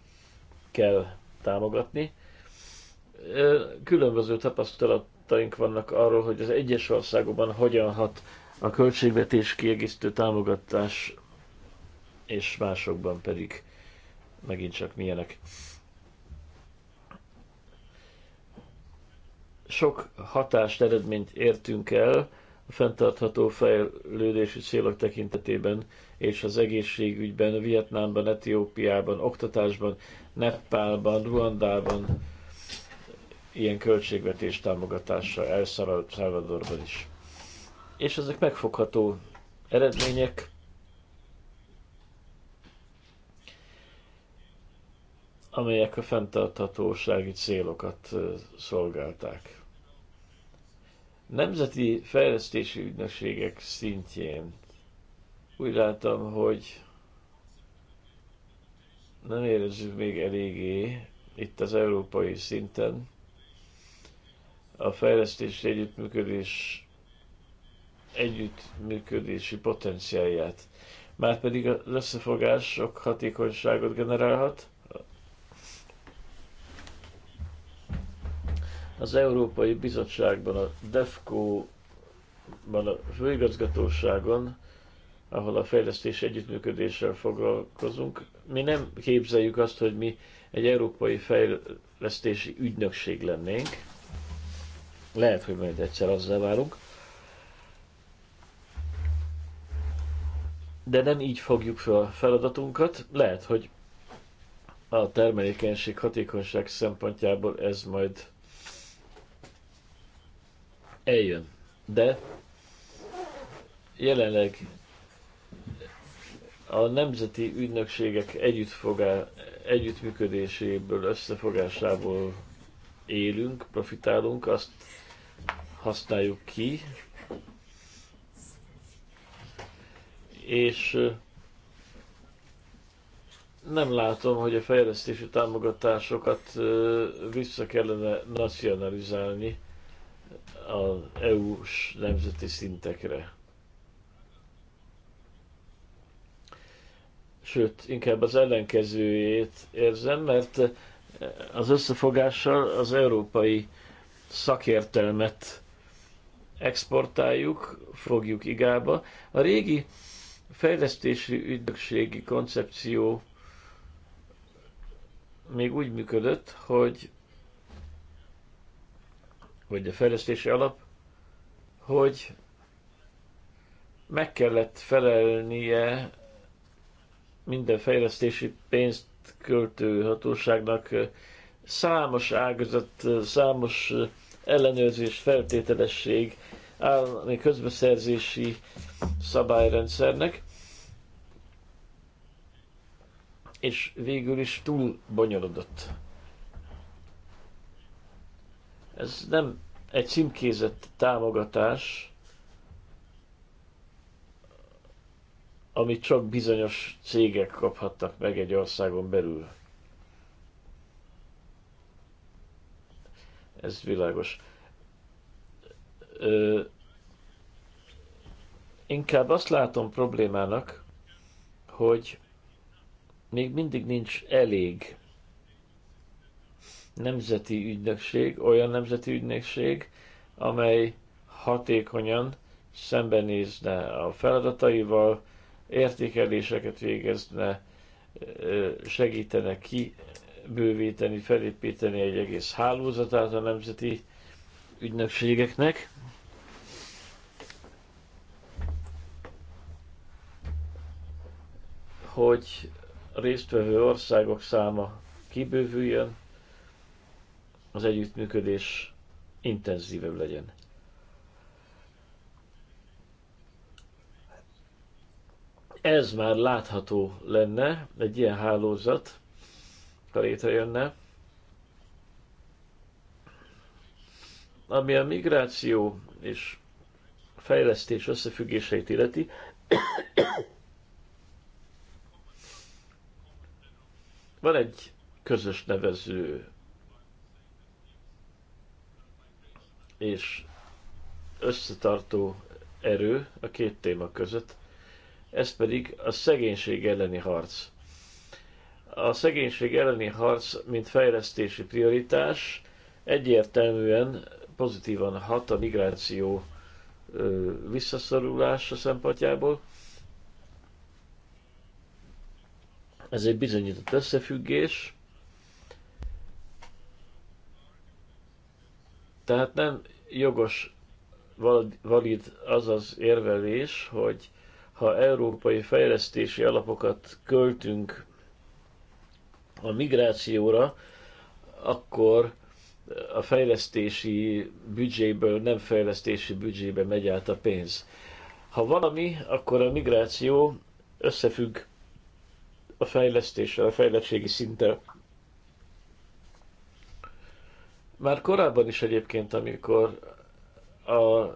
kell támogatni. Különböző tapasztalataink vannak arról, hogy az egyes országokban hogyan hat a költségvetés kiegészítő támogatás, és másokban pedig megint csak milyenek. Sok hatást, eredményt értünk el a fenntartható fejlődési célok tekintetében és az egészségügyben, Vietnámban, Etiópiában, oktatásban, Nepálban, Ruandában ilyen költségvetés támogatása, El Salvadorban is. És ezek megfogható eredmények. amelyek a fenntarthatósági célokat szolgálták. Nemzeti fejlesztési ügynökségek szintjén úgy látom, hogy nem érezzük még eléggé itt az európai szinten a fejlesztés együttműködés együttműködési potenciáját, Már pedig az összefogás sok hatékonyságot generálhat. Az Európai Bizottságban, a DEFCO-ban, a főigazgatóságon ahol a fejlesztés együttműködéssel foglalkozunk. Mi nem képzeljük azt, hogy mi egy európai fejlesztési ügynökség lennénk. Lehet, hogy majd egyszer azzal válunk. De nem így fogjuk fel a feladatunkat. Lehet, hogy a termelékenység hatékonyság szempontjából ez majd eljön. De jelenleg a nemzeti ügynökségek együttfogá, együttműködéséből, összefogásából élünk, profitálunk, azt használjuk ki, és nem látom, hogy a fejlesztési támogatásokat vissza kellene nacionalizálni az EU-s nemzeti szintekre. sőt, inkább az ellenkezőjét érzem, mert az összefogással az európai szakértelmet exportáljuk, fogjuk igába. A régi fejlesztési ügynökségi koncepció még úgy működött, hogy vagy a fejlesztési alap, hogy meg kellett felelnie minden fejlesztési pénzt költő hatóságnak számos ágazat, számos ellenőrzés, feltételesség, állami közbeszerzési szabályrendszernek, és végül is túl bonyolodott. Ez nem egy címkézett támogatás, amit csak bizonyos cégek kaphattak meg egy országon belül. Ez világos. Ö, inkább azt látom problémának, hogy még mindig nincs elég nemzeti ügynökség, olyan nemzeti ügynökség, amely hatékonyan szembenézne a feladataival, értékeléseket végezne, segítene ki bővíteni, felépíteni egy egész hálózatát a nemzeti ügynökségeknek. hogy résztvevő országok száma kibővüljön, az együttműködés intenzívebb legyen. ez már látható lenne, egy ilyen hálózat, ha létrejönne. Ami a migráció és fejlesztés összefüggéseit illeti, van egy közös nevező, és összetartó erő a két téma között ez pedig a szegénység elleni harc. A szegénység elleni harc, mint fejlesztési prioritás, egyértelműen pozitívan hat a migráció visszaszorulása szempontjából. Ez egy bizonyított összefüggés. Tehát nem jogos valid az az érvelés, hogy ha európai fejlesztési alapokat költünk a migrációra, akkor a fejlesztési büdzséből nem fejlesztési büdzsébe megy át a pénz. Ha valami, akkor a migráció összefügg a fejlesztéssel, a fejlettségi szinttel. Már korábban is egyébként, amikor a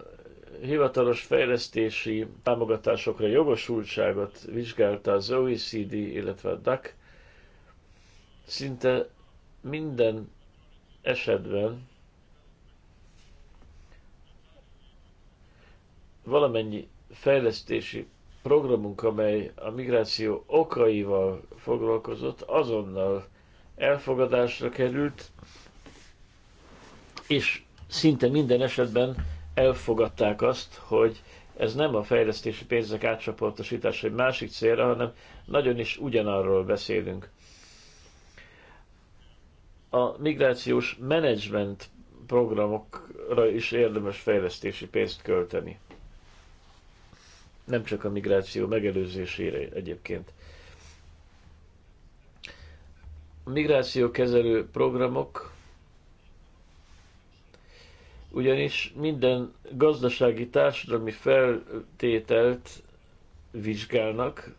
hivatalos fejlesztési támogatásokra jogosultságot vizsgálta az OECD, illetve a DAC, szinte minden esetben valamennyi fejlesztési programunk, amely a migráció okaival foglalkozott, azonnal elfogadásra került, és szinte minden esetben elfogadták azt, hogy ez nem a fejlesztési pénzek átcsoportosítása egy másik célra, hanem nagyon is ugyanarról beszélünk. A migrációs menedzsment programokra is érdemes fejlesztési pénzt költeni. Nem csak a migráció megelőzésére egyébként. A migráció kezelő programok ugyanis minden gazdasági társadalmi feltételt vizsgálnak,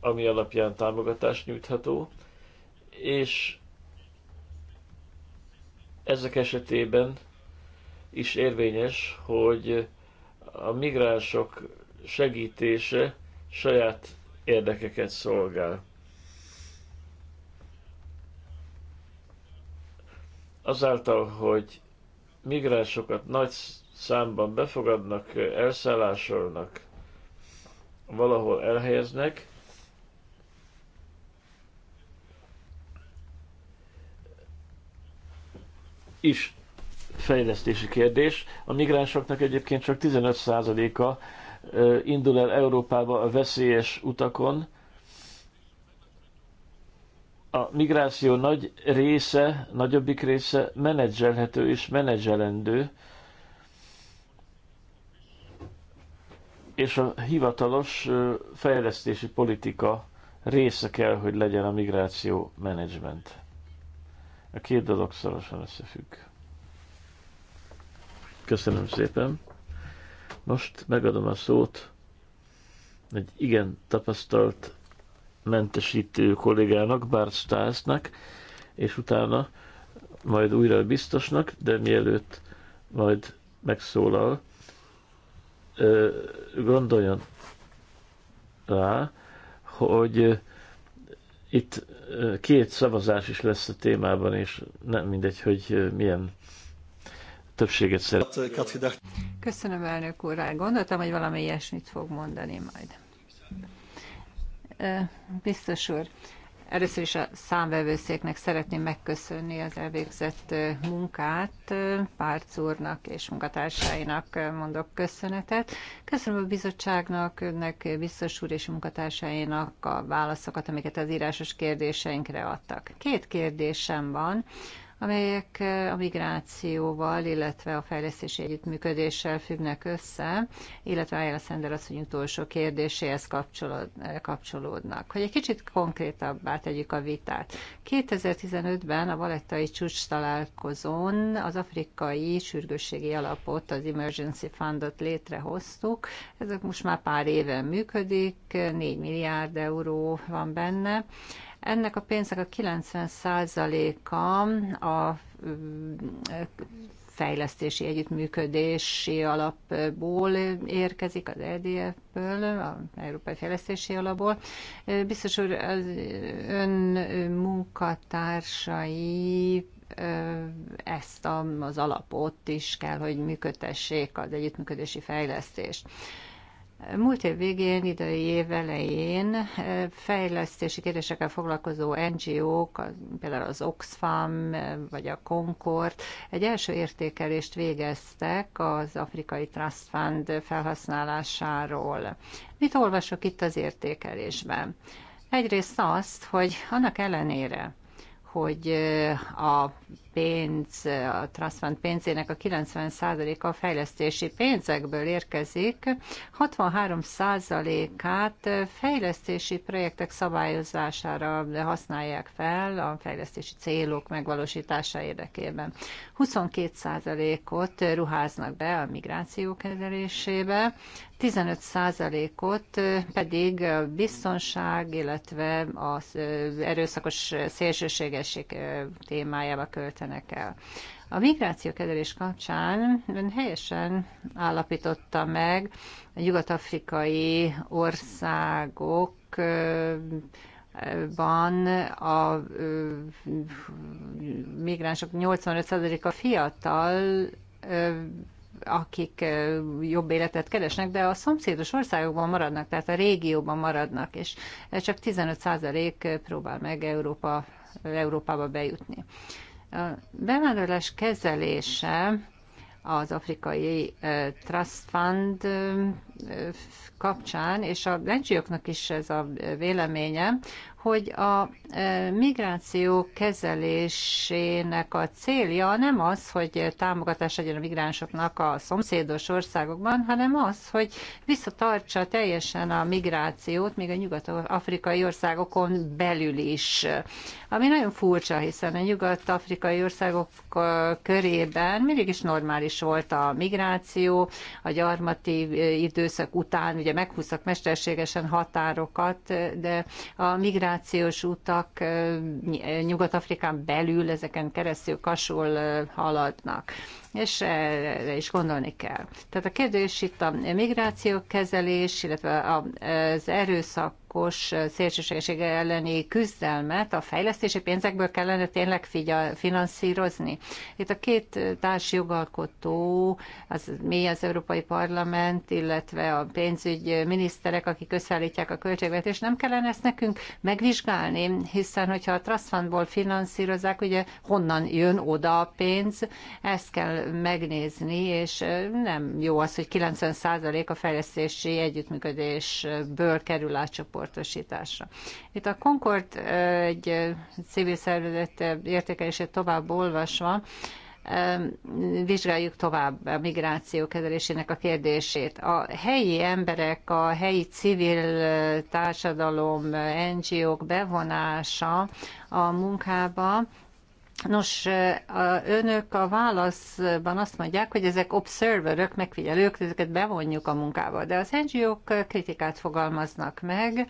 ami alapján támogatás nyújtható, és ezek esetében is érvényes, hogy a migránsok segítése saját érdekeket szolgál. Azáltal, hogy migránsokat nagy számban befogadnak, elszállásolnak, valahol elhelyeznek, is fejlesztési kérdés. A migránsoknak egyébként csak 15%-a indul el Európába a veszélyes utakon, a migráció nagy része, nagyobbik része menedzselhető és menedzselendő, és a hivatalos fejlesztési politika része kell, hogy legyen a migráció menedzsment. A két dolog szorosan összefügg. Köszönöm szépen. Most megadom a szót egy igen tapasztalt mentesítő kollégának, Bart Stásznak, és utána majd újra a biztosnak, de mielőtt majd megszólal, gondoljon rá, hogy itt két szavazás is lesz a témában, és nem mindegy, hogy milyen többséget szeret. Köszönöm, elnök úr. Gondoltam, hogy valami ilyesmit fog mondani majd. Biztos úr, először is a számvevőszéknek szeretném megköszönni az elvégzett munkát. Párc úrnak és munkatársainak mondok köszönetet. Köszönöm a bizottságnak, önnek biztos úr és munkatársainak a válaszokat, amiket az írásos kérdéseinkre adtak. Két kérdésem van amelyek a migrációval, illetve a fejlesztési együttműködéssel függnek össze, illetve Ayala Szender asszony utolsó kérdéséhez kapcsolódnak. Hogy egy kicsit konkrétabbá tegyük a vitát. 2015-ben a valettai csúcs találkozón az afrikai sürgősségi alapot, az Emergency Fundot létrehoztuk. Ezek most már pár éve működik, 4 milliárd euró van benne. Ennek a pénznek a 90%-a a fejlesztési együttműködési alapból érkezik, az EDF-ből, az Európai Fejlesztési Alapból. Biztos úr, az ön munkatársai ezt az alapot is kell, hogy működtessék az együttműködési fejlesztést. Múlt év végén, idei év elején eh, fejlesztési kérdésekkel foglalkozó NGO-k, például az Oxfam eh, vagy a Concord egy első értékelést végeztek az Afrikai Trust Fund felhasználásáról. Mit olvasok itt az értékelésben? Egyrészt azt, hogy annak ellenére, hogy eh, a pénz, a Transfant pénzének a 90%-a fejlesztési pénzekből érkezik, 63%-át eh, fejlesztési projektek szabályozására használják fel a fejlesztési célok megvalósítása érdekében. 22%-ot ruháznak be a migráció kezelésébe, 15%-ot pedig a biztonság, illetve az erőszakos szélsőségesség témájába költenek el. A migráció kezelés kapcsán ön helyesen állapította meg a nyugat-afrikai országok van a migránsok 85%-a fiatal, akik jobb életet keresnek, de a szomszédos országokban maradnak, tehát a régióban maradnak, és csak 15% próbál meg Európa, Európába bejutni. A bevándorlás kezelése az afrikai Trust Fund kapcsán, és a ngo is ez a véleménye, hogy a migráció kezelésének a célja nem az, hogy támogatás legyen a migránsoknak a szomszédos országokban, hanem az, hogy visszatartsa teljesen a migrációt, még a nyugat-afrikai országokon belül is. Ami nagyon furcsa, hiszen a nyugat-afrikai országok körében mindig is normális volt a migráció, a gyarmati időszak után ugye meghúztak mesterségesen határokat, de a migráció migrációs utak Nyugat-Afrikán belül ezeken keresztül kasul haladnak. És erre is gondolni kell. Tehát a kérdés itt a migráció kezelés, illetve az erőszak erőszakos szélsőségeség elleni küzdelmet a fejlesztési pénzekből kellene tényleg figyel, finanszírozni. Itt a két társ jogalkotó, az mi az Európai Parlament, illetve a pénzügy miniszterek, akik összeállítják a költségvetést, nem kellene ezt nekünk megvizsgálni, hiszen hogyha a Trust Fundból finanszírozzák, ugye honnan jön oda a pénz, ezt kell megnézni, és nem jó az, hogy 90% a fejlesztési együttműködésből kerül a csoport csoportosításra. Itt a Concord egy civil szervezet értékelését tovább olvasva, vizsgáljuk tovább a migráció kezelésének a kérdését. A helyi emberek, a helyi civil társadalom, NGO-k bevonása a munkába Nos, a, önök a válaszban azt mondják, hogy ezek observerök, megfigyelők, ezeket bevonjuk a munkába, de az NGO-k kritikát fogalmaznak meg,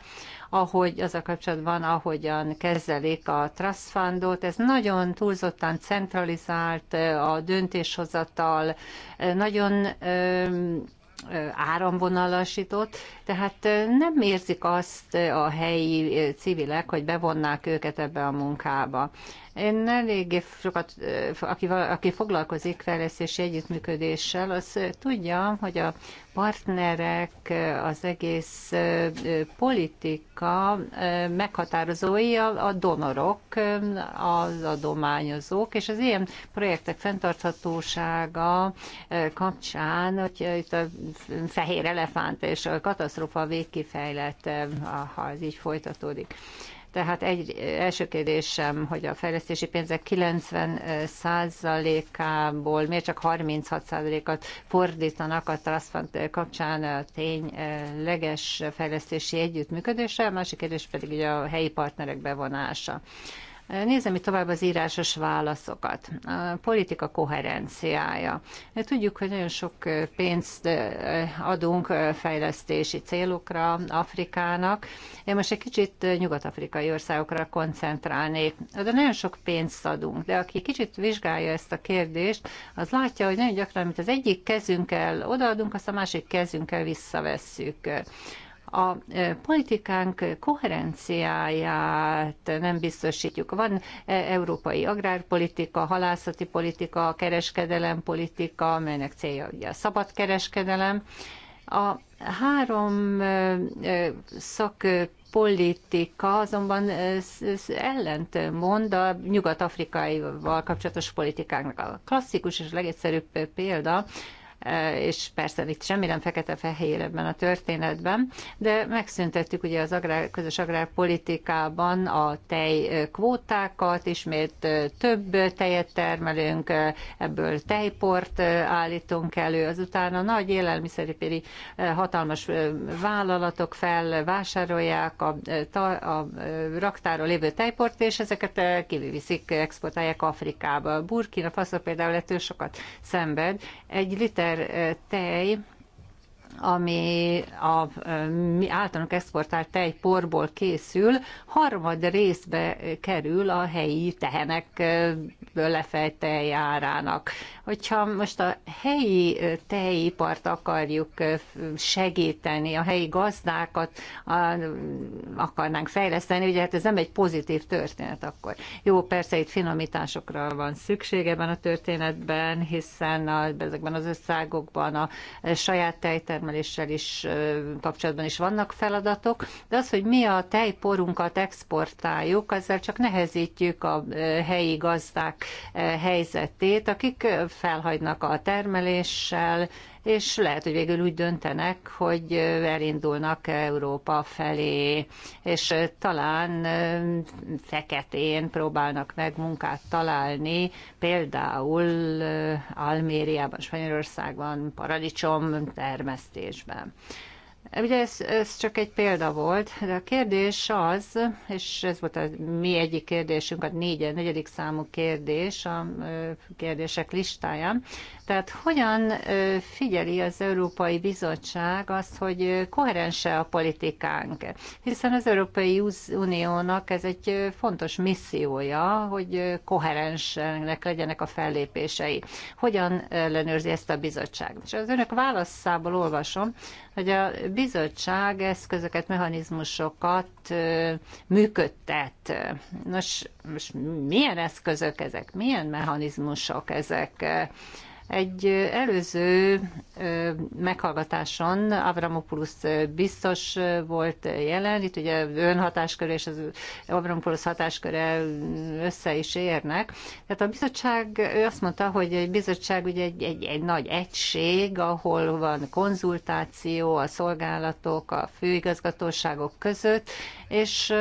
ahogy az a kapcsolatban, ahogyan kezelik a trust fundot. Ez nagyon túlzottan centralizált, a döntéshozatal nagyon áramvonalasított, tehát nem érzik azt a helyi civilek, hogy bevonnák őket ebbe a munkába. Én eléggé sokat, aki, aki foglalkozik fejlesztési együttműködéssel, az tudja, hogy a partnerek, az egész politika meghatározói a, a donorok, az adományozók, és az ilyen projektek fenntarthatósága kapcsán, hogy itt a fehér elefánt és a katasztrófa végkifejlett, ha ez így folytatódik. Tehát egy első kérdésem, hogy a fejlesztési pénzek 90%-ából miért csak 36%-at fordítanak a Trust Fund kapcsán tényleges fejlesztési együttműködésre, a másik kérdés pedig ugye a helyi partnerek bevonása. Nézem itt tovább az írásos válaszokat. A politika koherenciája. Tudjuk, hogy nagyon sok pénzt adunk fejlesztési célokra Afrikának. Én most egy kicsit nyugat-afrikai országokra koncentrálnék. De nagyon sok pénzt adunk, de aki kicsit vizsgálja ezt a kérdést, az látja, hogy nagyon gyakran, amit az egyik kezünkkel odaadunk, azt a másik kezünkkel visszavesszük a politikánk koherenciáját nem biztosítjuk. Van európai agrárpolitika, halászati politika, kereskedelempolitika, melynek célja ugye a szabad kereskedelem. A három szak politika azonban ellent mond a nyugat-afrikaival kapcsolatos politikáknak. A klasszikus és legegyszerűbb példa Eh, és persze itt semmi nem fekete-fehér ebben a történetben, de megszüntettük ugye az agrár, közös agrárpolitikában a tej eh, kvótákat, ismét eh, több tejet termelünk, ebből tejport állítunk elő, azután a nagy élelmiszeripéri hatalmas vállalatok felvásárolják a, a, a raktáról lévő tejport, és ezeket kiviszik, exportálják Afrikába. Burkina Faso például ettől sokat szenved. Egy liter liter tej ami a mi általunk exportált tejporból készül, harmad részbe kerül a helyi tehenekből lefejt teljárának. Hogyha most a helyi tejipart akarjuk segíteni, a helyi gazdákat akarnánk fejleszteni, ugye hát ez nem egy pozitív történet akkor. Jó, persze itt finomításokra van szükség ebben a történetben, hiszen a, ezekben az összágokban a saját tejtermelés termeléssel is kapcsolatban is vannak feladatok, de az, hogy mi a tejporunkat exportáljuk, ezzel csak nehezítjük a helyi gazdák helyzetét, akik felhagynak a termeléssel, és lehet, hogy végül úgy döntenek, hogy elindulnak Európa felé, és talán feketén próbálnak meg munkát találni, például Almériában, Spanyolországban, paradicsom termesztésben. Ugye ez, ez csak egy példa volt, de a kérdés az, és ez volt a mi egyik kérdésünk, a négy, negyedik számú kérdés a kérdések listáján, tehát hogyan figyeli az Európai Bizottság azt, hogy koherense a politikánk? Hiszen az Európai Uniónak ez egy fontos missziója, hogy koherensenek legyenek a fellépései. Hogyan ellenőrzi ezt a bizottság? És az önök válaszából olvasom, hogy a bizottság eszközöket, mechanizmusokat működtet. Nos, most milyen eszközök ezek, milyen mechanizmusok ezek? Egy előző meghallgatáson Avramopoulos biztos volt jelen, itt ugye önhatáskör és az Avramopoulos hatásköre össze is érnek. Tehát a bizottság, ő azt mondta, hogy a bizottság ugye egy, egy, egy nagy egység, ahol van konzultáció a szolgálatok, a főigazgatóságok között, és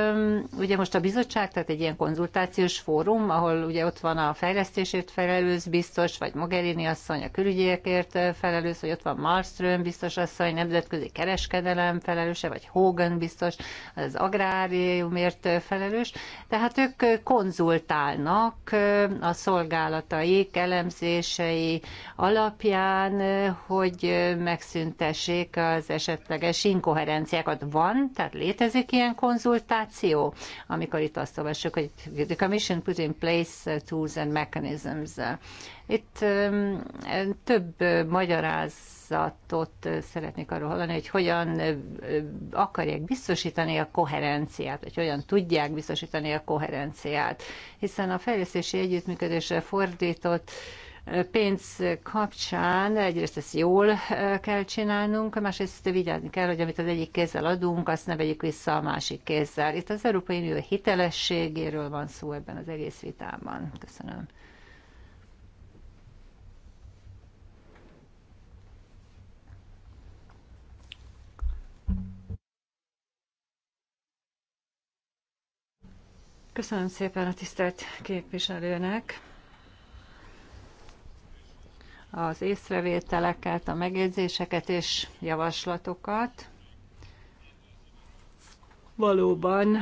ugye most a bizottság, tehát egy ilyen konzultációs fórum, ahol ugye ott van a fejlesztésért felelős biztos, vagy Mogherini asszony, a külügyiekért felelős, vagy ott van Marström biztos asszony, nemzetközi kereskedelem felelőse, vagy Hogan biztos, az agráriumért felelős. Tehát ők konzultálnak a szolgálataik elemzései alapján, hogy megszüntessék az esetleges inkoherenciákat. Van, tehát létezik ilyen konzultáció, konzultáció, amikor itt azt olvassuk, hogy the Commission put in place uh, tools and mechanisms. Itt um, több uh, magyaráz ott uh, szeretnék arról hallani, hogy hogyan akarják biztosítani a koherenciát, vagy hogyan tudják biztosítani a koherenciát. Hiszen a fejlesztési együttműködésre fordított pénz kapcsán egyrészt ezt jól eh, kell csinálnunk, másrészt vigyázni kell, hogy amit az egyik kézzel adunk, azt ne vegyük vissza a másik kézzel. Itt az Európai Unió hitelességéről van szó ebben az egész vitában. Köszönöm. Köszönöm szépen a tisztelt képviselőnek az észrevételeket, a megjegyzéseket és javaslatokat. Valóban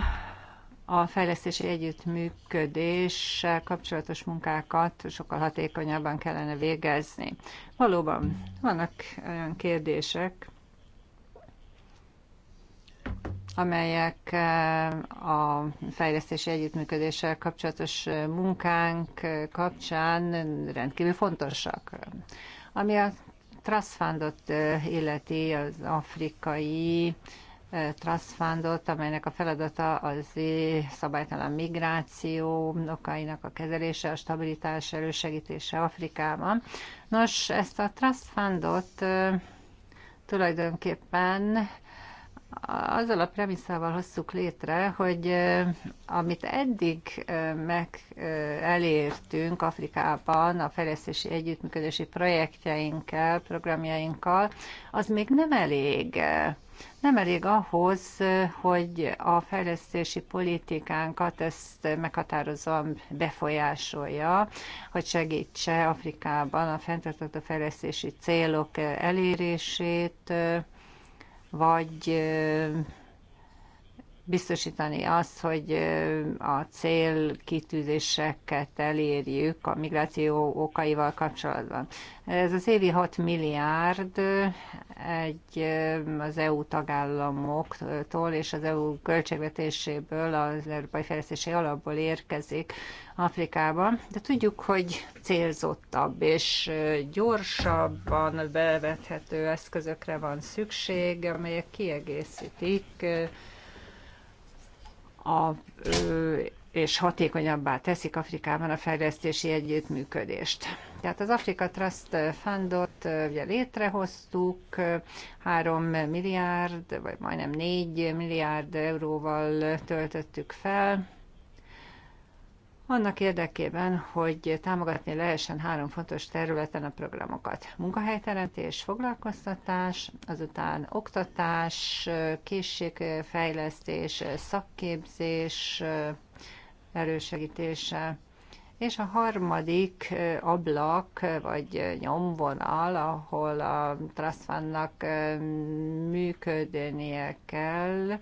a fejlesztési együttműködéssel kapcsolatos munkákat sokkal hatékonyabban kellene végezni. Valóban vannak olyan kérdések, amelyek eh, a fejlesztési együttműködéssel kapcsolatos eh, munkánk eh, kapcsán rendkívül fontosak. Ami a Trust Fundot illeti, az afrikai Trust Fundot, amelynek a feladata az szabálytalan migráció okainak a kezelése, a stabilitás elősegítése Afrikában. Nos, ezt a Trust Fundot tulajdonképpen azzal a premisszával hoztuk létre, hogy amit eddig meg elértünk Afrikában a fejlesztési együttműködési projektjeinkkel, programjainkkal, az még nem elég. Nem elég ahhoz, hogy a fejlesztési politikánkat ezt meghatározóan befolyásolja, hogy segítse Afrikában a fenntartható fejlesztési célok elérését, vagy biztosítani azt, hogy a cél kitűzéseket elérjük a migráció okaival kapcsolatban. Ez az évi 6 milliárd egy az EU tagállamoktól és az EU költségvetéséből, az Európai Fejlesztési Alapból érkezik Afrikába, de tudjuk, hogy célzottabb és gyorsabban bevethető eszközökre van szükség, amelyek kiegészítik a, és hatékonyabbá teszik Afrikában a fejlesztési együttműködést. Tehát az Afrika Trust Fundot ugye létrehoztuk, 3 milliárd, vagy majdnem 4 milliárd euróval töltöttük fel, annak érdekében, hogy támogatni lehessen három fontos területen a programokat. Munkahelyteremtés, foglalkoztatás, azután oktatás, készségfejlesztés, szakképzés erősegítése, és a harmadik ablak, vagy nyomvonal, ahol a Trust működnie kell,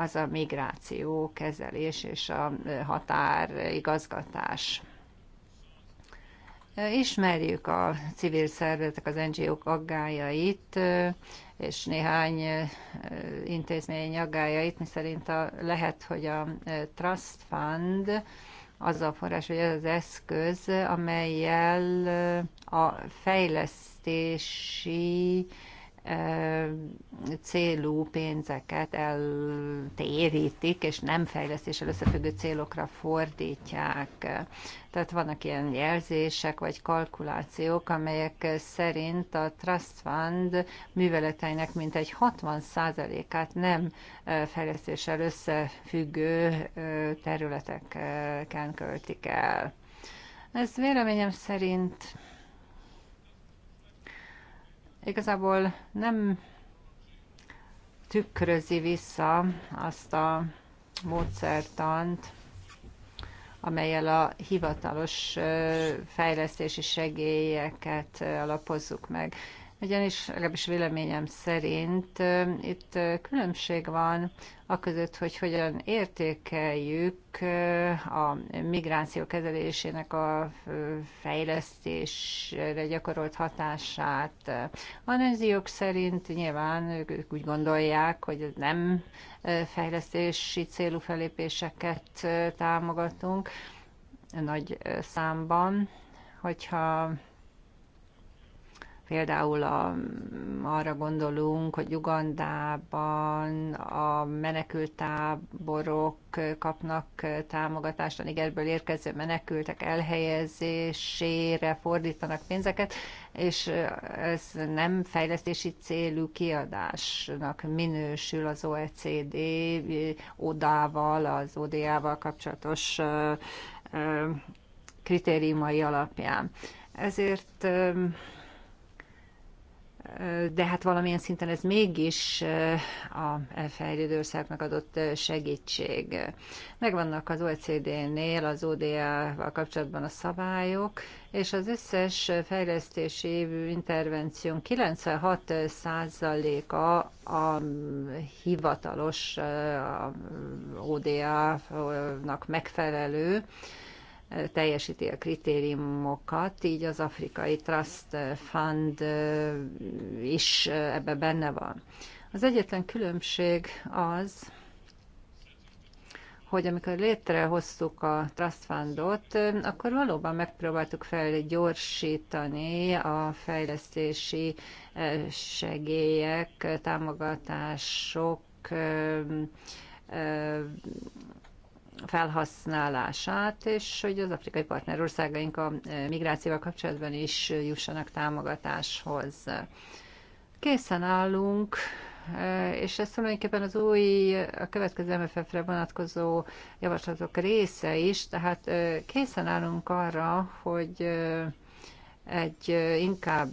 az a migráció kezelés és a határigazgatás. Ismerjük a civil szervezetek, az NGO-k aggájait, és néhány intézmény aggájait, szerint a, lehet, hogy a Trust Fund az a forrás, hogy ez az eszköz, amelyel a fejlesztési célú pénzeket eltérítik, és nem fejlesztéssel összefüggő célokra fordítják. Tehát vannak ilyen jelzések vagy kalkulációk, amelyek szerint a Trust Fund műveleteinek mintegy 60%-át nem fejlesztéssel összefüggő területeken költik el. Ez véleményem szerint igazából nem tükrözi vissza azt a módszertant, amelyel a hivatalos fejlesztési segélyeket alapozzuk meg ugyanis legalábbis véleményem szerint itt különbség van a között, hogy hogyan értékeljük a migráció kezelésének a fejlesztésre gyakorolt hatását. A nőziók szerint nyilván ők úgy gondolják, hogy ez nem fejlesztési célú felépéseket támogatunk nagy számban, hogyha Például a, arra gondolunk, hogy Ugandában a menekültáborok kapnak támogatást, a Nigerből érkező menekültek elhelyezésére fordítanak pénzeket, és ez nem fejlesztési célú kiadásnak minősül az OECD odával, az ODA-val kapcsolatos kritériumai alapján. Ezért de hát valamilyen szinten ez mégis eh, a fejlődő országnak adott eh, segítség. Megvannak az OECD-nél, az ODA-val kapcsolatban a szabályok, és az összes fejlesztési évű intervención 96%-a a mm, hivatalos eh, mm, ODA-nak megfelelő, teljesíti a kritériumokat, így az Afrikai Trust Fund is ebbe benne van. Az egyetlen különbség az, hogy amikor létrehoztuk a Trust Fundot, akkor valóban megpróbáltuk felgyorsítani a fejlesztési segélyek, támogatások felhasználását, és hogy az afrikai partnerországaink a e, migrációval kapcsolatban is jussanak támogatáshoz. Készen állunk, e, és ez tulajdonképpen az új, a következő MFF-re vonatkozó javaslatok része is, tehát e, készen állunk arra, hogy egy inkább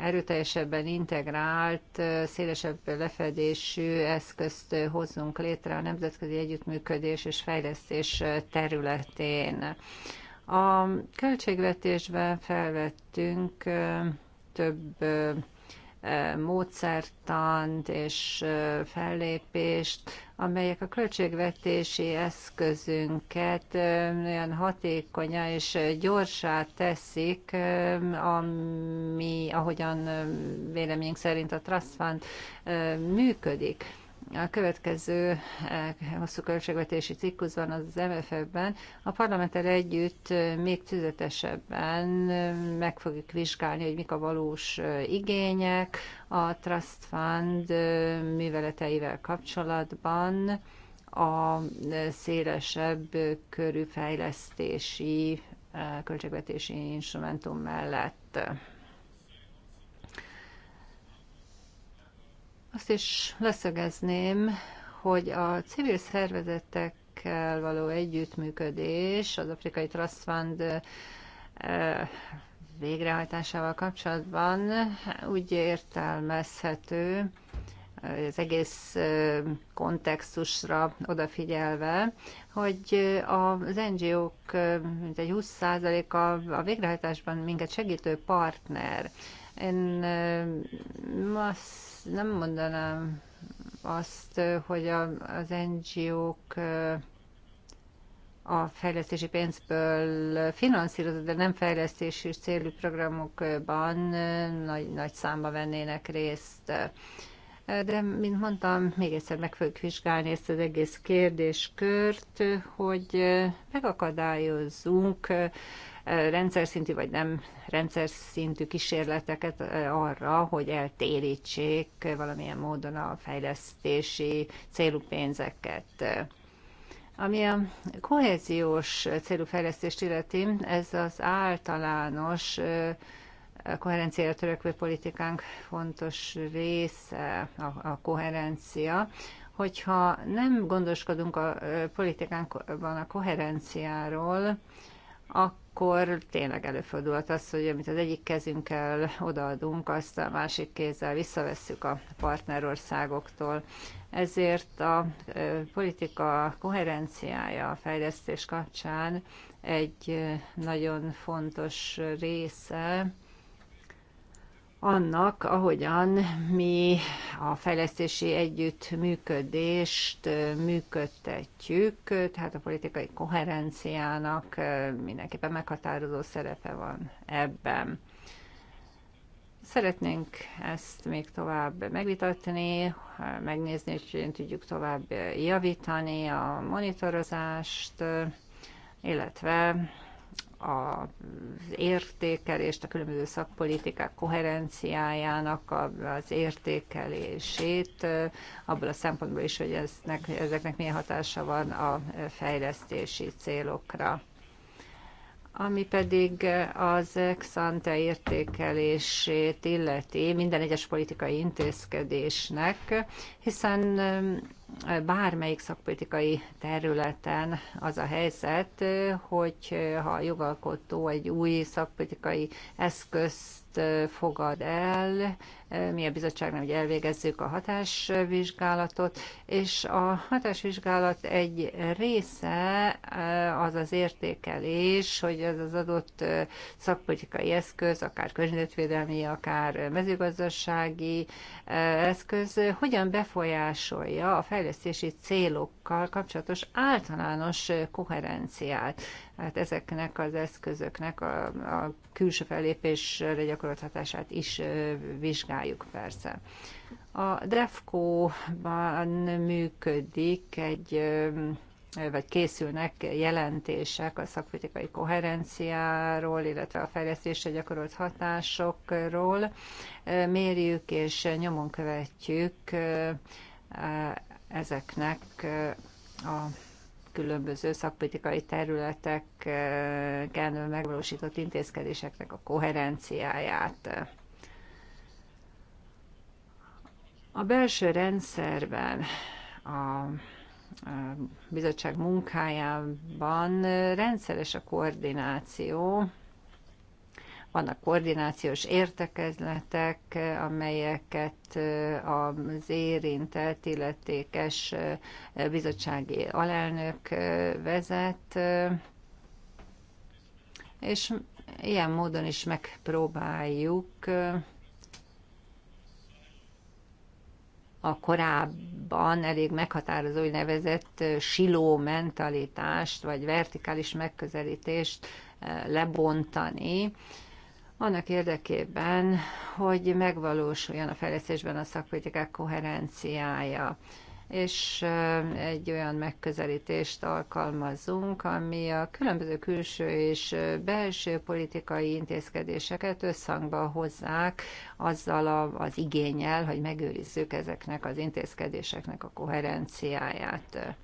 erőteljesebben integrált, szélesebb lefedésű eszközt hozzunk létre a nemzetközi együttműködés és fejlesztés területén. A költségvetésben felvettünk több módszertant és fellépést, amelyek a költségvetési eszközünket olyan hatékonyá és gyorsá teszik, ami ahogyan véleményünk szerint a Trust Fund működik a következő eh, hosszú költségvetési ciklusban, az MFF-ben a parlamenter együtt eh, még tüzetesebben eh, meg fogjuk vizsgálni, hogy mik a valós igények a Trust Fund műveleteivel kapcsolatban a szélesebb körű fejlesztési költségvetési instrumentum mellett. Azt is leszögezném, hogy a civil szervezetekkel való együttműködés az Afrikai Trust Fund eh, végrehajtásával kapcsolatban úgy értelmezhető, eh, az egész eh, kontextusra odafigyelve, hogy az NGO-k mintegy 20%-a a végrehajtásban minket segítő partner. Én azt nem mondanám azt, hogy az NGO-k a fejlesztési pénzből finanszírozott, de nem fejlesztési célú programokban nagy, nagy számba vennének részt. De, mint mondtam, még egyszer meg fogjuk vizsgálni ezt az egész kérdéskört, hogy megakadályozzunk rendszer szintű vagy nem rendszer szintű kísérleteket arra, hogy eltérítsék valamilyen módon a fejlesztési célú pénzeket. Ami a kohéziós célú fejlesztést illeti, ez az általános koherenciára törekvő politikánk fontos része a, a koherencia. Hogyha nem gondoskodunk a politikánkban a koherenciáról, akkor akkor tényleg előfordulhat az, hogy amit az egyik kezünkkel odaadunk, azt a másik kézzel visszavesszük a partnerországoktól. Ezért a politika koherenciája a fejlesztés kapcsán egy nagyon fontos része annak, ahogyan mi a fejlesztési együttműködést működtetjük, tehát a politikai koherenciának mindenképpen meghatározó szerepe van ebben. Szeretnénk ezt még tovább megvitatni, megnézni, hogy tudjuk tovább javítani a monitorozást, illetve az értékelést, a különböző szakpolitikák koherenciájának az értékelését, abból a szempontból is, hogy eznek, ezeknek milyen hatása van a fejlesztési célokra ami pedig az ex-ante értékelését illeti minden egyes politikai intézkedésnek, hiszen bármelyik szakpolitikai területen az a helyzet, hogy ha a jogalkotó egy új szakpolitikai eszközt fogad el, mi a bizottságnál hogy elvégezzük a hatásvizsgálatot, és a hatásvizsgálat egy része eh, az az értékelés, hogy az az adott eh, szakpolitikai eszköz, akár környezetvédelmi, akár mezőgazdasági eh, eszköz, hogyan befolyásolja a fejlesztési célokkal kapcsolatos általános koherenciát. Hát ezeknek az eszközöknek a, a külső fellépésre gyakorolt hatását is vizsgálja rájuk persze. A DREFCO-ban működik egy vagy készülnek jelentések a szakpolitikai koherenciáról, illetve a fejlesztésre gyakorolt hatásokról. Mérjük és nyomon követjük ezeknek a különböző szakpolitikai területeken megvalósított intézkedéseknek a koherenciáját. A belső rendszerben a bizottság munkájában rendszeres a koordináció, vannak koordinációs értekezletek, amelyeket az érintett illetékes bizottsági alelnök vezet, és ilyen módon is megpróbáljuk a korábban elég meghatározó nevezett siló mentalitást, vagy vertikális megközelítést lebontani, annak érdekében, hogy megvalósuljon a fejlesztésben a szakpolitikák koherenciája és egy olyan megközelítést alkalmazunk, ami a különböző külső és belső politikai intézkedéseket összhangba hozzák azzal az igényel, hogy megőrizzük ezeknek az intézkedéseknek a koherenciáját.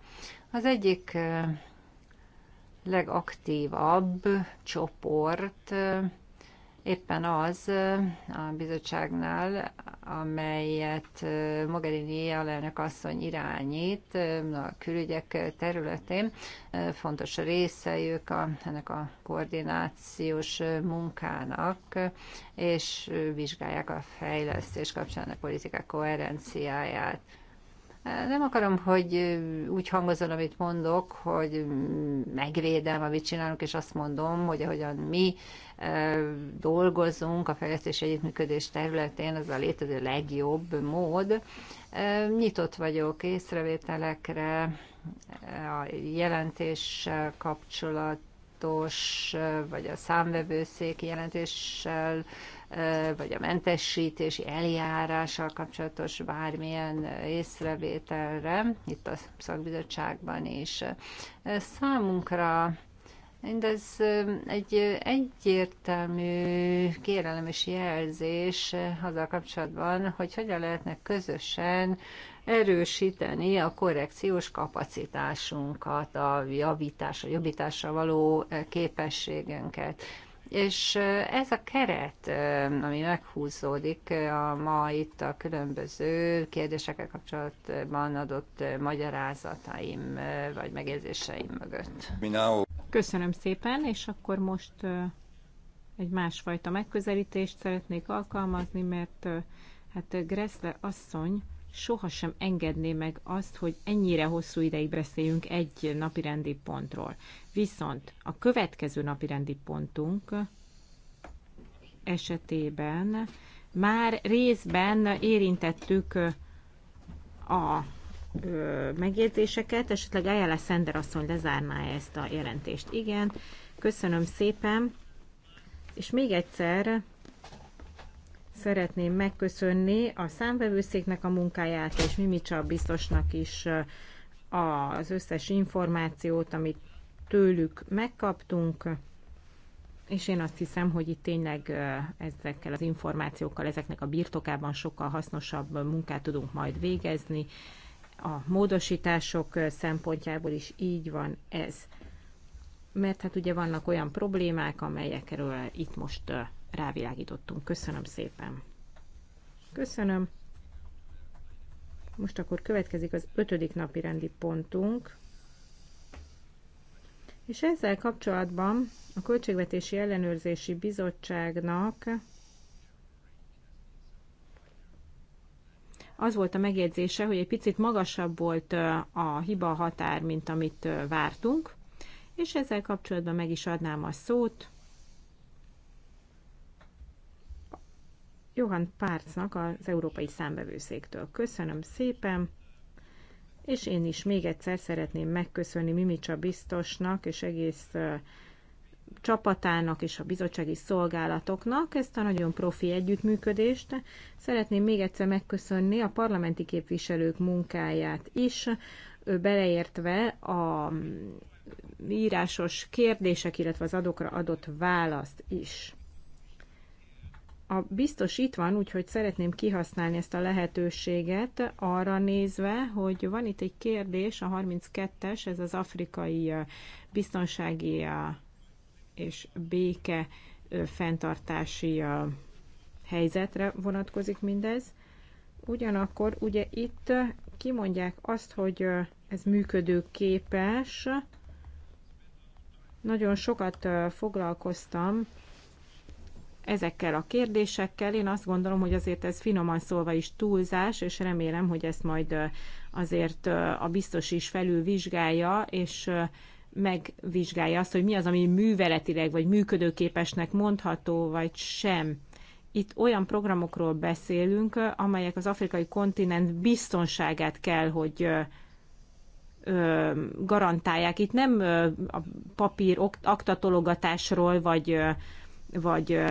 Az egyik legaktívabb csoport éppen az a bizottságnál, amelyet Mogherini alelnök asszony irányít a külügyek területén. Fontos részei ők a, ennek a koordinációs munkának, és vizsgálják a fejlesztés kapcsán a politikák koherenciáját. Nem akarom, hogy úgy hangozol, amit mondok, hogy megvédem, amit csinálunk, és azt mondom, hogy ahogyan mi dolgozunk a fejlesztés együttműködés területén, az a létező legjobb mód. Nyitott vagyok észrevételekre, a jelentés kapcsolat, kapcsolatos, vagy a számvevőszék jelentéssel vagy a mentesítési eljárással kapcsolatos bármilyen észrevételre, itt a szakbizottságban is. Számunkra Mindez egy egyértelmű kérelem és jelzés azzal kapcsolatban, hogy hogyan lehetne közösen erősíteni a korrekciós kapacitásunkat, a javítás, a jobbításra való képességünket. És ez a keret, ami meghúzódik a ma itt a különböző kérdésekkel kapcsolatban adott magyarázataim vagy megjegyzéseim mögött. Köszönöm szépen, és akkor most egy másfajta megközelítést szeretnék alkalmazni, mert hát Gressle asszony sohasem engedné meg azt, hogy ennyire hosszú ideig beszéljünk egy napirendi pontról. Viszont a következő napi rendi pontunk esetében már részben érintettük a megjegyzéseket, esetleg Ayala Szender asszony lezárná ezt a jelentést. Igen, köszönöm szépen, és még egyszer szeretném megköszönni a számvevőszéknek a munkáját, és Mimicsa biztosnak is az összes információt, amit tőlük megkaptunk, és én azt hiszem, hogy itt tényleg ezekkel az információkkal, ezeknek a birtokában sokkal hasznosabb munkát tudunk majd végezni. A módosítások szempontjából is így van ez. Mert hát ugye vannak olyan problémák, amelyekről itt most rávilágítottunk. Köszönöm szépen. Köszönöm. Most akkor következik az ötödik napi rendi pontunk. És ezzel kapcsolatban a Költségvetési Ellenőrzési Bizottságnak az volt a megjegyzése, hogy egy picit magasabb volt a hiba határ, mint amit vártunk, és ezzel kapcsolatban meg is adnám a szót Johan Párcnak az Európai Számbevőszéktől. Köszönöm szépen! és én is még egyszer szeretném megköszönni Mimicsa biztosnak és egész csapatának és a bizottsági szolgálatoknak ezt a nagyon profi együttműködést. Szeretném még egyszer megköszönni a parlamenti képviselők munkáját is, beleértve a mm, írásos kérdések, illetve az adokra adott választ is a biztos itt van, úgyhogy szeretném kihasználni ezt a lehetőséget arra nézve, hogy van itt egy kérdés, a 32-es, ez az afrikai biztonsági és béke fenntartási helyzetre vonatkozik mindez. Ugyanakkor ugye itt kimondják azt, hogy ez működőképes. Nagyon sokat foglalkoztam ezekkel a kérdésekkel. Én azt gondolom, hogy azért ez finoman szólva is túlzás, és remélem, hogy ezt majd azért a biztos is felülvizsgálja, és megvizsgálja azt, hogy mi az, ami műveletileg vagy működőképesnek mondható, vagy sem. Itt olyan programokról beszélünk, amelyek az afrikai kontinens biztonságát kell, hogy garantálják. Itt nem a papír aktatologatásról vagy vagy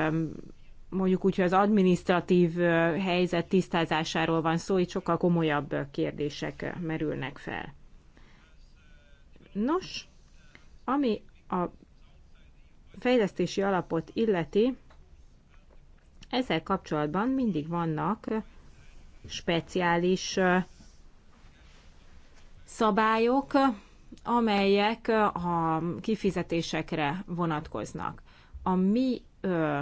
mondjuk úgy, hogy az administratív helyzet tisztázásáról van szó, itt sokkal komolyabb kérdések merülnek fel. Nos, ami a fejlesztési alapot illeti, ezzel kapcsolatban mindig vannak speciális szabályok, amelyek a kifizetésekre vonatkoznak a mi ö,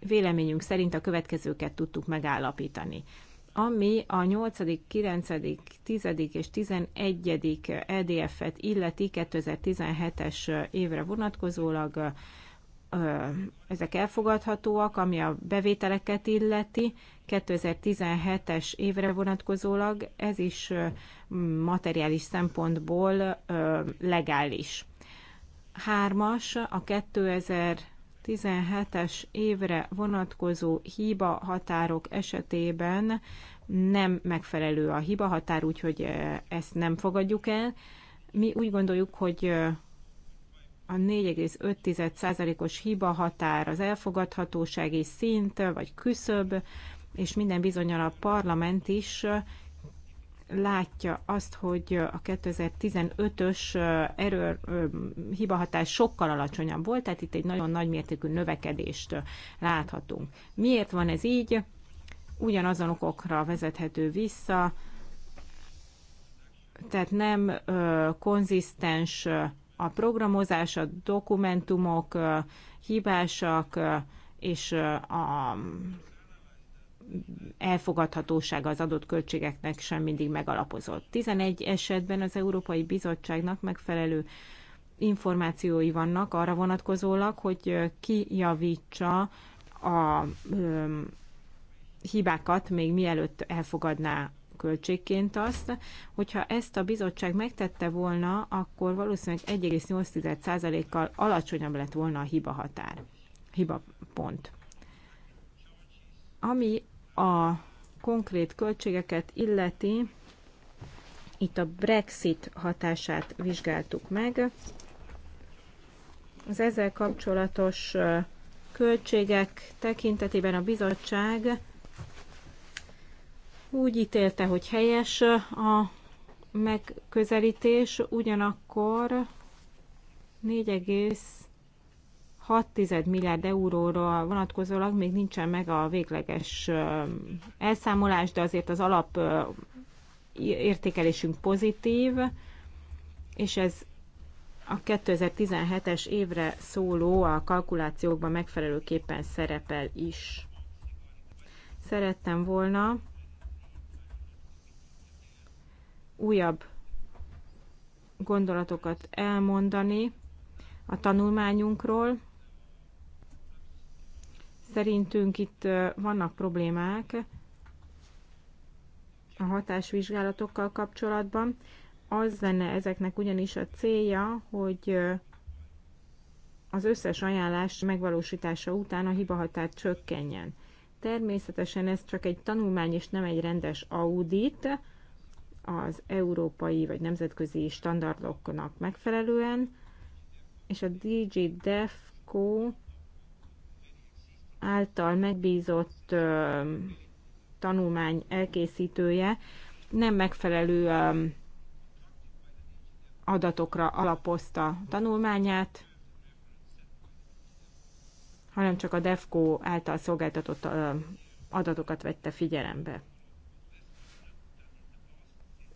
véleményünk szerint a következőket tudtuk megállapítani. Ami a 8., 9., 10. és 11. EDF-et illeti 2017-es évre vonatkozólag ezek elfogadhatóak, ami a bevételeket illeti 2017-es évre vonatkozólag, ez is materiális szempontból legális hármas a 2017-es évre vonatkozó hiba határok esetében nem megfelelő a hiba határ, úgyhogy e, ezt nem fogadjuk el. Mi úgy gondoljuk, hogy e, a 4,5%-os hiba határ az elfogadhatósági szint, vagy küszöb, és minden bizonyal a parlament is látja azt, hogy a 2015-ös hibahatás sokkal alacsonyabb volt, tehát itt egy nagyon nagymértékű növekedést láthatunk. Miért van ez így? Ugyanazon okokra vezethető vissza, tehát nem ö, konzisztens a programozás, a dokumentumok ö, hibásak, ö, és a elfogadhatósága az adott költségeknek sem mindig megalapozott. 11 esetben az Európai Bizottságnak megfelelő információi vannak arra vonatkozólag, hogy kijavítsa a hibákat még mielőtt elfogadná költségként azt, hogyha ezt a bizottság megtette volna, akkor valószínűleg 1,8%-kal alacsonyabb lett volna a hiba határ, hiba pont. Ami a konkrét költségeket illeti, itt a Brexit hatását vizsgáltuk meg. Az ezzel kapcsolatos költségek tekintetében a bizottság úgy ítélte, hogy helyes a megközelítés, ugyanakkor 4, 6,6 milliárd euróra vonatkozólag még nincsen meg a végleges elszámolás, de azért az alap értékelésünk pozitív, és ez a 2017-es évre szóló a kalkulációkban megfelelőképpen szerepel is. Szerettem volna újabb gondolatokat elmondani a tanulmányunkról, Szerintünk itt vannak problémák a hatásvizsgálatokkal kapcsolatban. Az lenne ezeknek ugyanis a célja, hogy az összes ajánlás megvalósítása után a hibahatár csökkenjen. Természetesen ez csak egy tanulmány és nem egy rendes audit az európai vagy nemzetközi standardoknak megfelelően, és a DG DEFCO által megbízott ö, tanulmány elkészítője nem megfelelő ö, adatokra alapozta tanulmányát, hanem csak a DEFCO által szolgáltatott ö, adatokat vette figyelembe.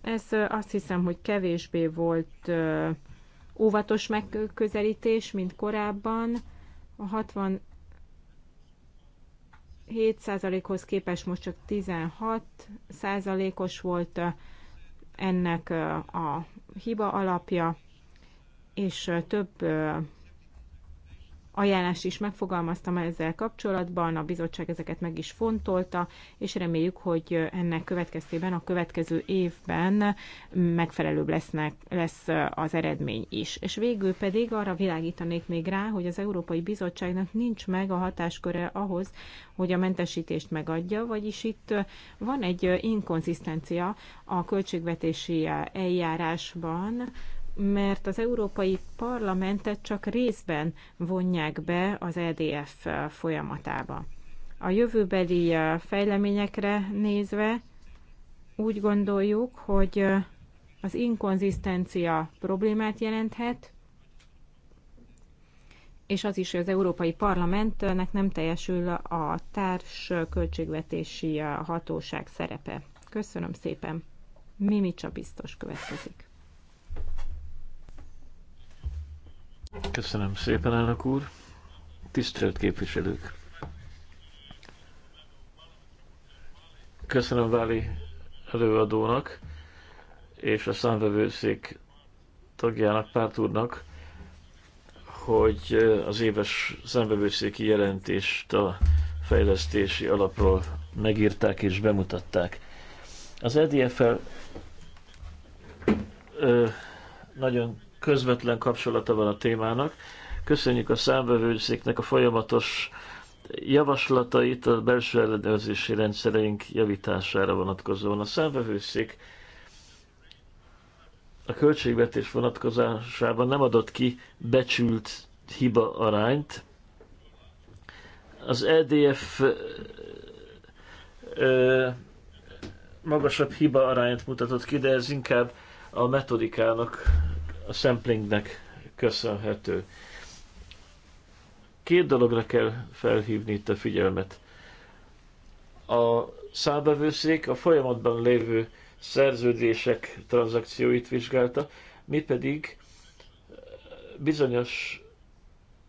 Ez ö, azt hiszem, hogy kevésbé volt ö, óvatos megközelítés, mint korábban. A 60 7%-hoz képest most csak 16%-os volt ennek a hiba alapja, és több ajánlást is megfogalmaztam ezzel kapcsolatban, a bizottság ezeket meg is fontolta, és reméljük, hogy ennek következtében a következő évben megfelelőbb lesznek, lesz az eredmény is. És végül pedig arra világítanék még rá, hogy az Európai Bizottságnak nincs meg a hatásköre ahhoz, hogy a mentesítést megadja, vagyis itt van egy inkonzisztencia a költségvetési eljárásban, mert az Európai Parlamentet csak részben vonják be az EDF folyamatába. A jövőbeli fejleményekre nézve úgy gondoljuk, hogy az inkonzisztencia problémát jelenthet, és az is, hogy az Európai Parlamentnek nem teljesül a társ költségvetési hatóság szerepe. Köszönöm szépen. Mimicsa biztos következik. Köszönöm szépen, elnök úr. Tisztelt képviselők! Köszönöm Váli előadónak és a számvevőszék tagjának, pártúrnak, hogy az éves számvevőszéki jelentést a fejlesztési alapról megírták és bemutatták. Az EDF-el nagyon közvetlen kapcsolata van a témának. Köszönjük a számbevőszéknek a folyamatos javaslatait a belső ellenőrzési rendszereink javítására vonatkozóan. A számbevőszék a költségvetés vonatkozásában nem adott ki becsült hiba arányt. Az EDF ö, magasabb hiba arányt mutatott ki, de ez inkább a metodikának a samplingnek köszönhető. Két dologra kell felhívni itt a figyelmet. A szábevőszék a folyamatban lévő szerződések tranzakcióit vizsgálta, mi pedig eh, bizonyos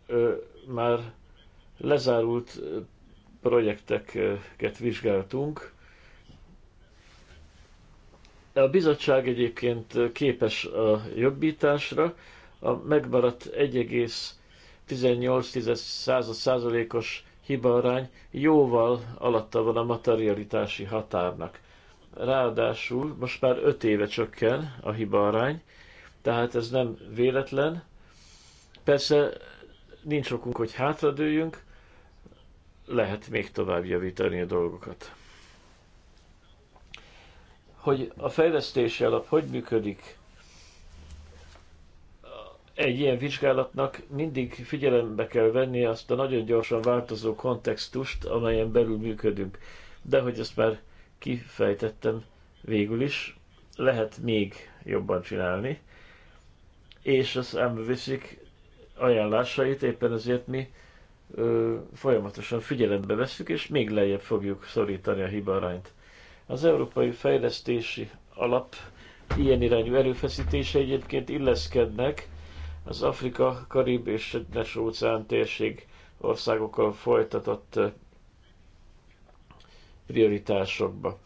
ö, eh, már lezárult eh, projekteket vizsgáltunk, a bizottság egyébként képes a jobbításra. A megmaradt 1,18%-os hibaarány jóval alatta van a materialitási határnak. Ráadásul most már 5 éve csökken a hibaarány, tehát ez nem véletlen. Persze nincs okunk, hogy hátradőjünk, lehet még tovább javítani a dolgokat hogy a fejlesztési alap hogy működik, egy ilyen vizsgálatnak mindig figyelembe kell venni azt a nagyon gyorsan változó kontextust, amelyen belül működünk. De hogy ezt már kifejtettem végül is, lehet még jobban csinálni. És az embeviszik ajánlásait éppen ezért mi ö, folyamatosan figyelembe veszük, és még lejjebb fogjuk szorítani a hibarányt. Az Európai Fejlesztési Alap ilyen irányú erőfeszítése egyébként illeszkednek az Afrika, Karib és Csendes óceán térség országokkal folytatott eh, prioritásokba.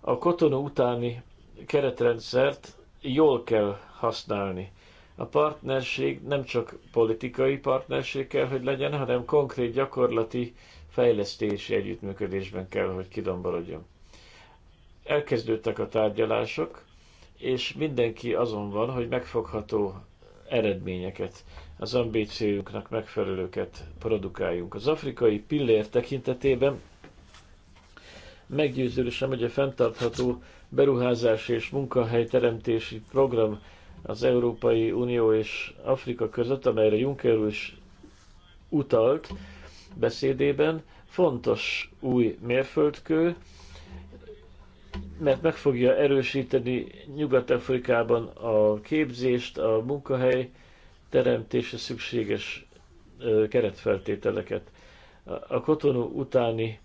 A kotonó utáni keretrendszert jól kell használni. A partnerség nem csak politikai partnerség kell, hogy legyen, hanem konkrét gyakorlati fejlesztési együttműködésben kell, hogy kidomborodjon elkezdődtek a tárgyalások, és mindenki azon van, hogy megfogható eredményeket, az ambícióknak megfelelőket produkáljunk. Az afrikai pillér tekintetében meggyőződésem, hogy a fenntartható beruházás és munkahelyteremtési program az Európai Unió és Afrika között, amelyre Juncker is utalt beszédében, fontos új mérföldkő, mert meg fogja erősíteni Nyugat-Afrikában a képzést, a munkahely teremtése szükséges keretfeltételeket. A kotonó utáni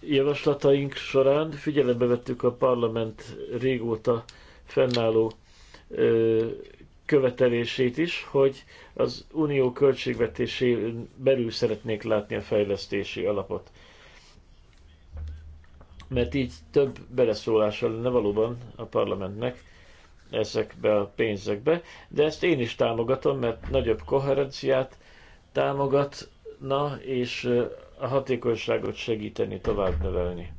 javaslataink során figyelembe vettük a parlament régóta fennálló követelését is, hogy az unió költségvetésén belül szeretnék látni a fejlesztési alapot mert így több beleszólása lenne valóban a parlamentnek ezekbe a pénzekbe, de ezt én is támogatom, mert nagyobb koherenciát támogatna, és eh, a hatékonyságot segíteni, tovább növelni.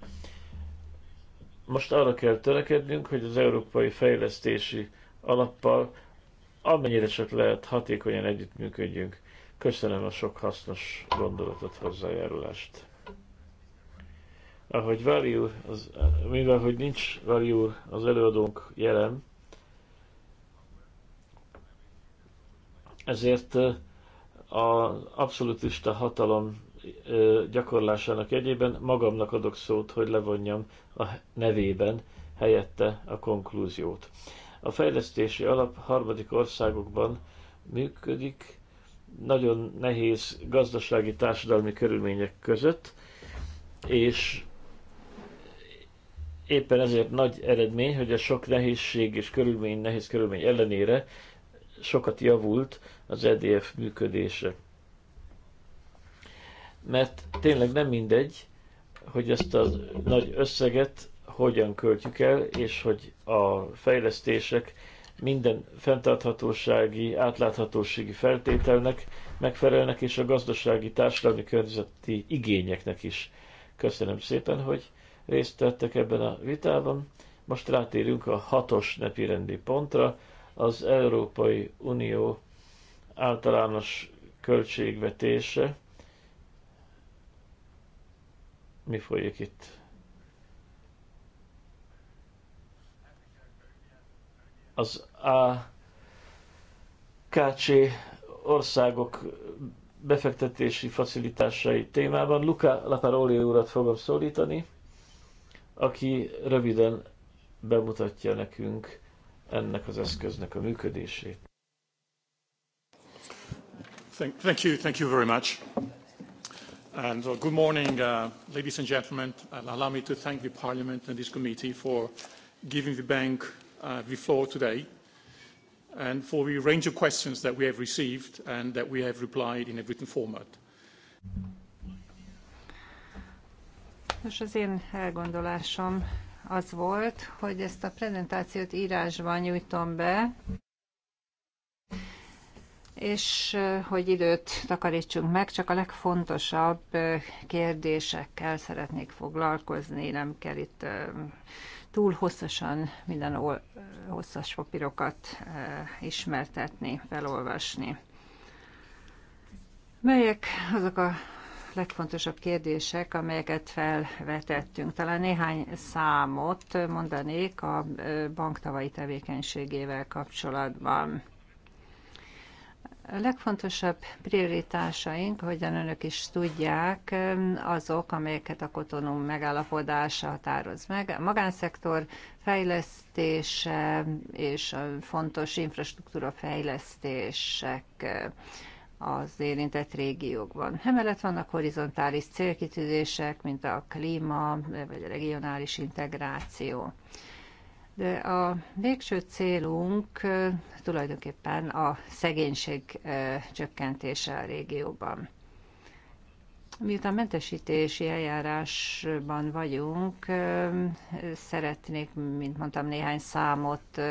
Most arra kell törekednünk, hogy az európai fejlesztési alappal amennyire csak lehet hatékonyan együttműködjünk. Köszönöm a sok hasznos gondolatot, hozzájárulást ahogy value, az, mivel hogy nincs value az előadónk jelen, ezért az abszolutista hatalom gyakorlásának egyében magamnak adok szót, hogy levonjam a nevében helyette a konklúziót. A fejlesztési alap harmadik országokban működik, nagyon nehéz gazdasági társadalmi körülmények között, és éppen ezért nagy eredmény, hogy a sok nehézség és körülmény, nehéz körülmény ellenére sokat javult az EDF működése. Mert tényleg nem mindegy, hogy ezt a nagy összeget hogyan költjük el, és hogy a fejlesztések minden fenntarthatósági, átláthatósági feltételnek megfelelnek, és a gazdasági, társadalmi, környezeti igényeknek is. Köszönöm szépen, hogy részt vettek ebben a vitában. Most rátérünk a hatos nepirendi pontra, az Európai Unió általános költségvetése. Mi folyik itt? Az A, KC országok befektetési facilitásai témában. Luca Laparoli urat fogom szólítani aki röviden bemutatja nekünk ennek az eszköznek a működését. Thank you, thank you very much. And uh, good morning, uh, ladies and gentlemen. And uh, allow me to thank the Parliament and this committee for giving the bank uh, the floor today and for the range of questions that we have received and that we have replied in a written format. Nos, az én elgondolásom az volt, hogy ezt a prezentációt írásban nyújtom be, és hogy időt takarítsunk meg, csak a legfontosabb kérdésekkel szeretnék foglalkozni, nem kell itt túl hosszasan minden hosszas papírokat ismertetni, felolvasni. Melyek azok a legfontosabb kérdések, amelyeket felvetettünk. Talán néhány számot mondanék a bank tavalyi tevékenységével kapcsolatban. A legfontosabb prioritásaink, ahogyan önök is tudják, azok, amelyeket a kotonú megállapodása határoz meg. A magánszektor fejlesztése és a fontos infrastruktúra fejlesztések az érintett régiókban. Emellett vannak horizontális célkitűzések, mint a klíma vagy a regionális integráció. De a végső célunk eh, tulajdonképpen a szegénység eh, csökkentése a régióban. Miután mentesítési eljárásban vagyunk, szeretnék, mint mondtam, néhány számot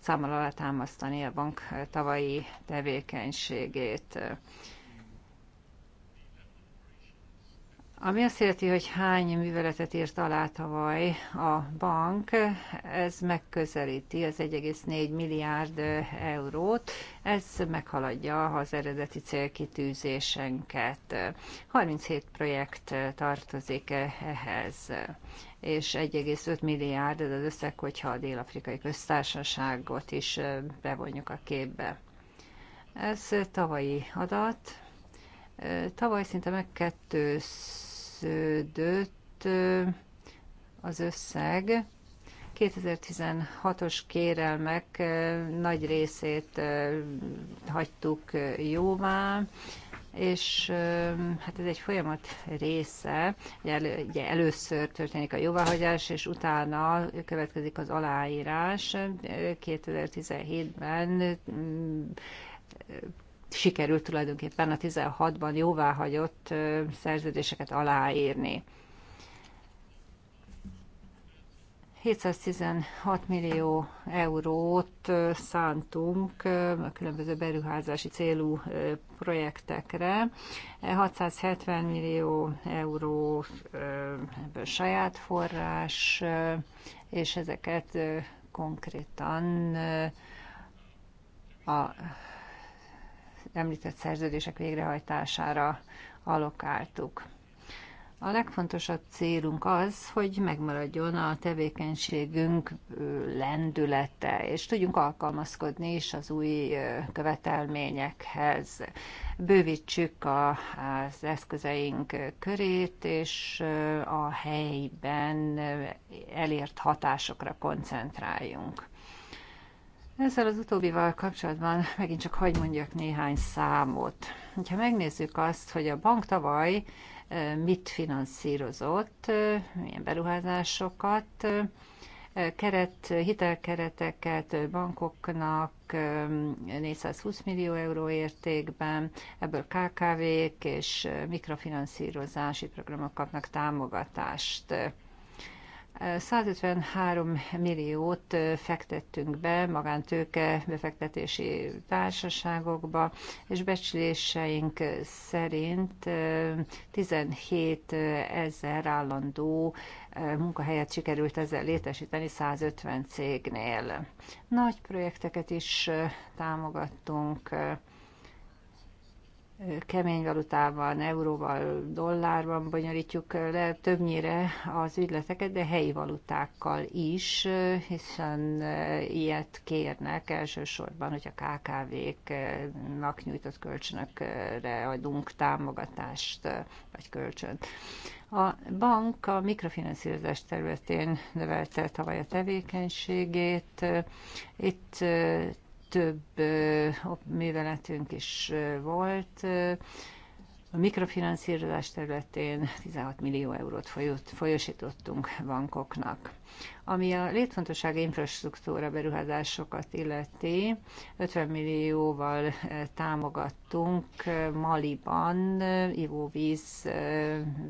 számmal alá támasztani a bank tavalyi tevékenységét. Ami azt jelenti, hogy hány műveletet írt alá tavaly a bank, ez megközelíti az 1,4 milliárd eurót, ez meghaladja az eredeti célkitűzésenket. 37 projekt tartozik ehhez, és 1,5 milliárd ez az összeg, hogyha a Dél-Afrikai Köztársaságot is bevonjuk a képbe. Ez tavalyi adat, Tavaly szinte megkettőz megkettőződött az összeg. 2016-os kérelmek nagy részét hagytuk jóvá, és hát ez egy folyamat része. Ugye, elő, ugye először történik a jóváhagyás, és utána következik az aláírás. 2017-ben sikerült tulajdonképpen a 16-ban jóváhagyott szerződéseket aláírni. 716 millió eurót szántunk a különböző beruházási célú projektekre, 670 millió euró saját forrás, és ezeket konkrétan a említett szerződések végrehajtására alokáltuk. A legfontosabb célunk az, hogy megmaradjon a tevékenységünk lendülete, és tudjunk alkalmazkodni is az új követelményekhez. Bővítsük az eszközeink körét, és a helyben elért hatásokra koncentráljunk. Ezzel az utóbbival kapcsolatban megint csak hagyd mondjak néhány számot. Ha megnézzük azt, hogy a bank tavaly mit finanszírozott, milyen beruházásokat, keret, hitelkereteket bankoknak 420 millió euró értékben, ebből KKV-k és mikrofinanszírozási programok kapnak támogatást. 153 milliót fektettünk be magántőke befektetési társaságokba, és becsléseink szerint 17 ezer állandó munkahelyet sikerült ezzel létesíteni 150 cégnél. Nagy projekteket is támogattunk, kemény valutában, euróval, dollárban bonyolítjuk le többnyire az ügyleteket, de helyi valutákkal is, hiszen eh, ilyet kérnek elsősorban, hogy a KKV-knak nyújtott kölcsönökre adunk támogatást vagy kölcsönt. A bank a mikrofinanszírozás területén növelte tavaly a tevékenységét. Itt eh, több műveletünk is volt. A mikrofinanszírozás területén 16 millió eurót folyosítottunk bankoknak. Ami a létfontossági infrastruktúra beruházásokat illeti, 50 millióval eh, támogattunk eh, Maliban eh, ivóvíz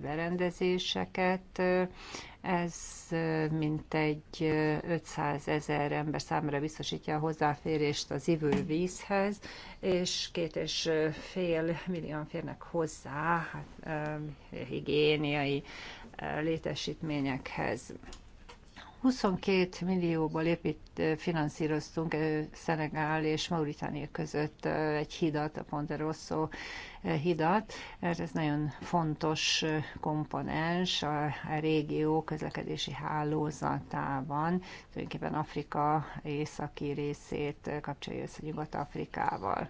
berendezéseket, ez mintegy 500 ezer ember számára biztosítja a hozzáférést az ivővízhez, és két és fél millióan férnek hozzá hát, higiéniai létesítményekhez. 22 millióból épít, finanszíroztunk Szenegál és Mauritánia között egy hidat, a Ponte Rosso hidat. Ez nagyon fontos komponens a régió közlekedési hálózatában. Tulajdonképpen Afrika északi részét kapcsolja össze Nyugat-Afrikával.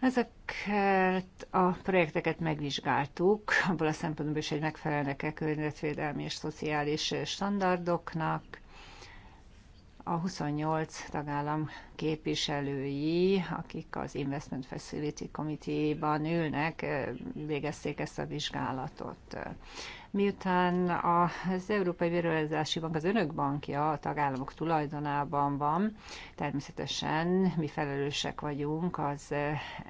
Ezeket a projekteket megvizsgáltuk, abból a szempontból is, hogy megfelelnek a környezetvédelmi és szociális standardoknak. A 28 tagállam képviselői, akik az Investment Facility Committee-ban ülnek, végezték ezt a vizsgálatot. Miután az Európai Beruházási Bank az önök bankja a tagállamok tulajdonában van, természetesen mi felelősek vagyunk az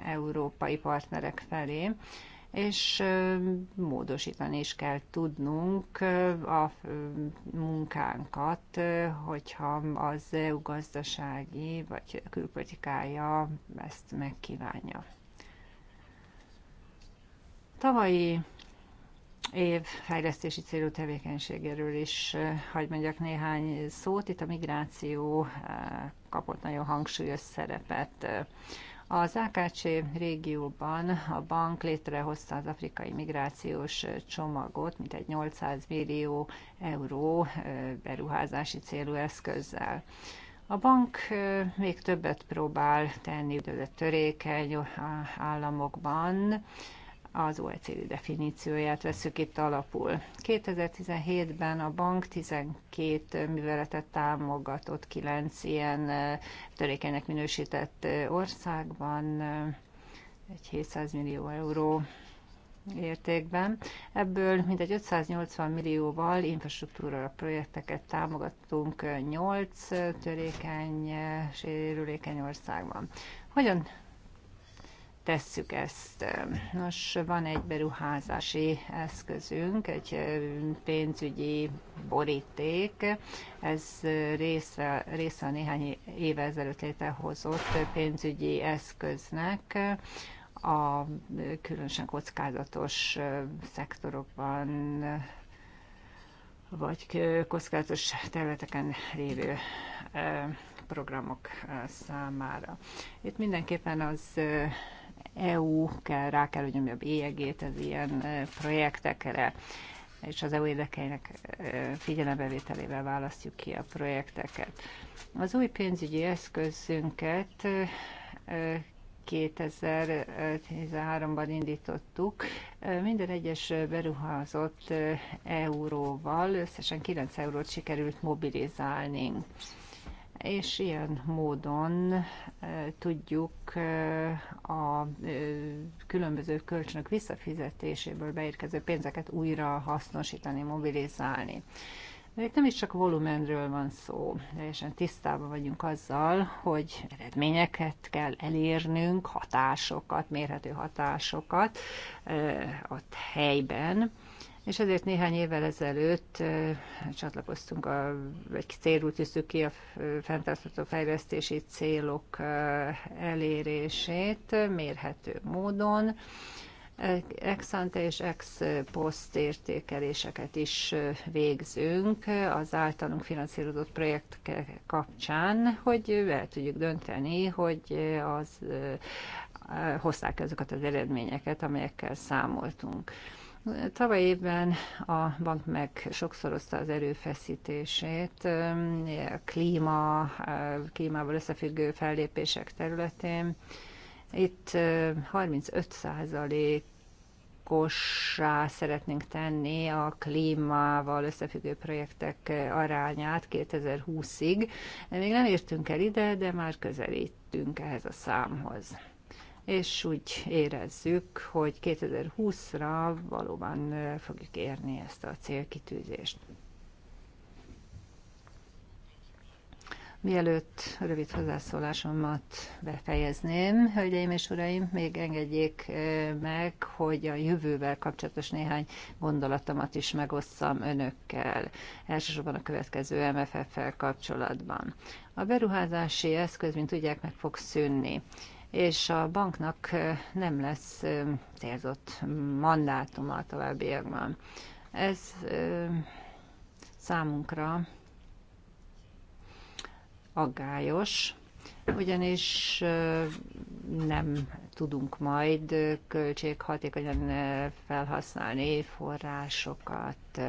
európai partnerek felé, és módosítani is kell tudnunk a munkánkat, hogyha az EU gazdasági vagy külpolitikája ezt megkívánja. Tavalyi év fejlesztési célú tevékenységéről is eh, hagyd mondjak néhány szót. Itt a migráció eh, kapott nagyon hangsúlyos szerepet. Eh, az AKC régióban a bank létrehozta az afrikai migrációs csomagot, mint egy 800 millió euró beruházási célú eszközzel. A bank még többet próbál tenni a törékeny államokban, az OECD definícióját veszük itt alapul. 2017-ben a bank 12 műveletet támogatott 9 ilyen törékenynek minősített országban, egy 700 millió euró értékben. Ebből mintegy 580 millióval infrastruktúra projekteket támogattunk 8 törékeny, sérülékeny országban. Hogyan tesszük ezt. Nos, van egy beruházási eszközünk, egy pénzügyi boríték, ez része, része a néhány éve ezelőtt létrehozott pénzügyi eszköznek, a különösen kockázatos szektorokban vagy kockázatos területeken lévő programok számára. Itt mindenképpen az EU kell, rá kell, hogy nyomja a bélyegét az ilyen e, projektekre, és az EU érdekeinek e, figyelembevételével választjuk ki a projekteket. Az új pénzügyi eszközünket 2013-ban e, indítottuk. Minden egyes beruházott euróval összesen 9 eurót sikerült mobilizálni és ilyen módon tudjuk a különböző kölcsönök visszafizetéséből beérkező pénzeket újra hasznosítani, mobilizálni. De itt nem is csak volumenről van szó, teljesen tisztában vagyunk azzal, hogy eredményeket kell elérnünk, hatásokat, mérhető hatásokat ott helyben, és ezért néhány évvel ezelőtt csatlakoztunk, a, egy célú tűztük ki a fenntartható fejlesztési célok elérését mérhető módon. E, ex ante és ex post értékeléseket is végzünk az általunk finanszírozott projekt kapcsán, hogy el tudjuk dönteni, hogy az hozták ezeket az eredményeket, amelyekkel számoltunk. Tavaly évben a bank meg sokszorozta az erőfeszítését a klíma, klímával összefüggő fellépések területén. Itt 35 százalék szeretnénk tenni a klímával összefüggő projektek arányát 2020-ig. Még nem értünk el ide, de már közelítünk ehhez a számhoz és úgy érezzük, hogy 2020-ra valóban fogjuk érni ezt a célkitűzést. Mielőtt rövid hozzászólásomat befejezném, hölgyeim és uraim, még engedjék meg, hogy a jövővel kapcsolatos néhány gondolatomat is megosszam önökkel, elsősorban a következő MFF-fel kapcsolatban. A beruházási eszköz, mint tudják, meg fog szűnni és a banknak nem lesz célzott mandátuma a továbbiakban. Ez számunkra aggályos, ugyanis nem tudunk majd költséghatékonyan felhasználni forrásokat,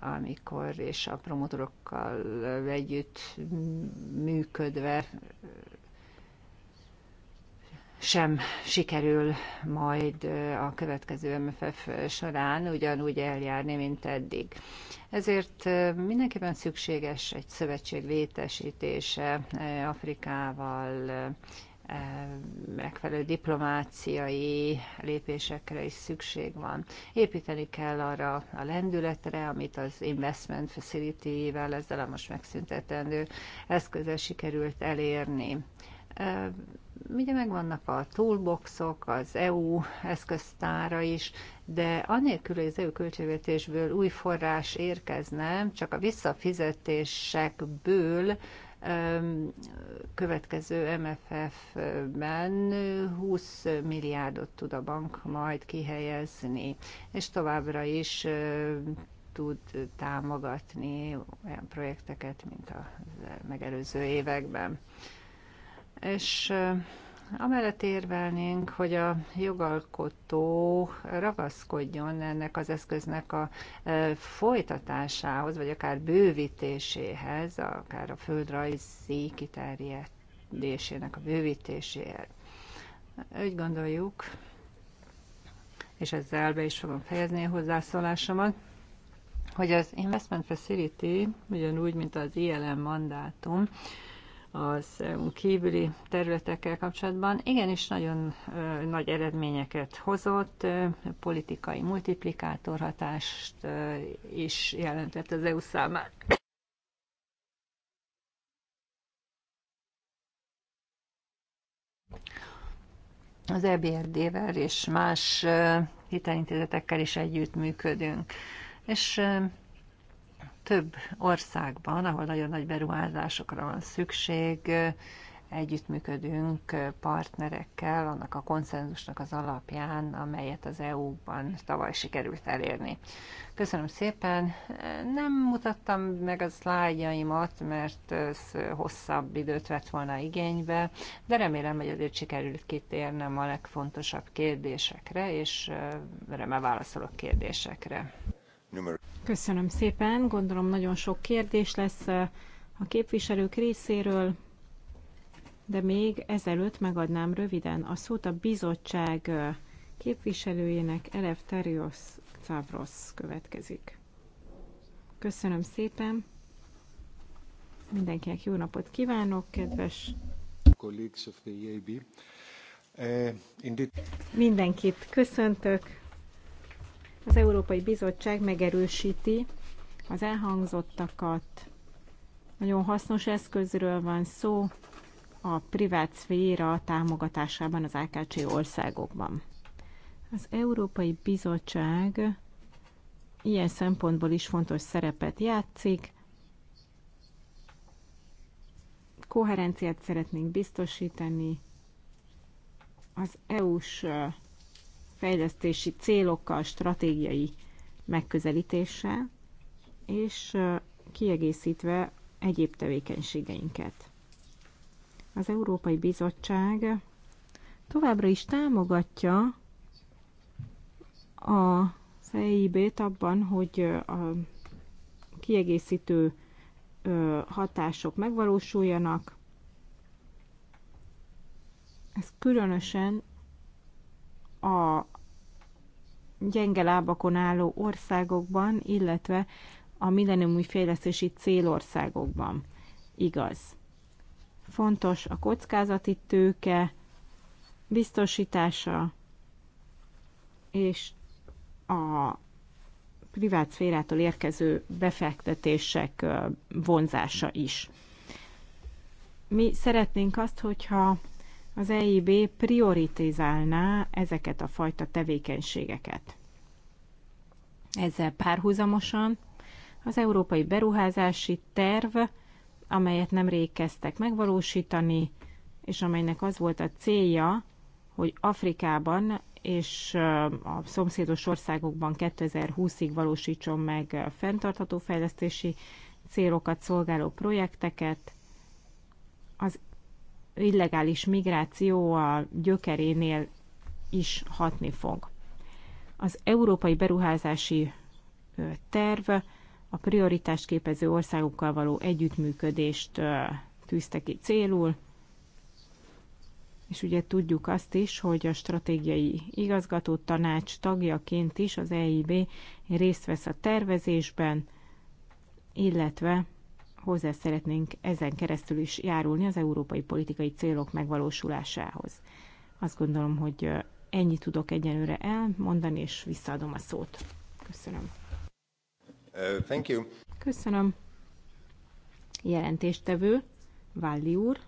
amikor és a promotorokkal együtt működve sem sikerül majd a következő MFF során ugyanúgy eljárni, mint eddig. Ezért mindenképpen szükséges egy szövetség létesítése Afrikával, e, megfelelő diplomáciai lépésekre is szükség van. Építeni kell arra a lendületre, amit az investment facility-vel, ezzel a most megszüntetendő eszközzel sikerült elérni. Ugye megvannak a toolboxok, az EU eszköztára is, de anélkül, hogy az EU költségvetésből új forrás érkezne, csak a visszafizetésekből következő MFF-ben 20 milliárdot tud a bank majd kihelyezni, és továbbra is tud támogatni olyan projekteket, mint a megelőző években és amellett érvelnénk, hogy a jogalkotó ragaszkodjon ennek az eszköznek a folytatásához, vagy akár bővítéséhez, akár a földrajzi kiterjedésének a bővítéséhez. Úgy gondoljuk, és ezzel be is fogom fejezni a hozzászólásomat, hogy az Investment Facility, ugyanúgy, mint az ILM mandátum, az kívüli területekkel kapcsolatban igenis nagyon nagy eredményeket hozott, politikai multiplikátor hatást is jelentett az EU számára. Az EBRD-vel és más hitelintézetekkel is együttműködünk. És több országban, ahol nagyon nagy beruházásokra van szükség, együttműködünk partnerekkel annak a konszenzusnak az alapján, amelyet az EU-ban tavaly sikerült elérni. Köszönöm szépen. Nem mutattam meg a szlájdjaimat, mert ez hosszabb időt vett volna igénybe, de remélem, hogy azért sikerült kitérnem a legfontosabb kérdésekre, és remélem válaszolok kérdésekre. Köszönöm szépen, gondolom nagyon sok kérdés lesz a képviselők részéről, de még ezelőtt megadnám röviden a szót a bizottság képviselőjének Eleftherios Cavros következik. Köszönöm szépen, mindenkinek jó napot kívánok, kedves e eh, Mindenkit köszöntök, az Európai Bizottság megerősíti az elhangzottakat. Nagyon hasznos eszközről van szó a privát szféra támogatásában az AKC országokban. Az Európai Bizottság ilyen szempontból is fontos szerepet játszik. Koherenciát szeretnénk biztosítani az EU-s fejlesztési célokkal, stratégiai megközelítéssel, és kiegészítve egyéb tevékenységeinket. Az Európai Bizottság továbbra is támogatja a EIB-t abban, hogy a kiegészítő hatások megvalósuljanak. Ez különösen a gyenge lábakon álló országokban, illetve a millenniumi fejlesztési célországokban igaz. Fontos a kockázati tőke biztosítása és a privát szférától érkező befektetések vonzása is. Mi szeretnénk azt, hogyha az EIB prioritizálná ezeket a fajta tevékenységeket. Ezzel párhuzamosan az Európai Beruházási Terv, amelyet nemrég kezdtek megvalósítani, és amelynek az volt a célja, hogy Afrikában és a szomszédos országokban 2020-ig valósítson meg fenntartható fejlesztési célokat szolgáló projekteket. Az illegális migráció a gyökerénél is hatni fog. Az Európai Beruházási Terv a prioritást képező országokkal való együttműködést tűzte ki célul, és ugye tudjuk azt is, hogy a stratégiai igazgató tanács tagjaként is az EIB részt vesz a tervezésben, illetve hozzá szeretnénk ezen keresztül is járulni az európai politikai célok megvalósulásához. Azt gondolom, hogy ennyit tudok egyenőre elmondani, és visszaadom a szót. Köszönöm. Uh, thank you. Köszönöm. Jelentéstevő, Valli úr,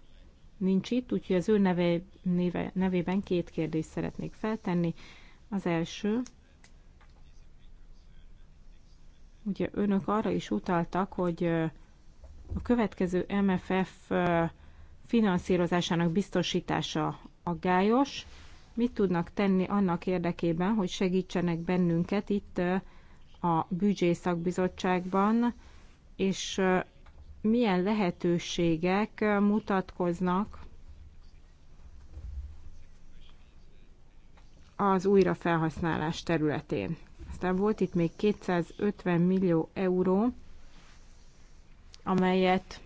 nincs itt, úgyhogy az ő neve, neve, nevében két kérdést szeretnék feltenni. Az első, ugye önök arra is utaltak, hogy a következő MFF finanszírozásának biztosítása aggályos. Mit tudnak tenni annak érdekében, hogy segítsenek bennünket itt a Szakbizottságban, és milyen lehetőségek mutatkoznak az újrafelhasználás területén. Aztán volt itt még 250 millió euró, amelyet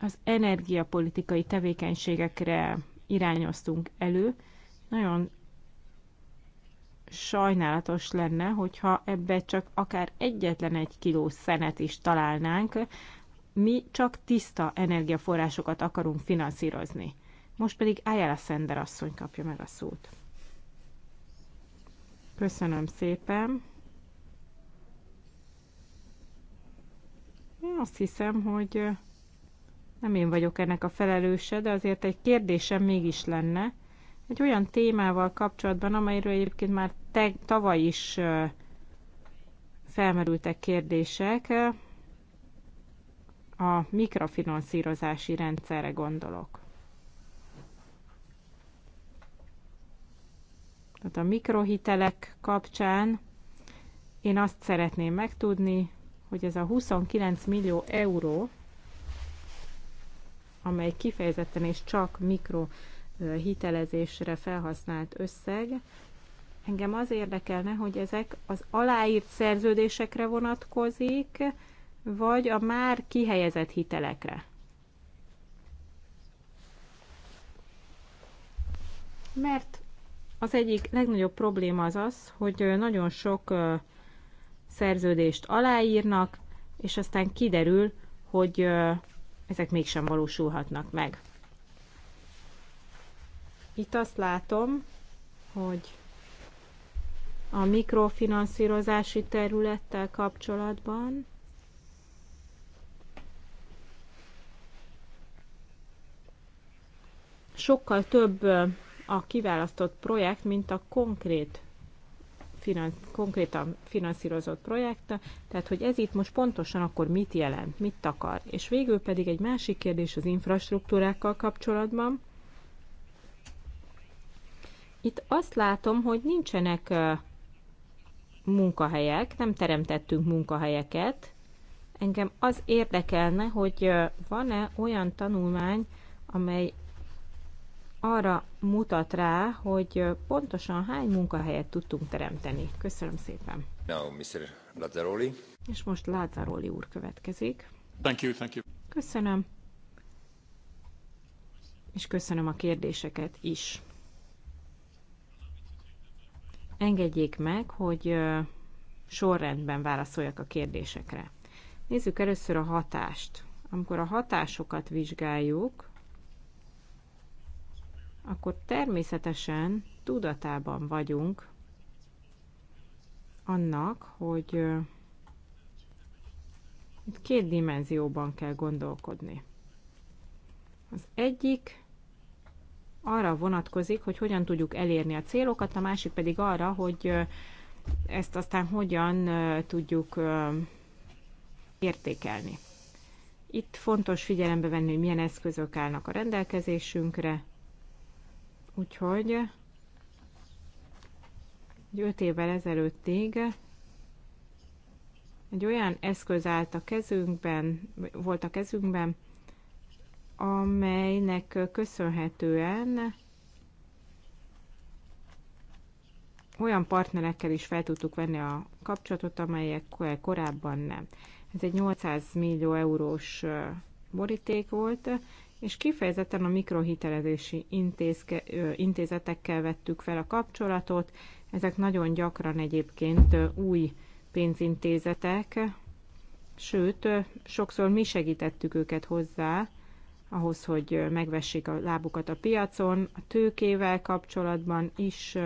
az energiapolitikai tevékenységekre irányoztunk elő. Nagyon sajnálatos lenne, hogyha ebbe csak akár egyetlen egy kiló szenet is találnánk. Mi csak tiszta energiaforrásokat akarunk finanszírozni. Most pedig Ayala Sender asszony kapja meg a szót. Köszönöm szépen. Én azt hiszem, hogy nem én vagyok ennek a felelőse, de azért egy kérdésem mégis lenne. Egy olyan témával kapcsolatban, amelyről egyébként már te, tavaly is felmerültek kérdések, a mikrofinanszírozási rendszerre gondolok. Tehát a mikrohitelek kapcsán én azt szeretném megtudni, hogy ez a 29 millió euró, amely kifejezetten és csak mikrohitelezésre felhasznált összeg, engem az érdekelne, hogy ezek az aláírt szerződésekre vonatkozik, vagy a már kihelyezett hitelekre. Mert az egyik legnagyobb probléma az az, hogy nagyon sok szerződést aláírnak, és aztán kiderül, hogy ezek mégsem valósulhatnak meg. Itt azt látom, hogy a mikrofinanszírozási területtel kapcsolatban sokkal több a kiválasztott projekt, mint a konkrét finansz, konkrétan finanszírozott projekt, tehát hogy ez itt most pontosan akkor mit jelent, mit takar. És végül pedig egy másik kérdés az infrastruktúrákkal kapcsolatban. Itt azt látom, hogy nincsenek munkahelyek, nem teremtettünk munkahelyeket. Engem az érdekelne, hogy van-e olyan tanulmány, amely arra mutat rá, hogy pontosan hány munkahelyet tudtunk teremteni. Köszönöm szépen. Now, Mr. Lazzaroli. És most Lazzaroli úr következik. Thank you, thank you. Köszönöm. És köszönöm a kérdéseket is. Engedjék meg, hogy sorrendben válaszoljak a kérdésekre. Nézzük először a hatást. Amikor a hatásokat vizsgáljuk, akkor természetesen tudatában vagyunk annak, hogy itt két dimenzióban kell gondolkodni. Az egyik arra vonatkozik, hogy hogyan tudjuk elérni a célokat, a másik pedig arra, hogy ezt aztán hogyan tudjuk értékelni. Itt fontos figyelembe venni, hogy milyen eszközök állnak a rendelkezésünkre, Úgyhogy egy öt évvel ezelőttig egy olyan eszköz állt a kezünkben, volt a kezünkben, amelynek köszönhetően olyan partnerekkel is fel tudtuk venni a kapcsolatot, amelyek korábban nem. Ez egy 800 millió eurós boríték volt, és kifejezetten a mikrohitelezési intézke, intézetekkel vettük fel a kapcsolatot. Ezek nagyon gyakran egyébként új pénzintézetek, sőt, sokszor mi segítettük őket hozzá, ahhoz, hogy megvessék a lábukat a piacon. A tőkével kapcsolatban is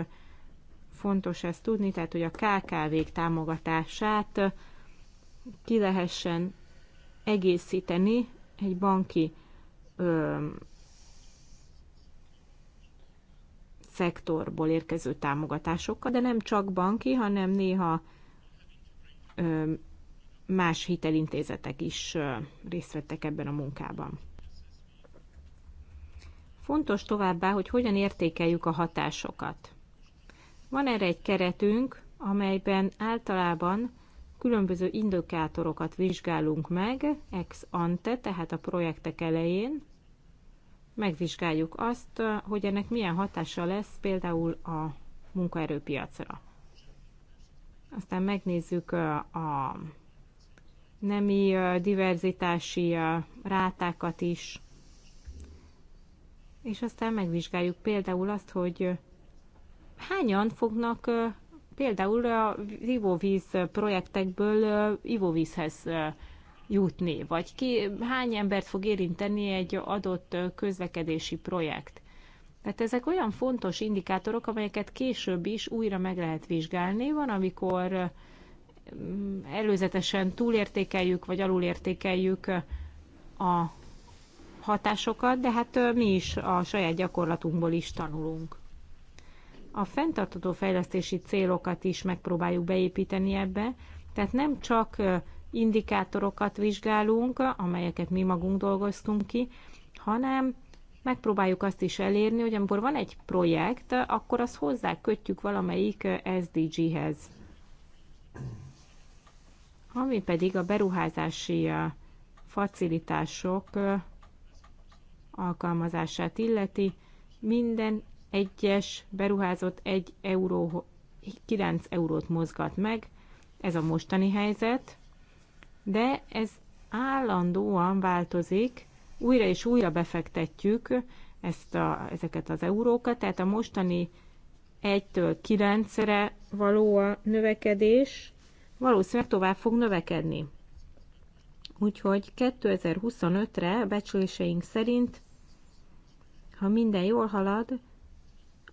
fontos ezt tudni, tehát hogy a KKV-k támogatását ki lehessen egészíteni egy banki ö, szektorból érkező támogatásokkal, de nem csak banki, hanem néha ö, más hitelintézetek is ö, részt vettek ebben a munkában. Fontos továbbá, hogy hogyan értékeljük a hatásokat. Van erre egy keretünk, amelyben általában különböző indikátorokat vizsgálunk meg ex ante, tehát a projektek elején, megvizsgáljuk azt, hogy ennek milyen hatása lesz például a munkaerőpiacra. Aztán megnézzük a nemi diverzitási rátákat is, és aztán megvizsgáljuk például azt, hogy hányan fognak például a vívóvíz projektekből ivóvízhez jutni, vagy ki, hány embert fog érinteni egy adott közlekedési projekt. Tehát ezek olyan fontos indikátorok, amelyeket később is újra meg lehet vizsgálni. Van, amikor mm, előzetesen túlértékeljük, vagy alulértékeljük a hatásokat, de hát mi is a saját gyakorlatunkból is tanulunk. A fenntartató fejlesztési célokat is megpróbáljuk beépíteni ebbe, tehát nem csak indikátorokat vizsgálunk, amelyeket mi magunk dolgoztunk ki, hanem megpróbáljuk azt is elérni, hogy amikor van egy projekt, akkor azt hozzá kötjük valamelyik SDG-hez. Ami pedig a beruházási facilitások alkalmazását illeti, minden egyes beruházott 1 euró, 9 eurót mozgat meg, ez a mostani helyzet de ez állandóan változik, újra és újra befektetjük ezt a, ezeket az eurókat, tehát a mostani 1-től 9-re való a növekedés valószínűleg tovább fog növekedni. Úgyhogy 2025-re becsléseink szerint, ha minden jól halad,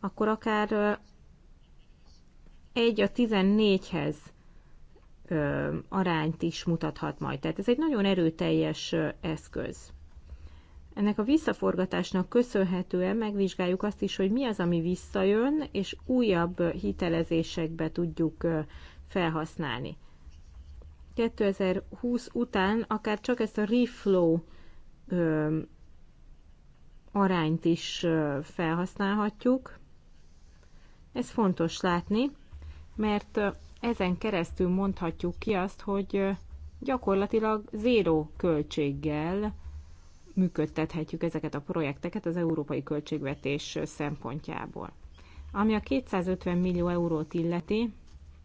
akkor akár 1 a 14-hez arányt is mutathat majd. Tehát ez egy nagyon erőteljes eszköz. Ennek a visszaforgatásnak köszönhetően megvizsgáljuk azt is, hogy mi az, ami visszajön, és újabb hitelezésekbe tudjuk felhasználni. 2020 után akár csak ezt a reflow arányt is felhasználhatjuk. Ez fontos látni, mert ezen keresztül mondhatjuk ki azt, hogy gyakorlatilag zéró költséggel működtethetjük ezeket a projekteket az európai költségvetés szempontjából. Ami a 250 millió eurót illeti,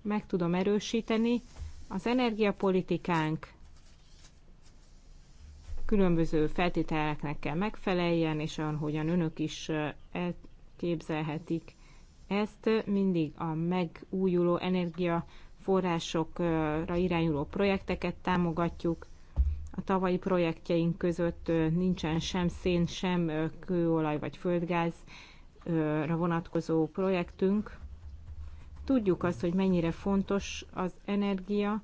meg tudom erősíteni, az energiapolitikánk különböző feltételeknek kell megfeleljen, és ahogyan önök is elképzelhetik, ezt mindig a megújuló energiaforrásokra irányuló projekteket támogatjuk. A tavalyi projektjeink között nincsen sem szén, sem kőolaj vagy földgázra vonatkozó projektünk. Tudjuk azt, hogy mennyire fontos az energia,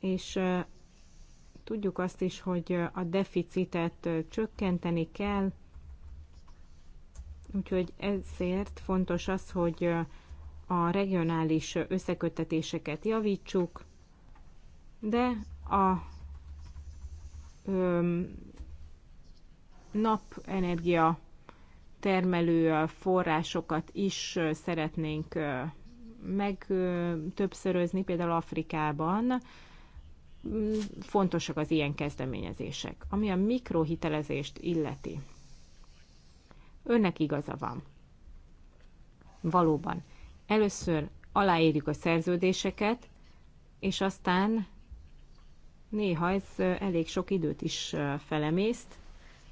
és tudjuk azt is, hogy a deficitet csökkenteni kell, Úgyhogy ezért fontos az, hogy a regionális összeköttetéseket javítsuk, de a öm, napenergia termelő forrásokat is szeretnénk meg többszörözni, például Afrikában fontosak az ilyen kezdeményezések. Ami a mikrohitelezést illeti, Önnek igaza van. Valóban. Először aláírjuk a szerződéseket, és aztán néha ez elég sok időt is felemészt.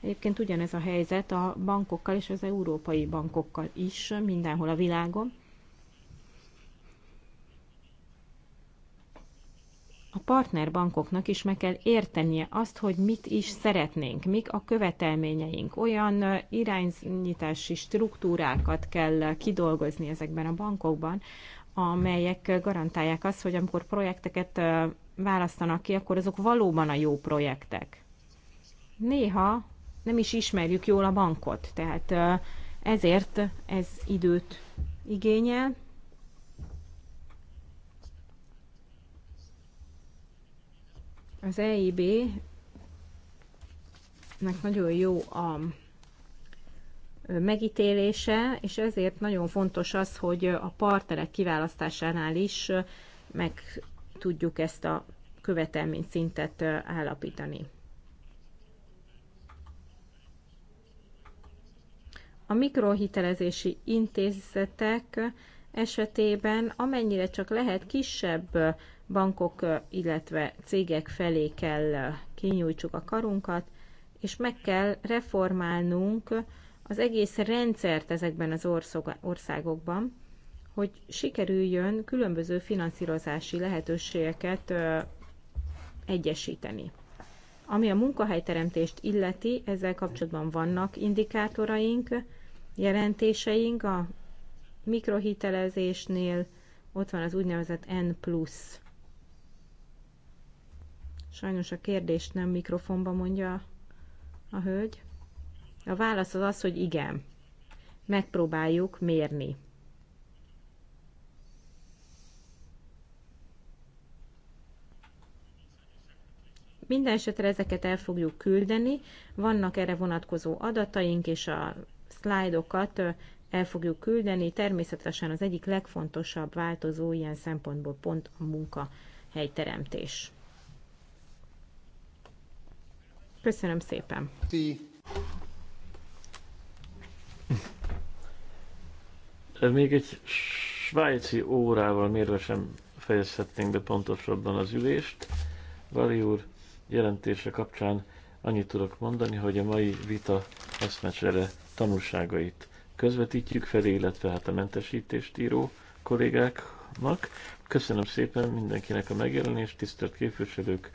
Egyébként ugyanez a helyzet a bankokkal és az európai bankokkal is mindenhol a világon. a partnerbankoknak is meg kell értenie azt, hogy mit is szeretnénk, mik a követelményeink. Olyan irányítási struktúrákat kell kidolgozni ezekben a bankokban, amelyek garantálják azt, hogy amikor projekteket választanak ki, akkor azok valóban a jó projektek. Néha nem is ismerjük jól a bankot, tehát ezért ez időt igényel, Az EIB-nek nagyon jó a megítélése, és ezért nagyon fontos az, hogy a partnerek kiválasztásánál is meg tudjuk ezt a követelményszintet állapítani. A mikrohitelezési intézetek esetében amennyire csak lehet kisebb bankok, illetve cégek felé kell kinyújtsuk a karunkat, és meg kell reformálnunk az egész rendszert ezekben az országokban, hogy sikerüljön különböző finanszírozási lehetőségeket egyesíteni. Ami a munkahelyteremtést illeti, ezzel kapcsolatban vannak indikátoraink, jelentéseink a mikrohitelezésnél, ott van az úgynevezett N plusz Sajnos a kérdést nem mikrofonba mondja a hölgy. A válasz az az, hogy igen. Megpróbáljuk mérni. Minden esetre ezeket el fogjuk küldeni, vannak erre vonatkozó adataink, és a szlájdokat el fogjuk küldeni. Természetesen az egyik legfontosabb változó ilyen szempontból pont a munkahelyteremtés. Köszönöm szépen. Ti. Még egy svájci órával mérve sem fejezhetnénk be pontosabban az ülést. Vali úr jelentése kapcsán annyit tudok mondani, hogy a mai vita eszmecsere tanulságait közvetítjük felé, illetve hát a mentesítést író kollégáknak. Köszönöm szépen mindenkinek a megjelenést, tisztelt képviselők,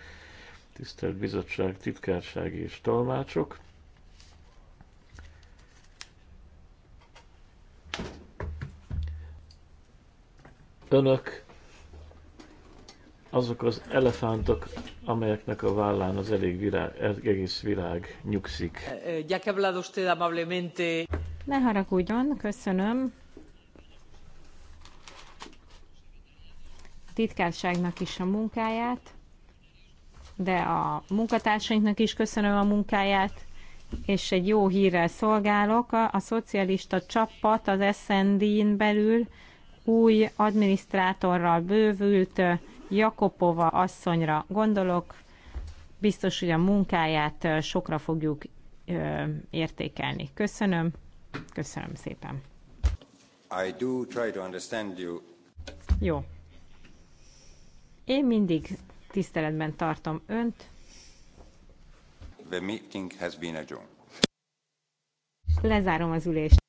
tisztelt bizottság, titkárság és tolmácsok. Önök azok az elefántok, amelyeknek a vállán az elég virág, egész világ nyugszik. Eh, eh, ya que hablado usted amablemente. Ne haragudjon, köszönöm. A titkárságnak is a munkáját de a munkatársainknak is köszönöm a munkáját, és egy jó hírrel szolgálok. A, a szocialista csapat az SND-n belül új adminisztrátorral bővült Jakopova asszonyra gondolok. Biztos, hogy a munkáját sokra fogjuk ö, értékelni. Köszönöm, köszönöm szépen. I do try to understand you. Jó. Én mindig tiszteletben tartom önt. The meeting has been adjourned. Lezárom az ülést.